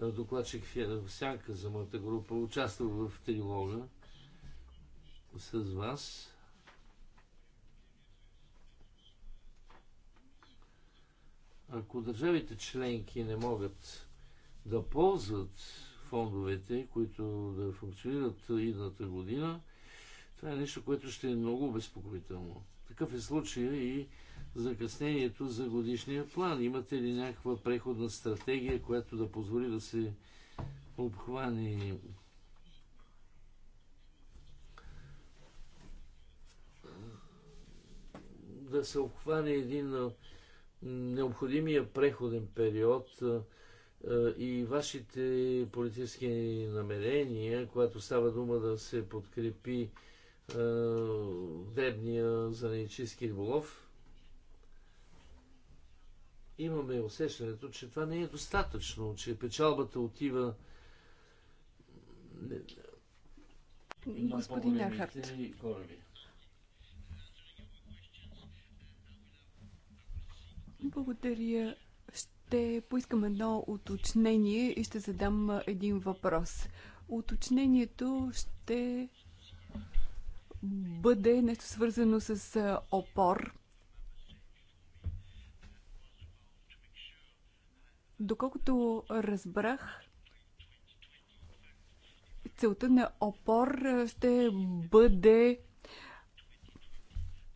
докладчик в сянка за моята група, участвах в трилога с вас. Ако държавите членки не могат да ползват фондовете, които да функционират идната година, това е нещо, което ще е много обезпокоително. Такъв е случая и закъснението за годишния план. Имате ли някаква преходна стратегия, която да позволи да се обхване да се обхване един необходимия преходен период и вашите политически намерения, когато става дума да се подкрепи дребния занечиски риболов, имаме усещането, че това не е достатъчно, че печалбата отива Господин кораби. Благодаря. Ще поискам едно уточнение и ще задам един въпрос. Уточнението ще бъде нещо свързано с опор. Доколкото разбрах, целта на опор ще бъде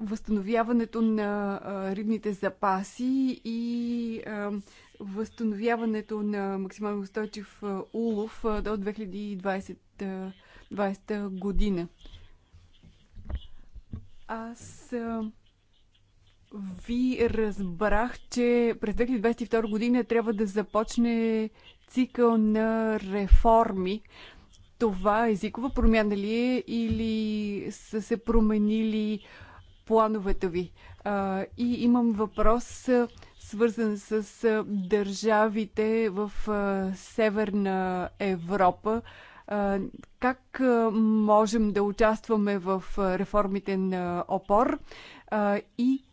възстановяването на рибните запаси и възстановяването на максимално устойчив улов до 2020, 2020 година. Аз ви разбрах, че през 2022 година трябва да започне цикъл на реформи. Това е езикова промяна ли е или са се променили плановете ви. И имам въпрос, свързан с държавите в Северна Европа. Как можем да участваме в реформите на ОПОР и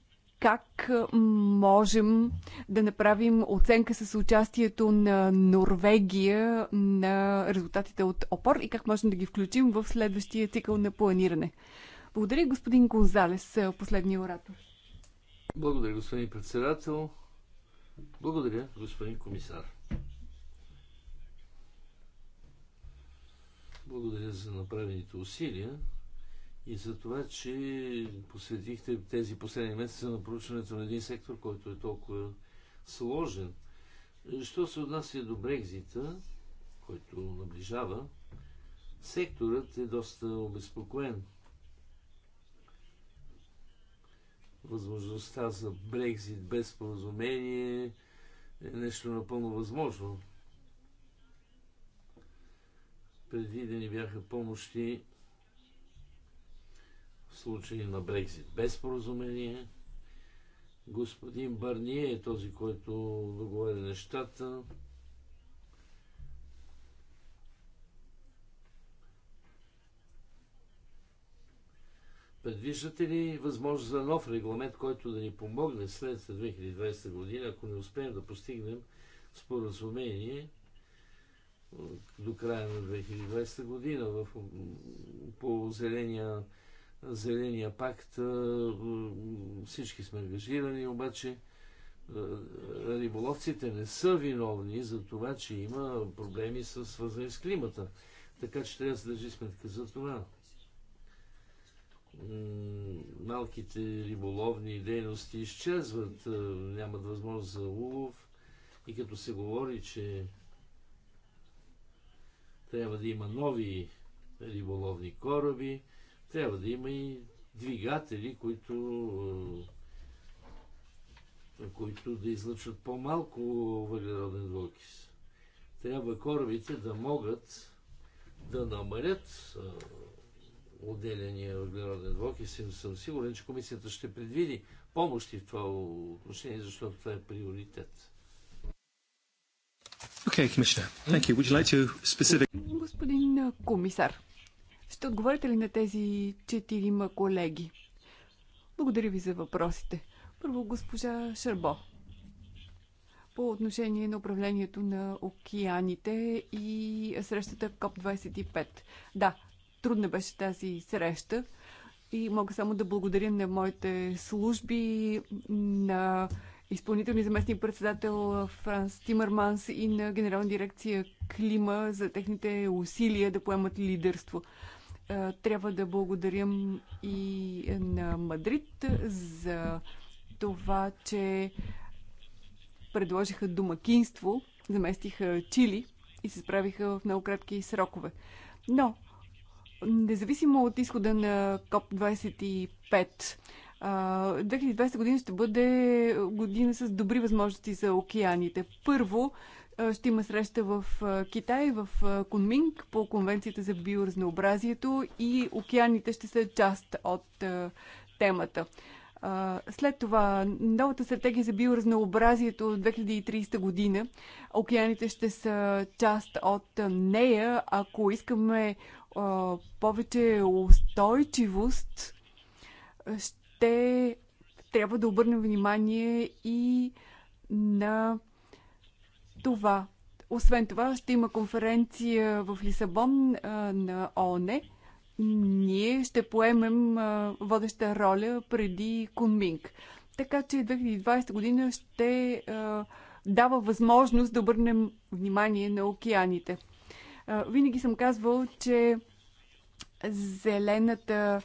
как можем да направим оценка с участието на Норвегия на резултатите от ОПОР и как можем да ги включим в следващия цикъл на планиране. Благодаря, господин Гонзалес, е, последния оратор. Благодаря, господин председател. Благодаря, господин комисар. Благодаря за направените усилия и за това, че посветихте тези последни месеца на проучването на един сектор, който е толкова сложен. Що се отнася до Брекзита, който наближава, секторът е доста обезпокоен възможността за Брекзит без споразумение е нещо напълно възможно. Предвидени бяха помощи в случай на Брекзит без споразумение. Господин Барние е този, който договаря нещата. Предвиждате ли възможност за нов регламент, който да ни помогне след 2020 година, ако не успеем да постигнем споразумение е, до края на 2020 година в, по зеления, зеления пакт е, всички сме ангажирани, обаче е, риболовците не са виновни за това, че има проблеми с, свързани с климата. Така че трябва да се държи сметка за това малките риболовни дейности изчезват, е, нямат възможност за улов и като се говори, че трябва да има нови риболовни кораби, трябва да има и двигатели, които, е, които да излъчват по-малко въглероден двокис. Трябва корабите да могат да намалят е, отделения въглероден блок и съм, съм сигурен, че комисията ще предвиди помощи в това отношение, защото това е приоритет. Okay, Thank you. Would you like to specific... Господин комисар, ще отговорите ли на тези четирима колеги? Благодаря ви за въпросите. Първо госпожа Шарбо. По отношение на управлението на океаните и срещата КОП-25. Да, трудна беше тази среща и мога само да благодаря на моите служби, на изпълнителни заместник председател Франс Тимърманс и на генерална дирекция Клима за техните усилия да поемат лидерство. Трябва да благодарим и на Мадрид за това, че предложиха домакинство, заместиха Чили и се справиха в много кратки срокове. Но независимо от изхода на КОП-25, 2020 година ще бъде година с добри възможности за океаните. Първо, ще има среща в Китай, в Кунминг, по Конвенцията за биоразнообразието и океаните ще са част от темата. След това, новата стратегия за биоразнообразието от 2030 година, океаните ще са част от нея. Ако искаме повече устойчивост, ще трябва да обърнем внимание и на това. Освен това, ще има конференция в Лисабон на ООН. Ние ще поемем водеща роля преди Кунминг. Така че 2020 година ще дава възможност да обърнем внимание на океаните. Винаги съм казвал, че зелената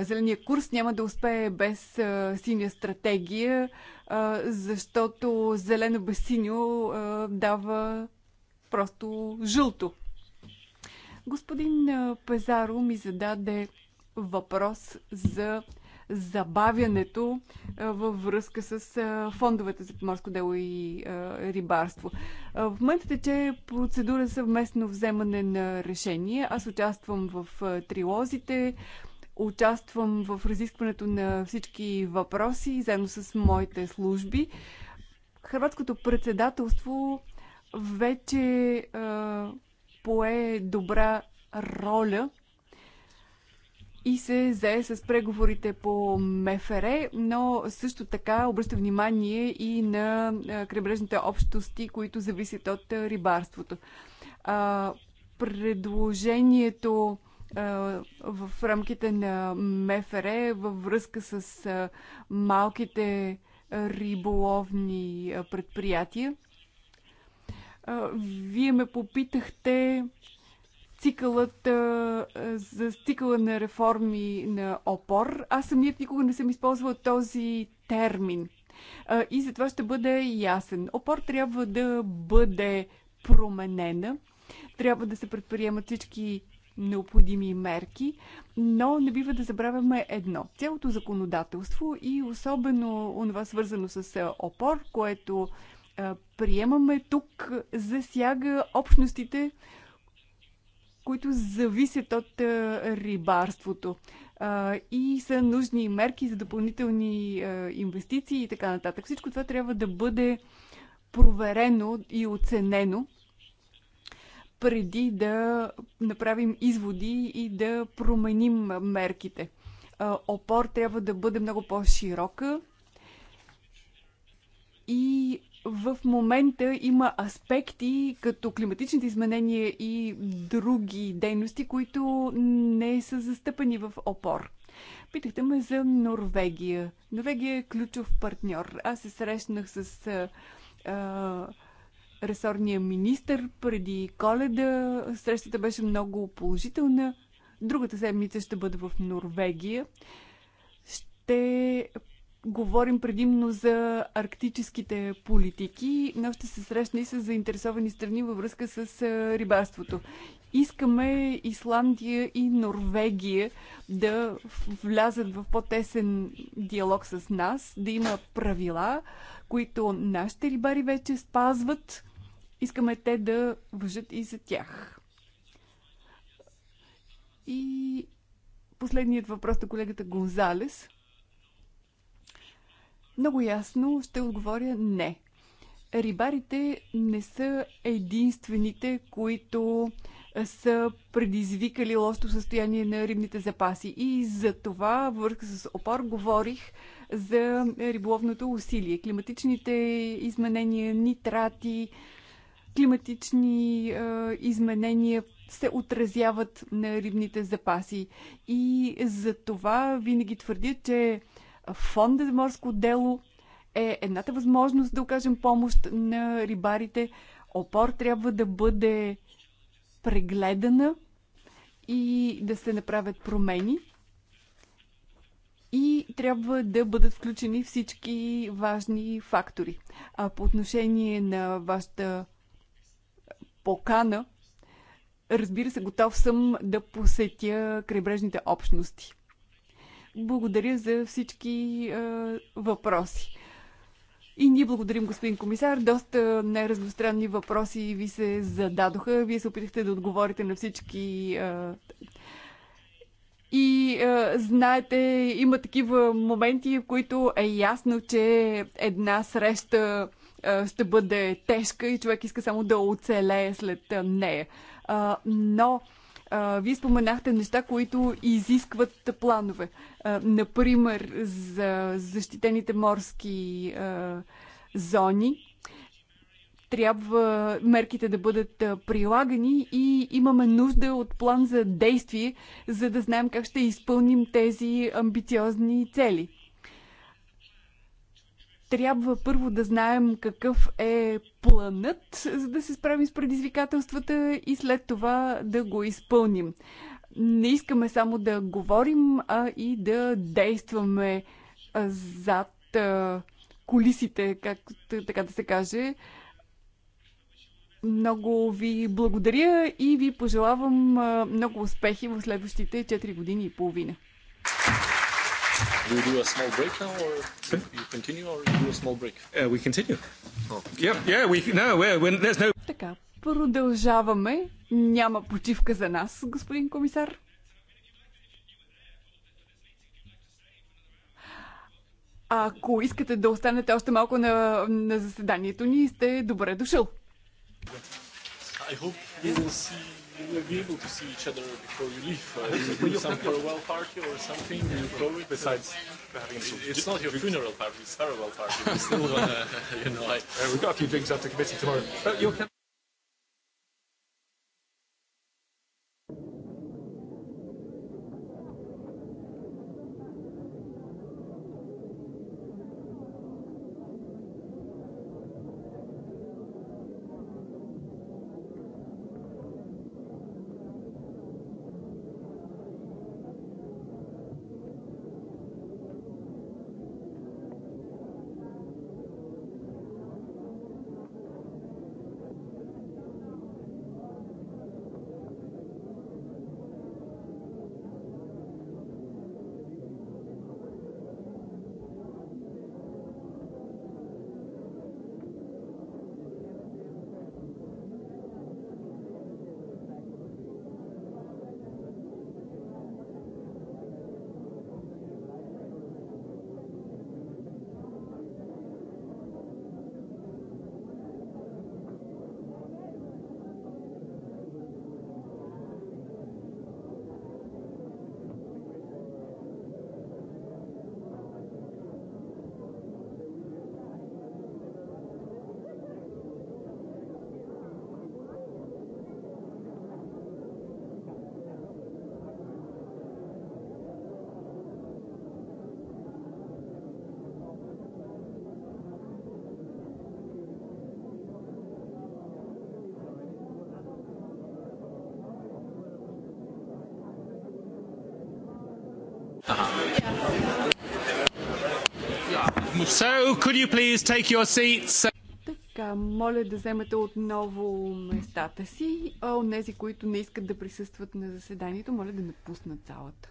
зеления курс няма да успее без синя стратегия, защото зелено без синьо дава просто жълто. Господин Пезаро ми зададе въпрос за забавянето във връзка с фондовете за морско дело и рибарство. В момента тече процедура съвместно вземане на решение. Аз участвам в трилозите, участвам в разискването на всички въпроси, заедно с моите служби. Хрватското председателство вече пое добра роля и се зае с преговорите по МФР, но също така обръща внимание и на крайбрежните общности, които зависят от рибарството. Предложението в рамките на МФР във връзка с малките риболовни предприятия. Вие ме попитахте цикълът, за цикъла на реформи на опор. Аз самият никога не съм използвала този термин. И затова ще бъде ясен. Опор трябва да бъде променена. Трябва да се предприемат всички необходими мерки, но не бива да забравяме едно. Цялото законодателство и особено онова свързано с опор, което приемаме тук, засяга общностите, които зависят от рибарството и са нужни мерки за допълнителни инвестиции и така нататък. Всичко това трябва да бъде проверено и оценено преди да направим изводи и да променим мерките. Опор трябва да бъде много по-широка и в момента има аспекти, като климатичните изменения и други дейности, които не са застъпени в опор. Питахте ме за Норвегия. Норвегия е ключов партньор. Аз се срещнах с а, ресорния министр преди коледа. Срещата беше много положителна. Другата седмица ще бъда в Норвегия. Ще говорим предимно за арктическите политики, но ще се срещна и с заинтересовани страни във връзка с рибарството. Искаме Исландия и Норвегия да влязат в по-тесен диалог с нас, да има правила, които нашите рибари вече спазват. Искаме те да въжат и за тях. И последният въпрос на колегата Гонзалес – много ясно ще отговоря не. Рибарите не са единствените, които са предизвикали лошото състояние на рибните запаси. И за това връзка с опор говорих за риболовното усилие. Климатичните изменения, нитрати, климатични е, изменения се отразяват на рибните запаси. И за това винаги твърдят, че Фонда за морско дело е едната възможност да окажем помощ на рибарите. Опор трябва да бъде прегледана и да се направят промени. И трябва да бъдат включени всички важни фактори. А по отношение на вашата покана, разбира се, готов съм да посетя крайбрежните общности. Благодаря за всички а, е, въпроси. И ние благодарим, господин комисар. Доста е, неразностранни въпроси ви се зададоха. Вие се опитахте да отговорите на всички. Е, и знаете, има такива моменти, в които е ясно, че една среща ще бъде тежка и човек иска само да оцелее след нея. но вие споменахте неща, които изискват планове. Например, за защитените морски зони, трябва мерките да бъдат прилагани и имаме нужда от план за действие, за да знаем как ще изпълним тези амбициозни цели трябва първо да знаем какъв е планът, за да се справим с предизвикателствата и след това да го изпълним. Не искаме само да говорим, а и да действаме зад колисите, как, така да се каже. Много ви благодаря и ви пожелавам много успехи в следващите 4 години и половина. Do you do a small break now, or you continue, or you do a small break? Uh, we continue. Oh. Yeah, yeah, we, no, we're, we're, there's no... Така, продължаваме. Няма почивка за нас, господин комисар. Ако искате да останете още малко на, на заседанието ни, сте добре дошъл. I hope we will see You be able to see each other before you leave. Uh, is it some farewell party or something. You call it. Besides having some, it's not your funeral party. It's farewell party. But still, uh, you know, Uh, got a few drinks after committee tomorrow. Uh, you'll So, could you please take your seats? Така, моля да вземете отново местата си. онези, които не искат да присъстват на заседанието, моля да напуснат залата.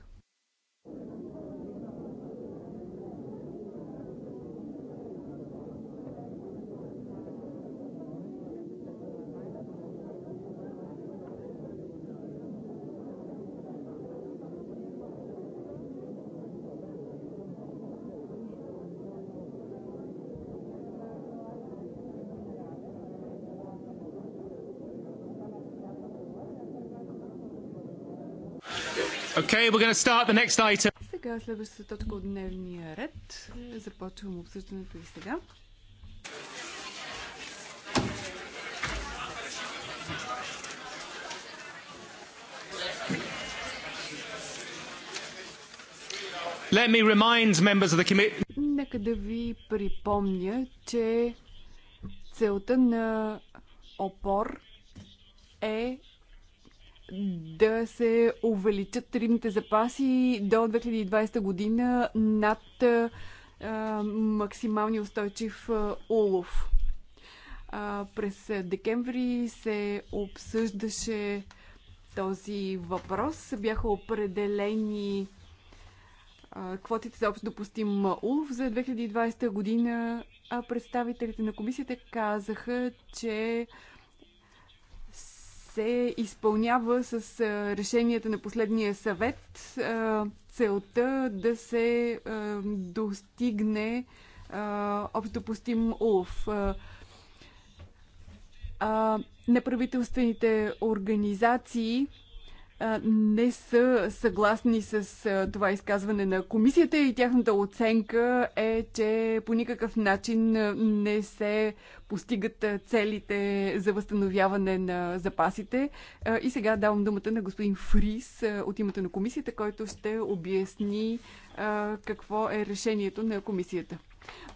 Okay, we're going to start the next item. Сега следващата точка от дневния ред. Започвам обсъждането и сега. Let me remind members of the committee. Нека да ви припомня, че целта на опор е да се увеличат рибните запаси до 2020 година над а, максимални устойчив а, улов. А, през декември се обсъждаше този въпрос. Бяха определени квотите за общо допустим улов за 2020 година, а представителите на комисията казаха, че се изпълнява с решенията на последния съвет. Целта да се достигне общопустим улов. Неправителствените организации не са съгласни с това изказване на комисията и тяхната оценка е, че по никакъв начин не се постигат целите за възстановяване на запасите. И сега давам думата на господин Фрис от името на комисията, който ще обясни какво е решението на комисията.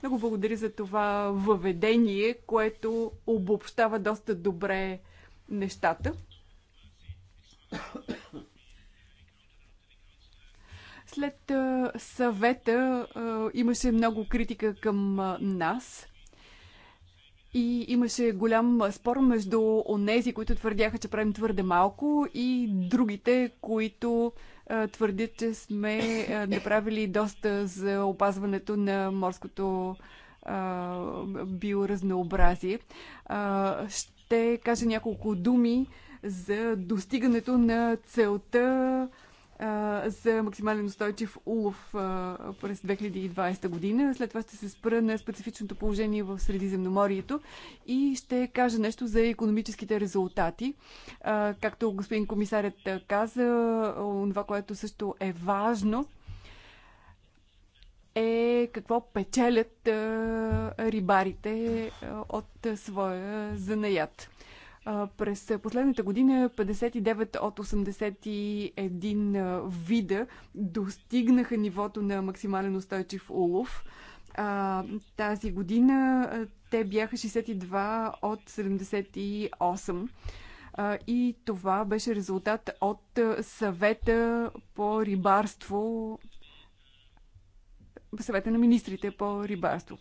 Много благодаря за това въведение, което обобщава доста добре нещата. След съвета имаше много критика към нас и имаше голям спор между онези, които твърдяха, че правим твърде малко и другите, които твърдят, че сме направили доста за опазването на морското биоразнообразие. Ще кажа няколко думи за достигането на целта за максимален устойчив улов през 2020 година. След това ще се спра на специфичното положение в Средиземноморието и ще кажа нещо за економическите резултати. Както господин комисарят каза, това, което също е важно, е какво печелят рибарите от своя занаят. През последната година 59 от 81 вида достигнаха нивото на максимален устойчив улов. Тази година те бяха 62 от 78 и това беше резултат от съвета по рибарство, съвета на министрите по рибарство.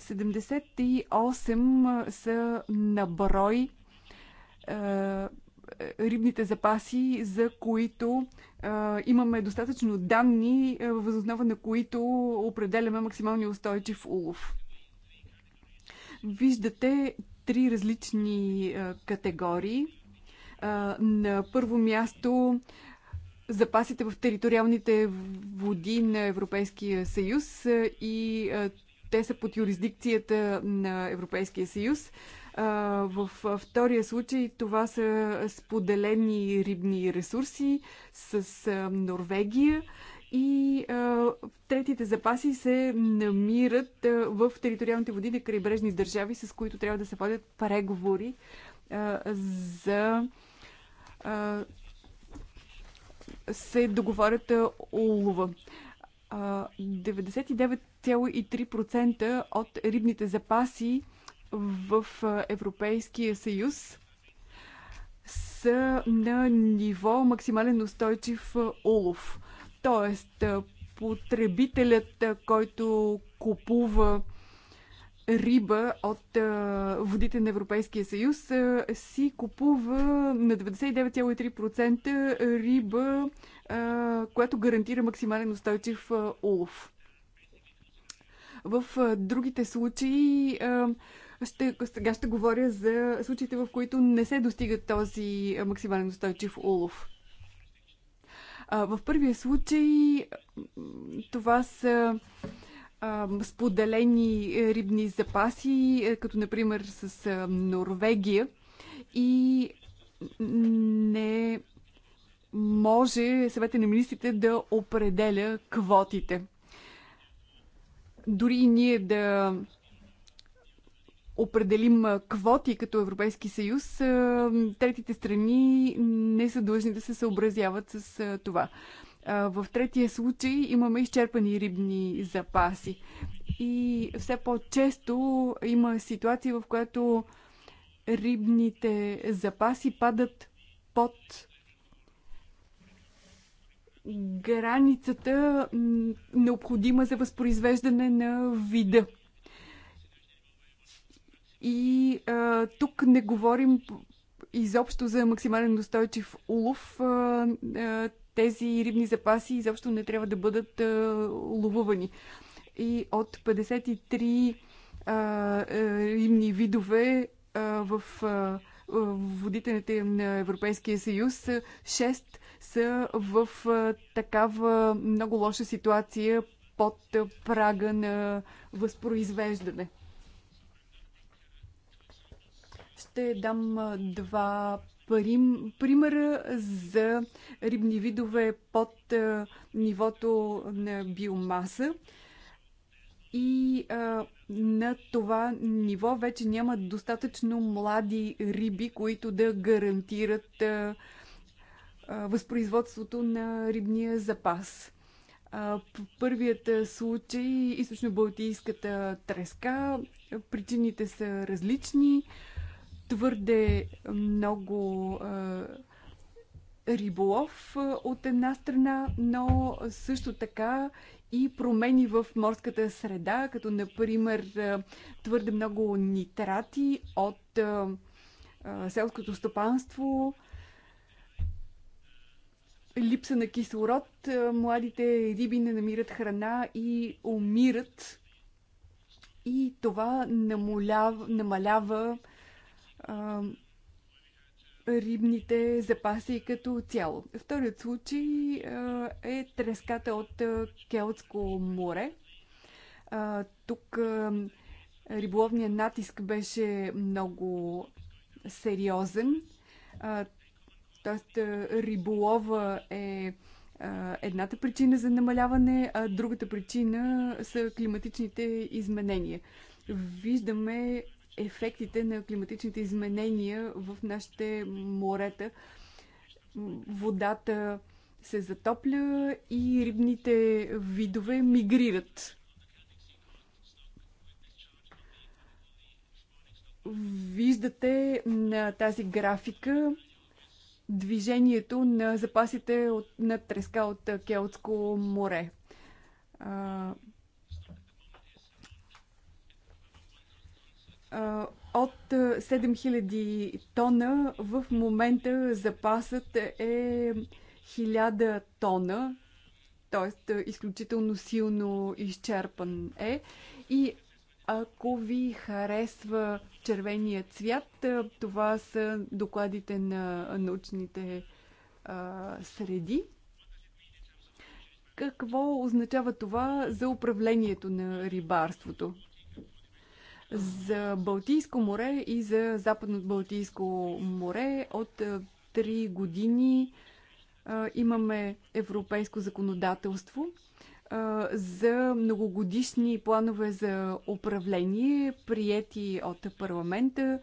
78 са на брой е, рибните запаси, за които а, имаме достатъчно данни, е, възоснова на които определяме максимално устойчив улов. Виждате три различни а, категории. А, на първо място запасите в териториалните води на Европейския съюз и те са под юрисдикцията на Европейския съюз. В втория случай това са споделени рибни ресурси с Норвегия и а, третите запаси се намират а, в териториалните води на крайбрежни държави, с които трябва да се водят преговори а, за а, се договорят улова. 99,3% от рибните запаси в Европейския съюз са на ниво максимален устойчив улов. Тоест, потребителят, който купува риба от водите на Европейския съюз си купува на 99,3% риба, която гарантира максимален устойчив улов. В другите случаи ще, сега ще говоря за случаите, в които не се достига този максимален устойчив улов. В първия случай това са споделени е, рибни запаси, е, като например с е, Норвегия. И не може съвета на министрите да определя квотите. Дори и ние да определим квоти като Европейски съюз, третите страни не са длъжни да се съобразяват с това. В третия случай имаме изчерпани рибни запаси. И все по-често има ситуации, в която рибните запаси падат под границата необходима за възпроизвеждане на вида. И а, тук не говорим изобщо за максимален устойчив улов. А, а, тези рибни запаси изобщо не трябва да бъдат ловувани. И от 53 рибни видове в водите на Европейския съюз, 6 са в такава много лоша ситуация под прага на възпроизвеждане. Ще дам два парим, примера за рибни видове под а, нивото на биомаса. И а, на това ниво вече няма достатъчно млади риби, които да гарантират а, а, възпроизводството на рибния запас. В първият случай, източно-балтийската треска, причините са различни твърде много риболов от една страна, но също така и промени в морската среда, като например твърде много нитрати от селското стопанство, липса на кислород, младите риби не намират храна и умират. И това намалява, намалява а, рибните запаси като цяло. Вторият случай а, е треската от Келтско море. А, тук а, риболовният натиск беше много сериозен. А, тоест, риболова е едната причина за намаляване, а другата причина са климатичните изменения. Виждаме ефектите на климатичните изменения в нашите морета. Водата се затопля и рибните видове мигрират. Виждате на тази графика движението на запасите от, на треска от Келтско море. от 7000 тона в момента запасът е 1000 тона, т.е. изключително силно изчерпан е. И ако ви харесва червения цвят, това са докладите на научните а, среди. Какво означава това за управлението на рибарството? за Балтийско море и за Западно-Балтийско море от 3 години имаме европейско законодателство за многогодишни планове за управление, приети от парламента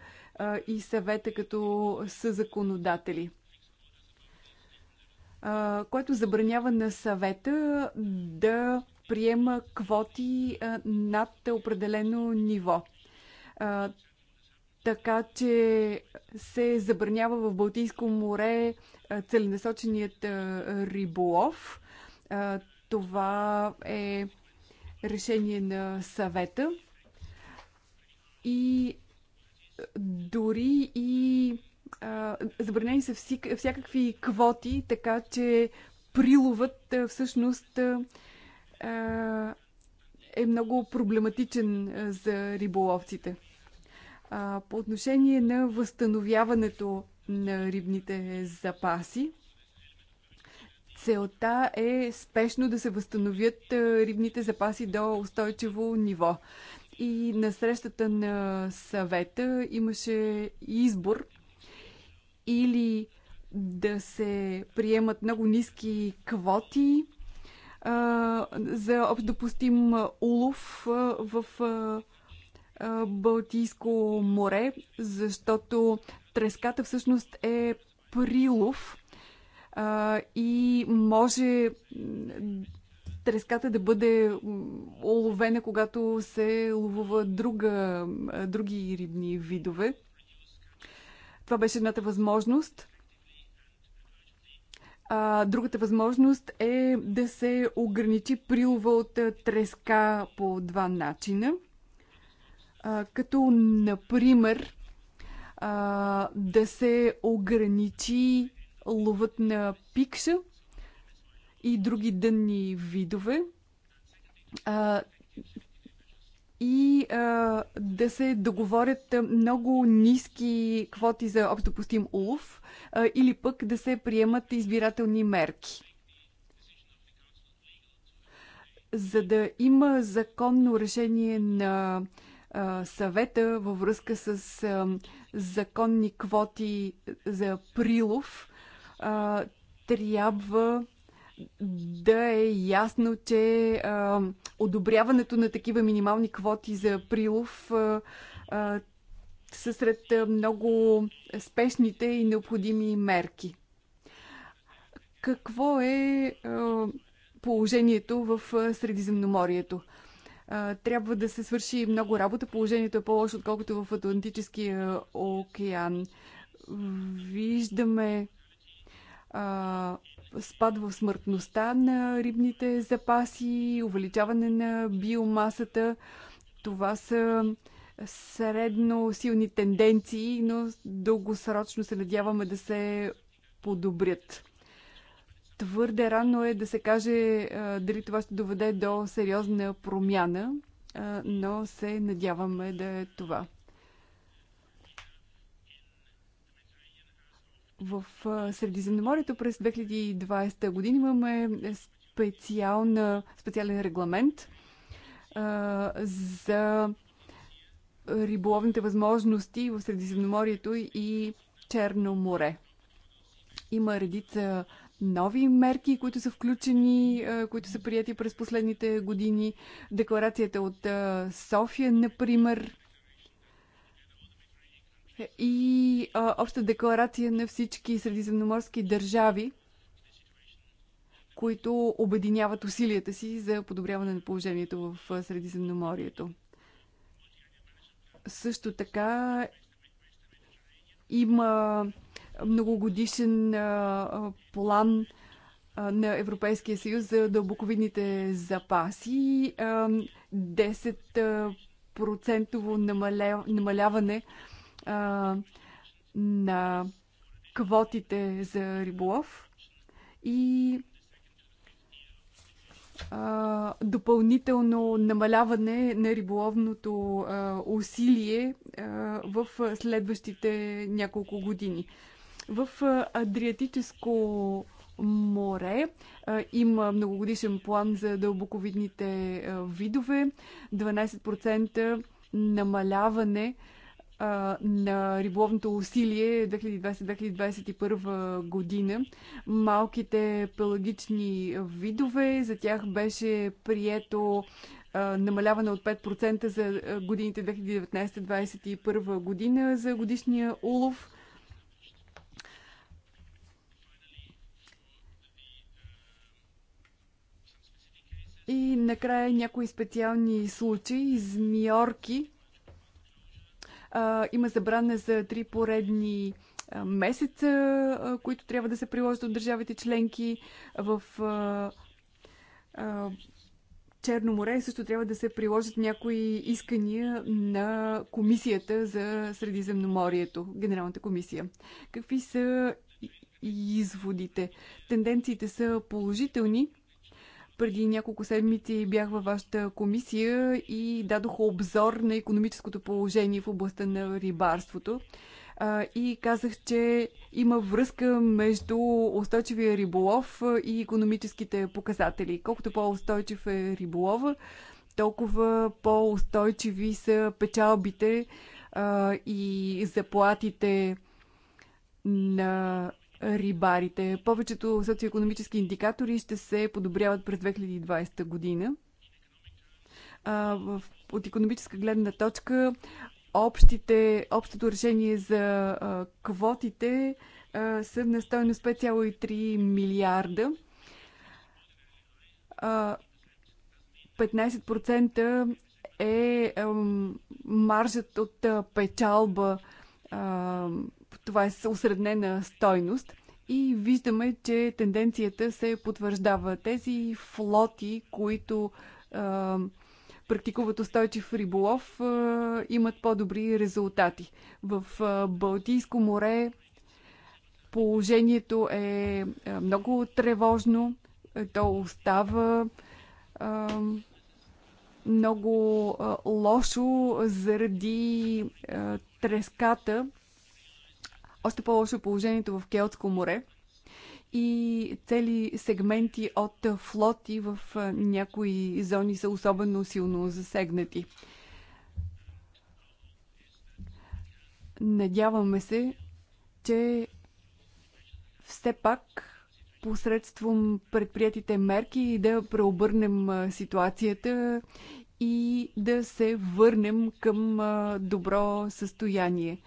и съвета като съзаконодатели което забранява на съвета да приема квоти над определено ниво. А, така че се забранява в Балтийско море целенасоченият риболов. А, това е решение на съвета. И дори и а, забранени са всякакви квоти, така че приловът всъщност а, е много проблематичен за риболовците. А, по отношение на възстановяването на рибните запаси, целта е спешно да се възстановят рибните запаси до устойчиво ниво. И на срещата на съвета имаше избор или да се приемат много ниски квоти а, за общ допустим улов а, в а, Балтийско море, защото треската всъщност е прилов а, и може треската да бъде оловена, когато се ловува друга, други рибни видове. Това беше едната възможност. А, другата възможност е да се ограничи прилова от треска по два начина – като, например, да се ограничи ловът на пикша и други дънни видове и а, да се договорят много ниски квоти за общопустим улов а, или пък да се приемат избирателни мерки. За да има законно решение на съвета във връзка с законни квоти за прилов, трябва да е ясно, че а, одобряването на такива минимални квоти за прилов а, а, са сред много спешните и необходими мерки. Какво е а, положението в Средиземноморието? трябва да се свърши много работа. Положението е по-лошо, отколкото в Атлантическия е, океан. Виждаме а, спад в смъртността на рибните запаси, увеличаване на биомасата. Това са средно силни тенденции, но дългосрочно се надяваме да се подобрят. Твърде рано е да се каже дали това ще доведе до сериозна промяна, но се надяваме да е това. В Средиземноморието през 2020 година имаме специална, специален регламент а, за риболовните възможности в Средиземноморието и Черно море. Има редица нови мерки, които са включени, които са прияти през последните години. Декларацията от София, например, и а, обща декларация на всички средиземноморски държави, които обединяват усилията си за подобряване на положението в Средиземноморието. Също така има многогодишен план на Европейския съюз за дълбоковидните запаси. 10% намаляване на квотите за риболов и а, допълнително намаляване на риболовното а, усилие а, в следващите няколко години. В Адриатическо море. Има многогодишен план за дълбоковидните видове. 12% намаляване на риболовното усилие 2020-2021 година. Малките пелагични видове, за тях беше прието намаляване от 5% за годините 2019-2021 година за годишния улов И накрая някои специални случаи, змиорки. А, има забрана за три поредни месеца, които трябва да се приложат от държавите членки в а, а, Черно море също трябва да се приложат някои искания на комисията за Средиземноморието, Генералната комисия. Какви са изводите? Тенденциите са положителни преди няколко седмици бях във вашата комисия и дадох обзор на економическото положение в областта на рибарството. И казах, че има връзка между устойчивия риболов и економическите показатели. Колкото по-устойчив е риболова, толкова по-устойчиви са печалбите и заплатите на рибарите. Повечето социоекономически индикатори ще се подобряват през 2020 година. От економическа гледна точка общите, общото решение за квотите са на стоеност 5,3 милиарда. 15% е маржът от печалба това е осреднена стойност. И виждаме, че тенденцията се потвърждава. Тези флоти, които а, практикуват устойчив риболов, а, имат по-добри резултати. В а, Балтийско море положението е а, много тревожно. Е, то остава а, много а, лошо заради а, треската още по-лошо е положението в Келтско море и цели сегменти от флоти в някои зони са особено силно засегнати. Надяваме се, че все пак посредством предприятите мерки да преобърнем ситуацията и да се върнем към добро състояние.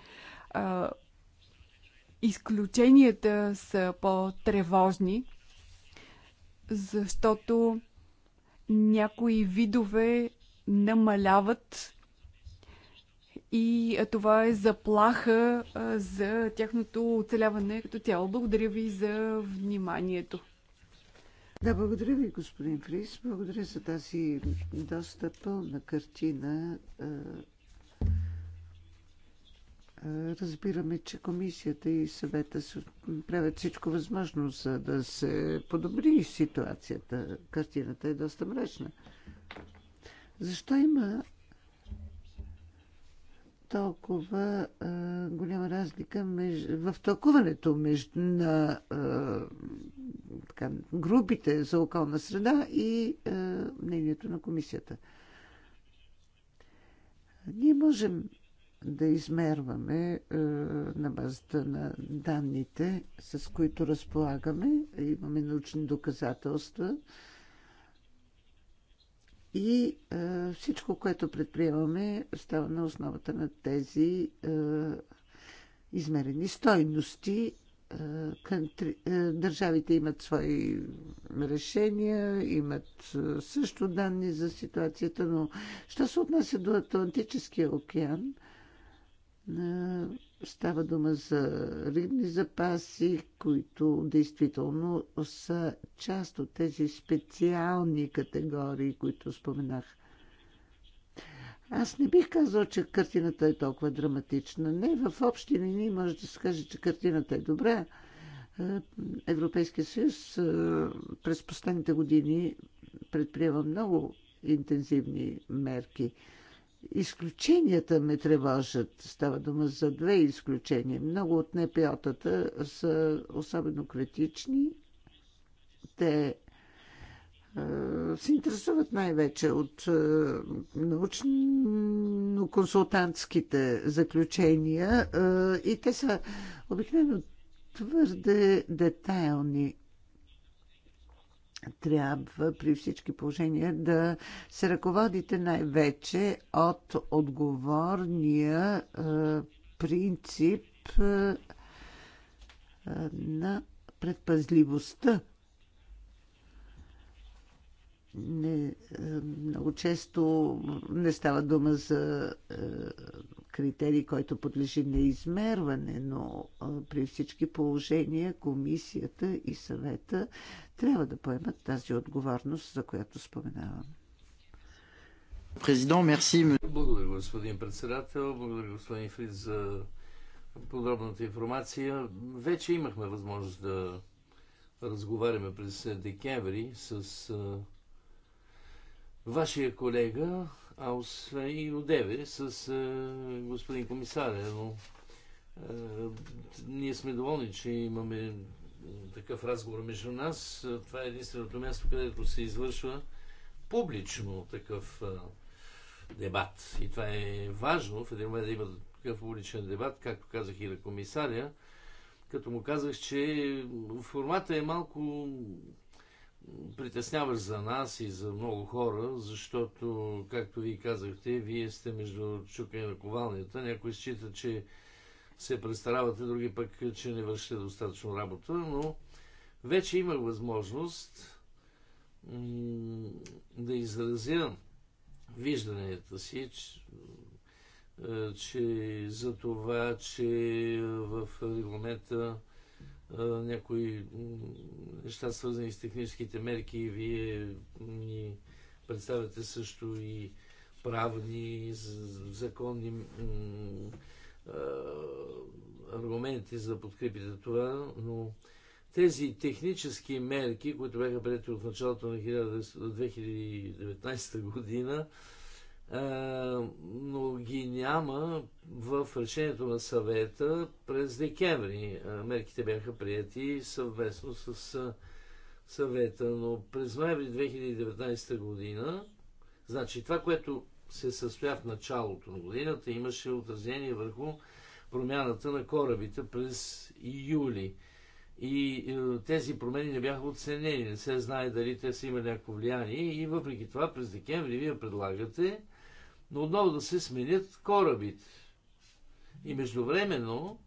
Изключенията са по-тревожни, защото някои видове намаляват и това е заплаха за тяхното оцеляване като цяло. Благодаря ви за вниманието. Да, благодаря ви, господин Фрис. Благодаря за тази доста пълна картина Разбираме, че комисията и съвета правят всичко възможно, за да се подобри ситуацията. Картината е доста мрачна. Защо има толкова а, голяма разлика меж... в тълкуването между на а, така, групите за околна среда и а, мнението на комисията. Ние можем да измерваме е, на базата на данните, с които разполагаме. Имаме научни доказателства. И е, всичко, което предприемаме, става на основата на тези е, измерени стойности. Е, кънтри, е, държавите имат свои решения, имат е, също данни за ситуацията, но що се отнася до Атлантическия океан, е, е, става дума за рибни запаси, които действително са част от тези специални категории, които споменах. Аз не бих казал, че картината е толкова драматична. Не, в общи линии може да се каже, че картината е добра. Е, Европейския съюз е, през последните години предприема много интензивни мерки – Изключенията ме тревожат. Става дума за две изключения. Много от НПО-тата са особено критични. Те е, се интересуват най-вече от е, научно-консултантските заключения е, и те са обикновено твърде детайлни трябва при всички положения да се ръководите най-вече от отговорния е, принцип е, на предпазливостта. Не, е, много често не става дума за критерий, който подлежи на измерване, но при всички положения комисията и съвета трябва да поемат тази отговорност, за която споменавам. Президент, мерси. Благодаря, господин председател. Благодаря, господин Фрид за подробната информация. Вече имахме възможност да разговаряме през декември с вашия колега а освен и до Деве с а, е, господин комисаря, но а, е, ние сме доволни, че имаме е, такъв разговор между нас. Това е единственото място, където се извършва публично такъв а, дебат. И това е важно в един момент да има такъв публичен дебат, както казах и на комисаря, като му казах, че формата е малко притесняващ за нас и за много хора, защото, както вие казахте, вие сте между чука и наковалнията. Някой счита, че се престаравате, други пък, че не вършите достатъчно работа, но вече имах възможност да изразя вижданията си, че, е, че за това, че в регламента някои неща, свързани с техническите мерки. Вие ни представяте също и правни, законни аргументи за да подкрепите това, но тези технически мерки, които бяха прияти от началото на 2019 година, е, но ги няма в решението на съвета през декември. Е, мерките бяха прияти съвместно с е, съвета, но през ноември 2019 година, значи това, което се състоя в началото на годината, имаше отразение върху промяната на корабите през юли. И тези промени не бяха оценени, не се знае дали те са имали някакво влияние и въпреки това през декември вие предлагате но отново да се сменят корабите. И междувременно,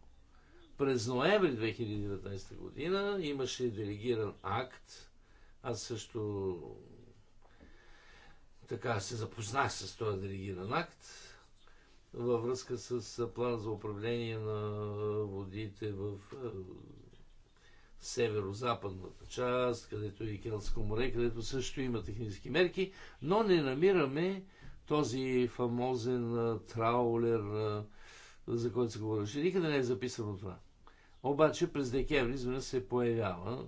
през ноември 2019 година имаше делегиран акт. Аз също така се запознах с този делегиран акт във връзка с план за управление на водите в северо-западната част, където е и Келско море, където също има технически мерки, но не намираме този фамозен траулер, за който се говореше. Никъде не е записано това. Обаче през декември изведнъж се появява.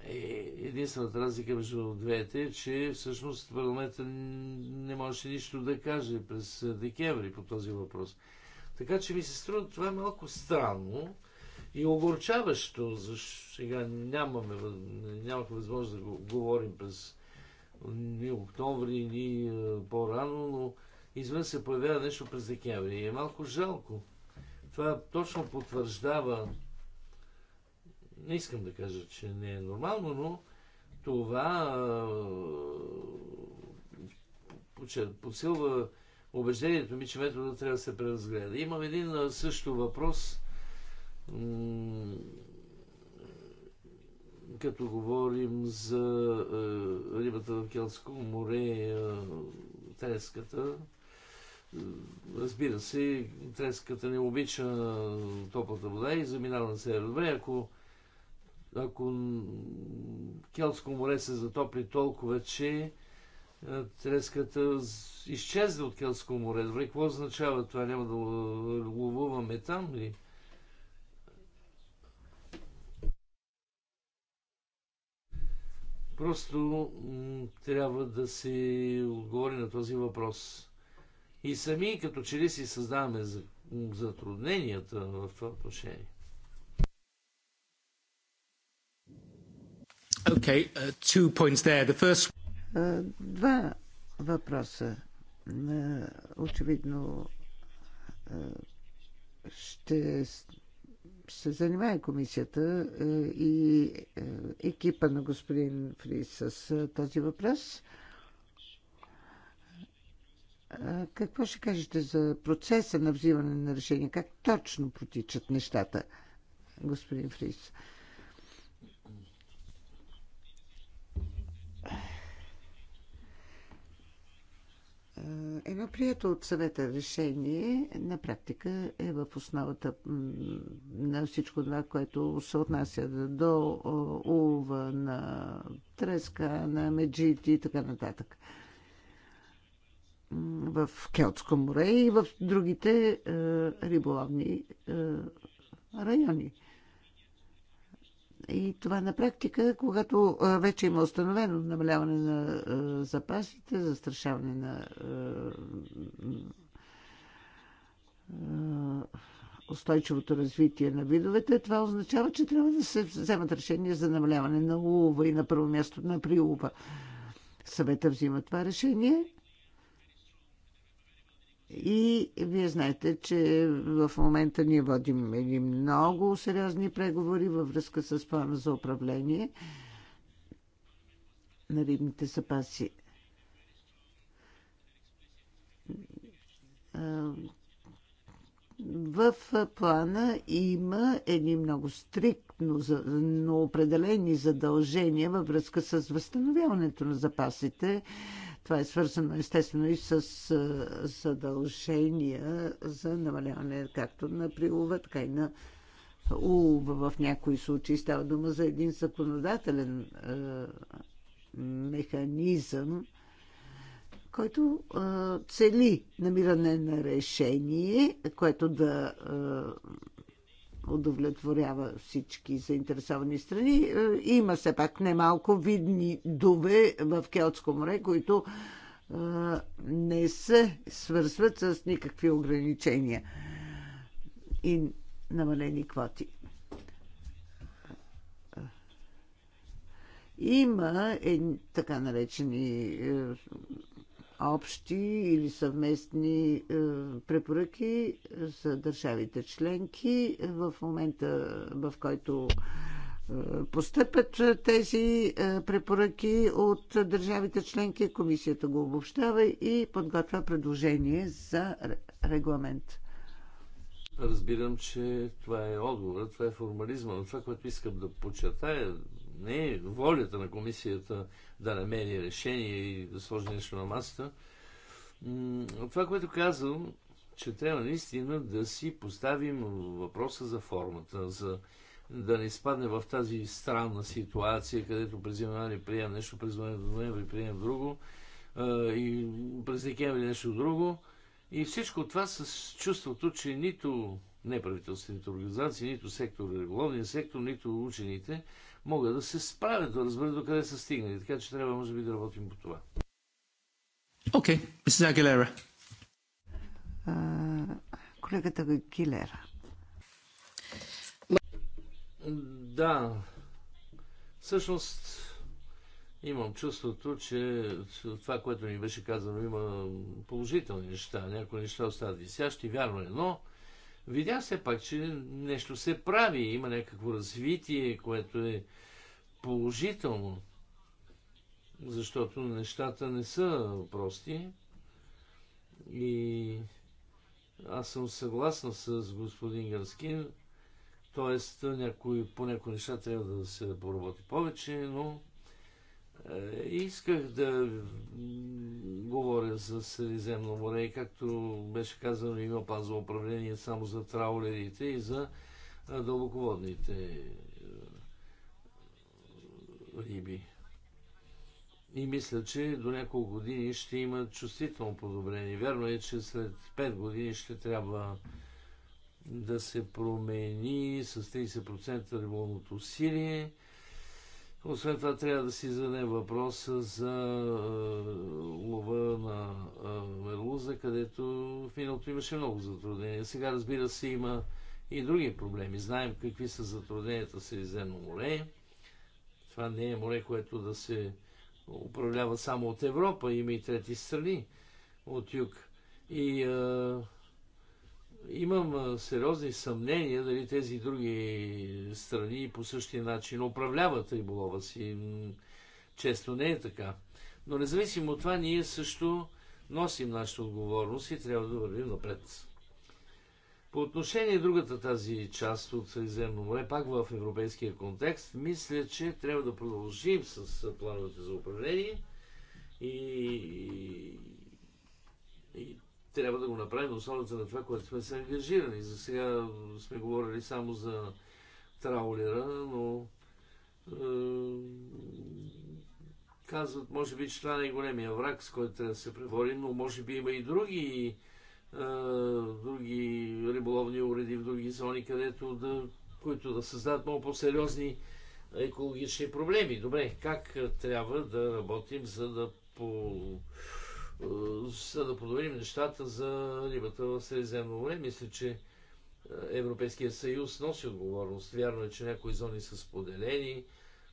Е, единствената разлика между двете е, че всъщност парламента не можеше нищо да каже през декември по този въпрос. Така че ми се струва това е малко странно и огорчаващо, защото сега нямаме, нямахме възможност да го говорим през ни октомври, ни е, по-рано, но извън се появява нещо през декември. И е малко жалко. Това точно потвърждава не искам да кажа, че не е нормално, но това е, подсилва убеждението ми, че метода трябва да се преразгледа. Имам един е, също въпрос като говорим за е, рибата в Келтско море, е, треската, е, разбира се, треската не обича топлата вода и заминава на север. Добре, ако, ако Келтско море се затопли толкова, че е, треската изчезне от Келтско море. Добре, какво означава това? Няма да ловуваме там ли? Просто трябва да се отговори на този въпрос. И сами като че ли си създаваме затрудненията в това отношение. Okay, uh, two points there. The first... Uh, два въпроса. Uh, очевидно uh, ще се занимава комисията е, и е, екипа на господин Фрис с е, този въпрос. Какво ще кажете за процеса на взимане на решение? Как точно протичат нещата, господин Фрис? Е, Едно прието от съвета решение на практика е в основата на всичко това, което се отнася до улва на треска, на меджити и така нататък. В Келтско море и в другите е, риболовни е, райони. И това на практика, когато вече има установено намаляване на запасите, застрашаване на устойчивото развитие на видовете, това означава, че трябва да се вземат решения за намаляване на улова и на първо място на приулова. Съвета взима това решение и вие знаете, че в момента ние водим едни много сериозни преговори във връзка с плана за управление на рибните запаси. В плана има едни много стриктно но определени задължения във връзка с възстановяването на запасите това е свързано естествено и с задължения за намаляване както на прилова, така и на улова. В някои случаи става дума за един законодателен механизъм, който цели намиране на решение, което да удовлетворява всички заинтересовани страни. Е, има все пак немалко видни дуве в Келтско море, които е, не се свързват с никакви ограничения и намалени квоти. Е, има е, така наречени общи или съвместни е, препоръки за държавите членки в момента, в който е, постъпят тези е, препоръки от държавите членки, комисията го обобщава и подготвя предложение за регламент. Разбирам, че това е отговор, това е формализма, но това, което искам да подчертая, не е волята на комисията да намери решение и да сложи нещо на масата. Това, което казвам, че трябва наистина да си поставим въпроса за формата, за да не изпадне в тази странна ситуация, където през януари приемам нещо, през ноември приемам друго и през декември нещо друго. И всичко това с чувството, че нито неправителствените организации, нито сектор, риболовния сектор, нито учените – могат да се справят, да разберат до къде са стигнали. Така че трябва, може би, да работим по това. Окей, okay. Mrs. Uh, колегата Гилера. Да. Всъщност, имам чувството, че това, което ни беше казано, има положителни неща. Някои неща остават висящи, вярно е, но видя все пак, че нещо се прави, има някакво развитие, което е положително, защото нещата не са прости. И аз съм съгласен с господин Гърскин, т.е. по някои неща трябва да се поработи повече, но е, исках да говоря за Средиземно море и както беше казано, има паза за управление само за траулерите и за дълбоководните е, риби. И мисля, че до няколко години ще има чувствително подобрение. Вярно е, че след 5 години ще трябва да се промени с 30% риболното усилие освен това трябва да си зададе въпроса за е, лова на е, мерлуза, където в миналото имаше много затруднения. Сега, разбира се, има и други проблеми. Знаем какви са затрудненията с Средиземно море. Това не е море, което да се управлява само от Европа. Има и трети страни от юг. И а, е, имам сериозни съмнения дали тези други страни по същия начин управляват риболова си. Често не е така. Но независимо от това, ние също носим нашата отговорност и трябва да вървим напред. По отношение другата тази част от Средиземно море, пак в европейския контекст, мисля, че трябва да продължим с плановете за управление и, и, и трябва да го направим на основата на това, което сме се ангажирали. За сега сме говорили само за траулера, но е, казват, може би, че това е е големия враг, с който трябва да се преборим, но може би има и други, е, други риболовни уреди в други зони, където да, които да създадат много по-сериозни екологични проблеми. Добре, как трябва да работим, за да по е, за да подобрим нещата за рибата в Средиземно море. Мисля, че е, Европейския съюз носи отговорност. Вярно е, че някои зони са споделени.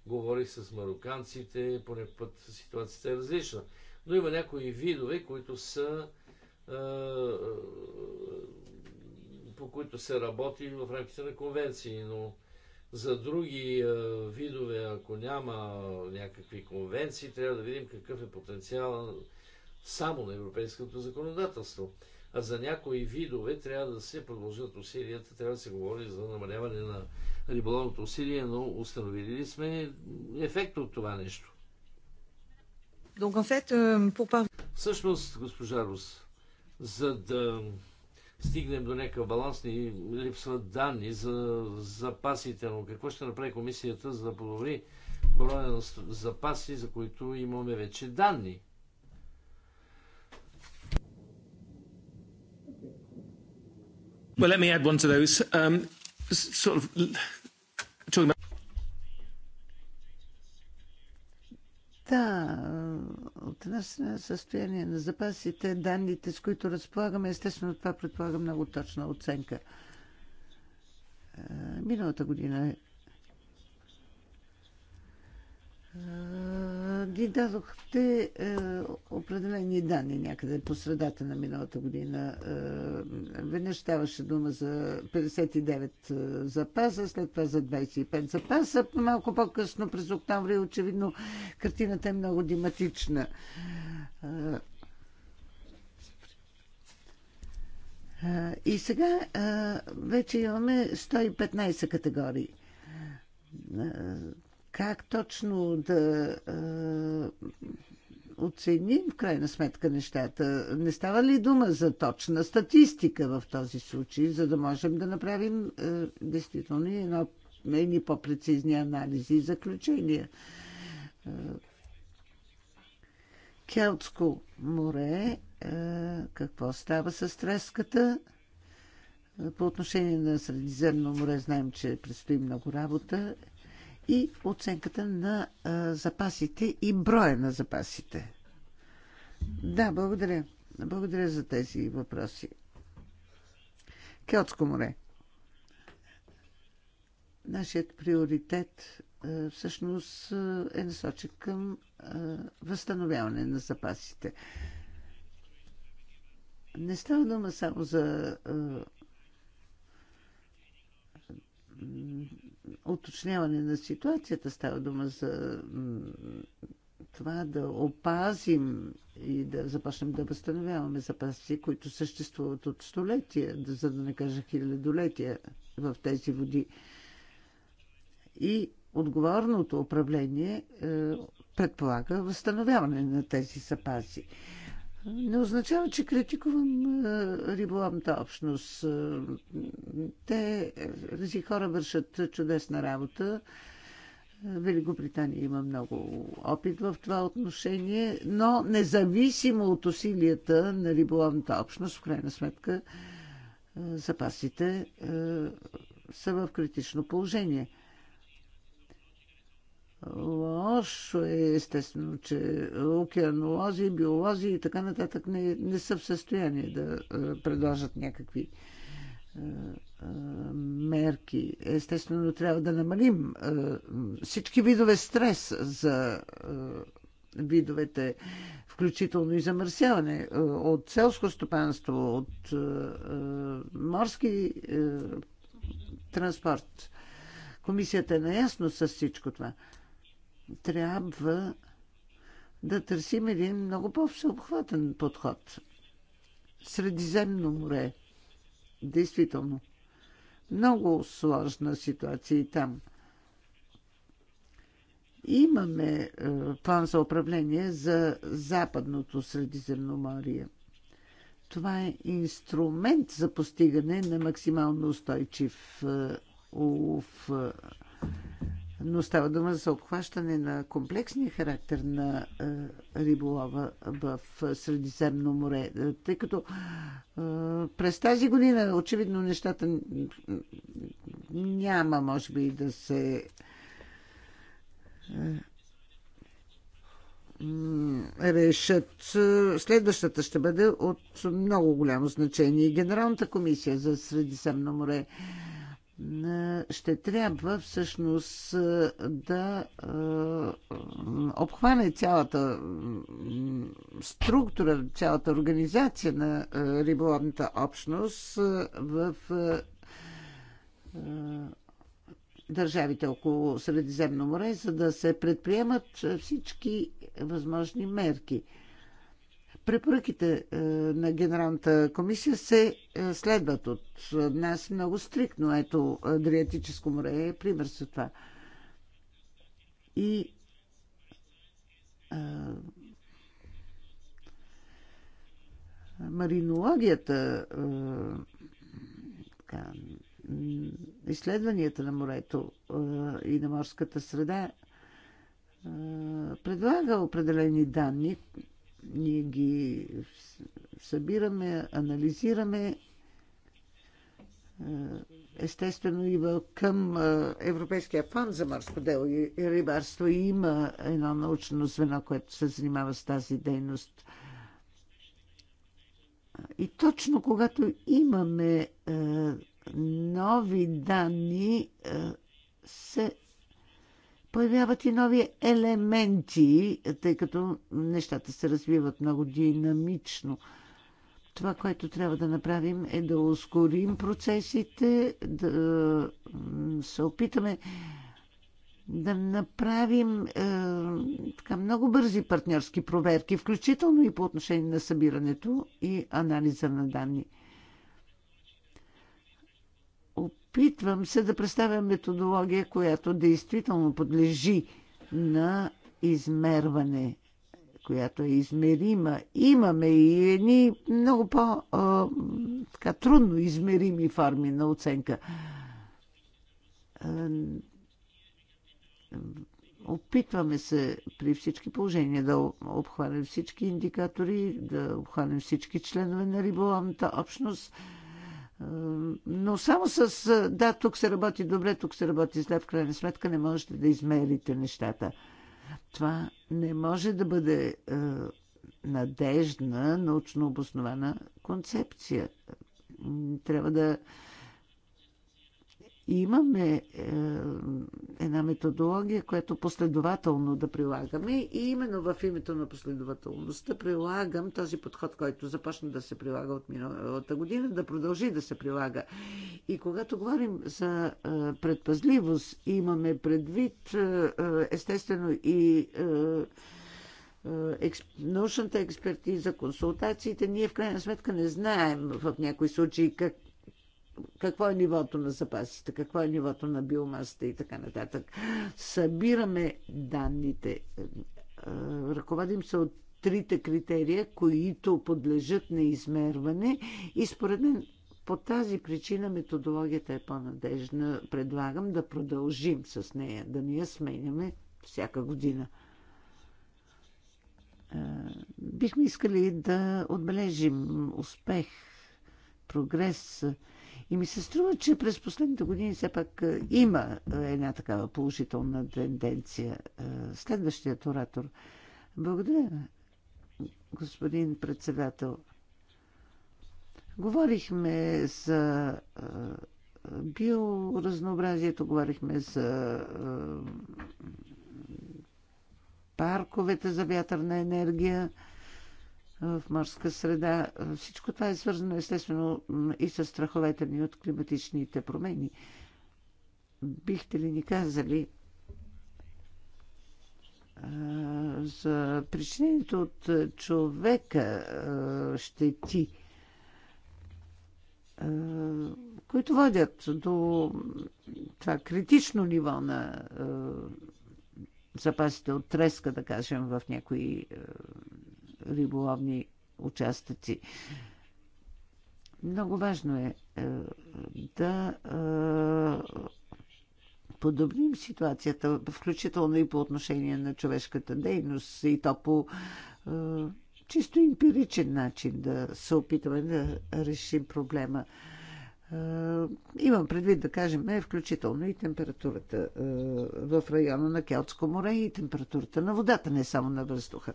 Говорих с мароканците, поне път ситуацията е различна. Но има някои видове, които са е, по които се работи в рамките на конвенции, но за други видове, ако няма някакви конвенции, трябва да видим какъв е потенциал само на европейското законодателство. А за някои видове трябва да се продължат усилията, трябва да се говори за намаляване на риболовното усилие, но установили сме ефект от това нещо. Donc, en fait, euh, pour... Всъщност, госпожа Рус, за да стигнем до някакъв баланс, ни липсват данни за запасите, но какво ще направи комисията, за да подобри броя на запаси, за които имаме вече данни? Well, let me add one to those. Um, sort of talking about... Да, от нас състояние на запасите, данните, с които разполагаме, естествено това предполага много точна оценка. Е, миналата година ги дадохте е, определени данни някъде по средата на миналата година. Е, веднъж ставаше дума за 59 е, запаса, след това за 25 запаса. Малко по-късно през октомври очевидно картината е много диматична. И сега вече имаме 115 категории как точно да оценим в крайна сметка нещата. Не става ли дума за точна статистика в този случай, за да можем да направим а, действително едно, едни по-прецизни анализи и заключения? Келтско море, какво става с треската? По отношение на Средиземно море знаем, че предстои много работа и оценката на запасите и броя на запасите. Да, благодаря. Благодаря за тези въпроси. Кеотско море. Нашият приоритет всъщност е насочен към възстановяване на запасите. Не става дума само за уточняване на ситуацията. Става дума за това да опазим и да започнем да възстановяваме запаси, които съществуват от столетия, за да не кажа хилядолетия в тези води. И отговорното управление е, предполага възстановяване на тези запаси не означава, че критикувам е, риболовната общност. Е, те, тези хора вършат чудесна работа. Е, Великобритания има много опит в това отношение, но независимо от усилията на риболовната общност, в крайна сметка запасите са в критично положение – лошо е естествено, че океанолози, биолози и така нататък не, не са в състояние да е, предложат някакви е, е, мерки. Естествено, трябва да намалим всички видове стрес за видовете, включително и замърсяване от селско стопанство, от морски транспорт. Комисията е наясно с всичко това трябва да търсим един много по-всеобхватен подход. Средиземно море. Действително. Много сложна ситуация и там. Имаме е, план за управление за Западното Средиземноморие. Това е инструмент за постигане на максимално устойчив е, улов е, но става дума за обхващане на комплексния характер на е, риболова в Средиземно море, е, тъй като е, през тази година очевидно нещата няма, може би, да се е, решат. Следващата ще бъде от много голямо значение. Генералната комисия за Средиземно море е, е, ще трябва всъщност е, да е, обхване цялата структура, цялата организация на риболовната общност в държавите около Средиземно море, за да се предприемат всички възможни мерки – Препоръките е, на Генералната комисия се е, следват от нас много стрикно. Ето, Адриатическо море е пример за това. И а, е, маринологията, а, така, изследванията на морето а, и на морската среда предлага определени данни, ние ги събираме, анализираме е, естествено и към е, Европейския фонд за морско дело и рибарство и има едно научно звено, което се занимава с тази дейност. И точно когато имаме е, нови данни, се появяват и нови елементи, тъй като нещата се развиват много динамично. Това, което трябва да направим е да ускорим процесите, да се опитаме да направим е, така, много бързи партньорски проверки, включително и по отношение на събирането и анализа на данни. Опитвам се да представя методология, която действително подлежи на измерване, която е измерима. Имаме и едни много по-трудно измерими форми на оценка опитваме се при всички положения да обхванем всички индикатори, да обхванем всички членове на риболовната общност. Но само с да, тук се работи добре, тук се работи зле, в крайна сметка не можете да измерите нещата. Това не може да бъде е, надежна, научно обоснована концепция. Трябва да и имаме е, една методология, която последователно да прилагаме и именно в името на последователността прилагам този подход, който започна да се прилага от миналата година, да продължи да се прилага. И когато говорим за е, предпазливост, имаме предвид е, е естествено и е, е научната експертиза, консултациите, ние в крайна сметка не знаем в някои случаи как какво е нивото на запасите, какво е нивото на биомасата и така нататък. Събираме данните, е, ръководим се от трите критерия, които подлежат на измерване и според мен по тази причина методологията е по-надежна. Предлагам да продължим с нея, да не я сменяме всяка година. Е, бихме искали да отбележим успех, прогрес. И ми се струва, че през последните години все пак е, има е, една такава положителна тенденция. Е, следващият оратор. Благодаря, господин председател. Говорихме за биоразнообразието, говорихме за парковете за вятърна енергия в морска среда. Всичко това е свързано естествено и с страховете ни от климатичните промени. Бихте ли ни казали за причинението от човека щети, които водят до това критично ниво на запасите от треска, да кажем, в някои риболовни участъци. Много важно е, е да е, ситуацията, включително и по отношение на човешката дейност и то по е, чисто емпиричен начин да се опитаме да решим проблема. Е, имам предвид да кажем, е включително и температурата е, в района на Келтско море и температурата на водата, не само на въздуха.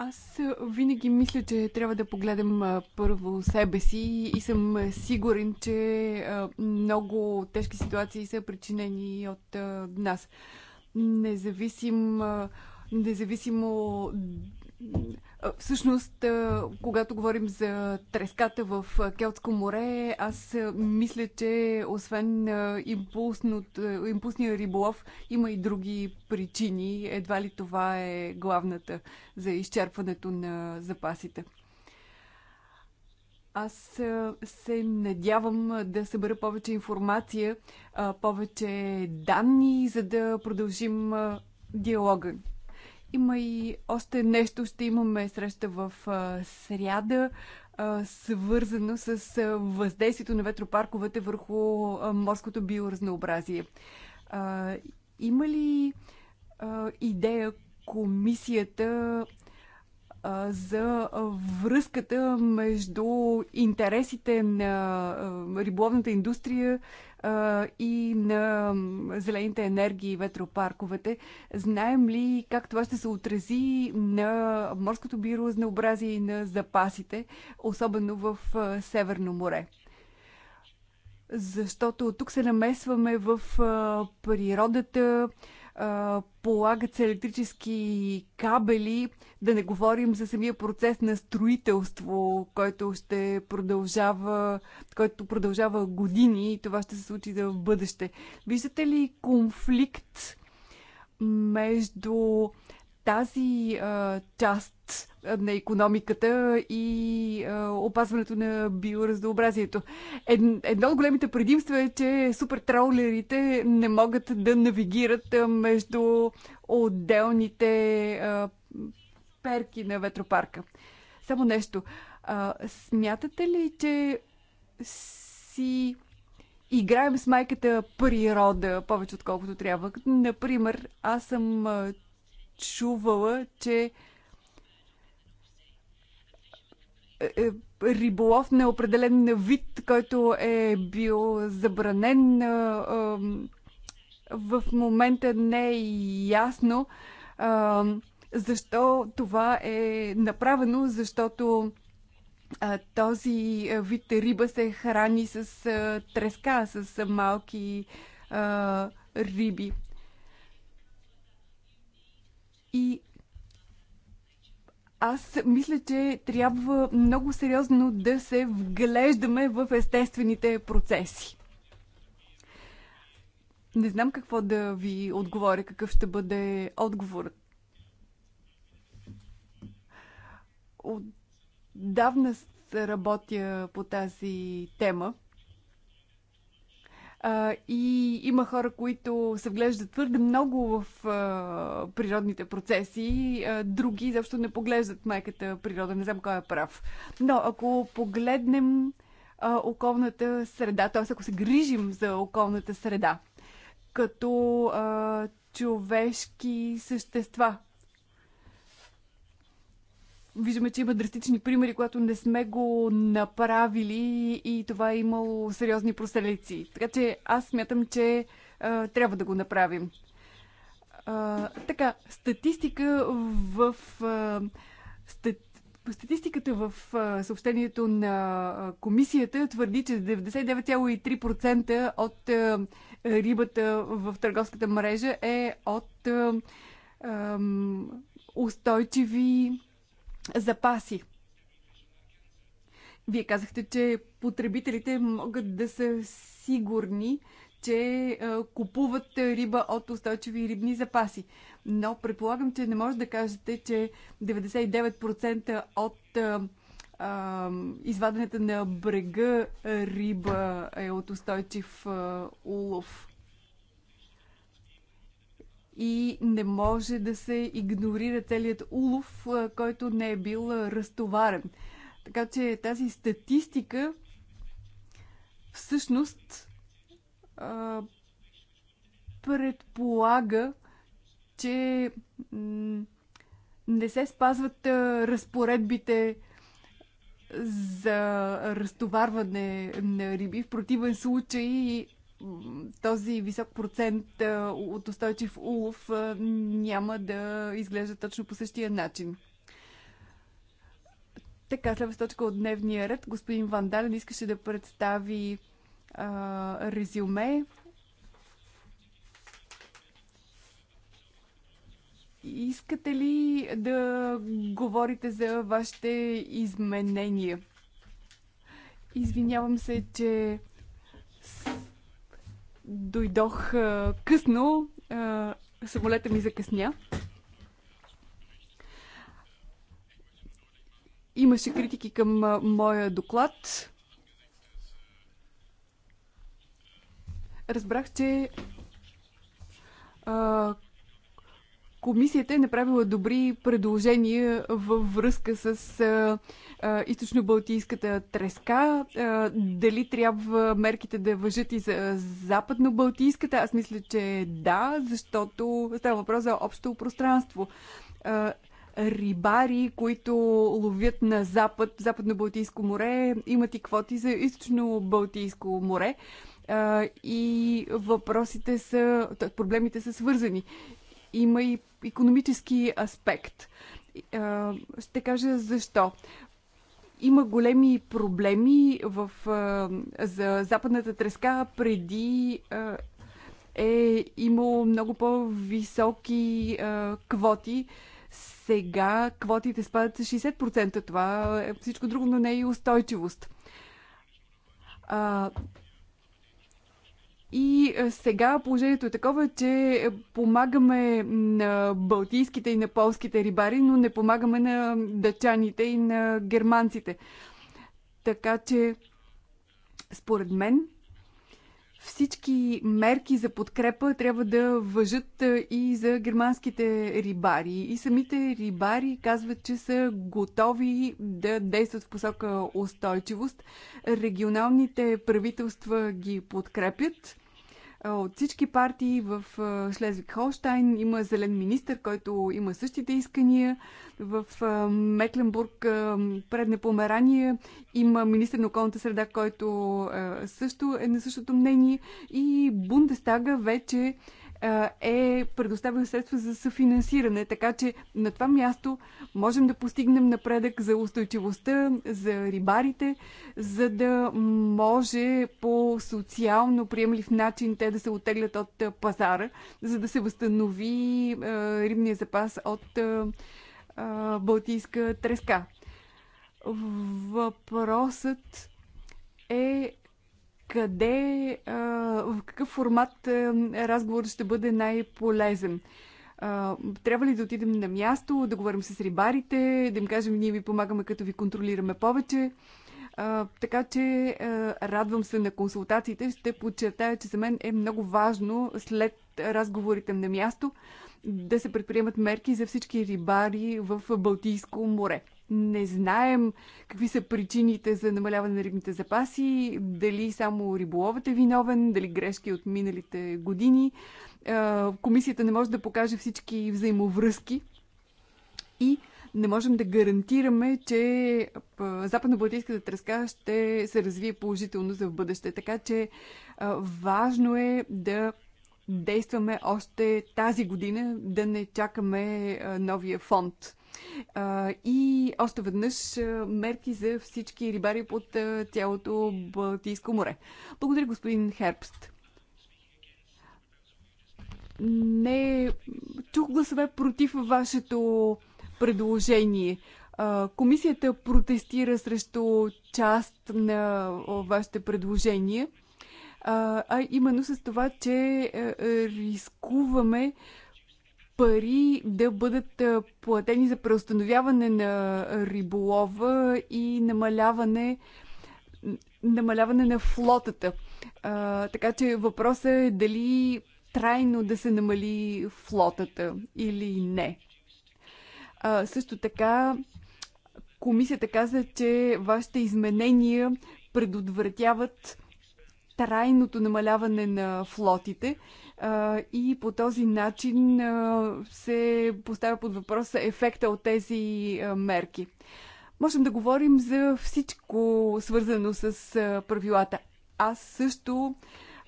Аз винаги мисля, че трябва да погледам първо себе си и съм сигурен, че много тежки ситуации са причинени от нас. Независим, независимо Всъщност, когато говорим за треската в Келтско море, аз мисля, че освен импулсния риболов, има и други причини. Едва ли това е главната за изчерпването на запасите. Аз се надявам да събера повече информация, повече данни, за да продължим диалога. Има и още нещо. Ще имаме среща в а, сряда, а, свързано с а, въздействието на ветропарковете върху а, морското биоразнообразие. А, има ли а, идея комисията а, за връзката между интересите на а, риболовната индустрия и на зелените енергии и ветропарковете. Знаем ли как това ще се отрази на морското биоразнообразие и на запасите, особено в Северно море? Защото тук се намесваме в природата, полагат се електрически кабели, да не говорим за самия процес на строителство, който ще продължава, който продължава години и това ще се случи за в бъдеще. Виждате ли конфликт между тази а, част на економиката и а, опазването на биоразнообразието. Ед, едно от големите предимства е, че супертраулерите не могат да навигират между отделните а, перки на ветропарка. Само нещо. А, смятате ли, че си играем с майката природа повече отколкото трябва? Например, аз съм чувала, че е, е, риболов на определен вид, който е бил забранен, е, в момента не е ясно защо това е направено, защото този вид риба се храни с треска, с малки риби. И аз мисля, че трябва много сериозно да се вглеждаме в естествените процеси. Не знам какво да ви отговоря, какъв ще бъде отговорът. Отдавна работя по тази тема. А, и има хора, които се вглеждат твърде много в а, природните процеси, а, други защо не поглеждат майката природа. Не знам кой е прав. Но ако погледнем а, околната среда, т.е. ако се грижим за околната среда, като а, човешки същества, Виждаме, че има драстични примери, когато не сме го направили и това е имало сериозни проселици. Така че аз смятам, че а, трябва да го направим. А, така, статистика в. А, стат, статистиката в съобщението на комисията твърди, че 99,3% от рибата в търговската мрежа е от устойчиви запаси. Вие казахте, че потребителите могат да са сигурни, че е, купуват риба от устойчиви рибни запаси. Но предполагам, че не може да кажете, че 99% от а, е, е, извадената на брега риба е от устойчив а, улов и не може да се игнорира целият улов, който не е бил разтоварен. Така че тази статистика всъщност предполага, че не се спазват разпоредбите за разтоварване на риби. В противен случай този висок процент от устойчив улов няма да изглежда точно по същия начин. Така, следваща точка от дневния ред. Господин Вандален искаше да представи а, резюме. Искате ли да говорите за вашите изменения? Извинявам се, че Дойдох а, късно, а, самолета ми закъсня. Имаше критики към а, моя доклад. Разбрах, че а, комисията е направила добри предложения във връзка с а, а, източно-балтийската треска. А, дали трябва мерките да въжат и за западно-балтийската? Аз мисля, че да, защото става въпрос за общо пространство. А, рибари, които ловят на запад, западно-балтийско море, имат и квоти за източно-балтийско море. А, и въпросите са, проблемите са свързани има и економически аспект. Ще кажа защо. Има големи проблеми в, за западната треска преди е имало много по-високи квоти. Сега квотите спадат с 60%. Това е всичко друго, но не и устойчивост. А, и е, сега положението е такова, че е, помагаме на балтийските и на полските рибари, но не помагаме на дъчаните и на германците. Така че, според мен, всички мерки за подкрепа трябва да въжат и за германските рибари. И самите рибари казват, че са готови да действат в посока устойчивост. Регионалните правителства ги подкрепят. Е, от всички партии в е, Шлезвик Холштайн. Има зелен министр, който има същите искания. В е, Мекленбург, предне непомерание има министр на околната среда, който също е на същото мнение. И Бундестага вече е предоставено средство за съфинансиране, така че на това място можем да постигнем напредък за устойчивостта, за рибарите, за да може по социално приемлив начин те да се отеглят от пазара, за да се възстанови рибния запас от Балтийска треска. Въпросът е къде, в какъв формат разговор ще бъде най-полезен. Трябва ли да отидем на място, да говорим с рибарите, да им кажем, ние ви помагаме, като ви контролираме повече? така че радвам се на консултациите. Ще подчертая, че за мен е много важно след разговорите на място да се предприемат мерки за всички рибари в Балтийско море. Не знаем какви са причините за намаляване на рибните запаси, дали само риболовът е виновен, дали грешки от миналите години. Комисията не може да покаже всички взаимовръзки и не можем да гарантираме, че западно-балтийската тръска ще се развие положително за в бъдеще. Така че важно е да действаме още тази година, да не чакаме новия фонд. И още веднъж мерки за всички рибари под цялото Балтийско море. Благодаря, господин Хербст не чух гласове против вашето предложение. Комисията протестира срещу част на вашите предложения, а именно с това, че рискуваме пари да бъдат платени за преустановяване на риболова и намаляване, намаляване на флотата. А, така че въпросът е дали трайно да се намали флотата или не. А, също така, комисията каза, че вашите изменения предотвратяват трайното намаляване на флотите а, и по този начин а, се поставя под въпрос ефекта от тези а, мерки. Можем да говорим за всичко свързано с а, правилата. Аз също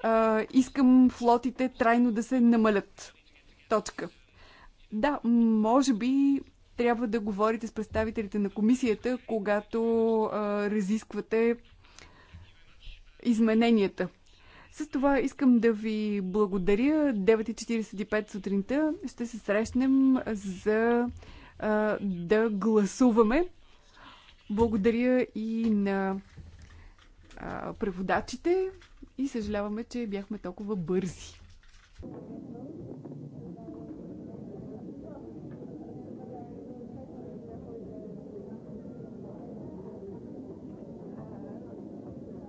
а, искам флотите трайно да се намалят. Точка. Да, може би трябва да говорите с представителите на комисията, когато а, разисквате измененията. С това искам да ви благодаря. 9.45 сутринта ще се срещнем за а, да гласуваме. Благодаря и на а, преводачите и съжаляваме, че бяхме толкова бързи.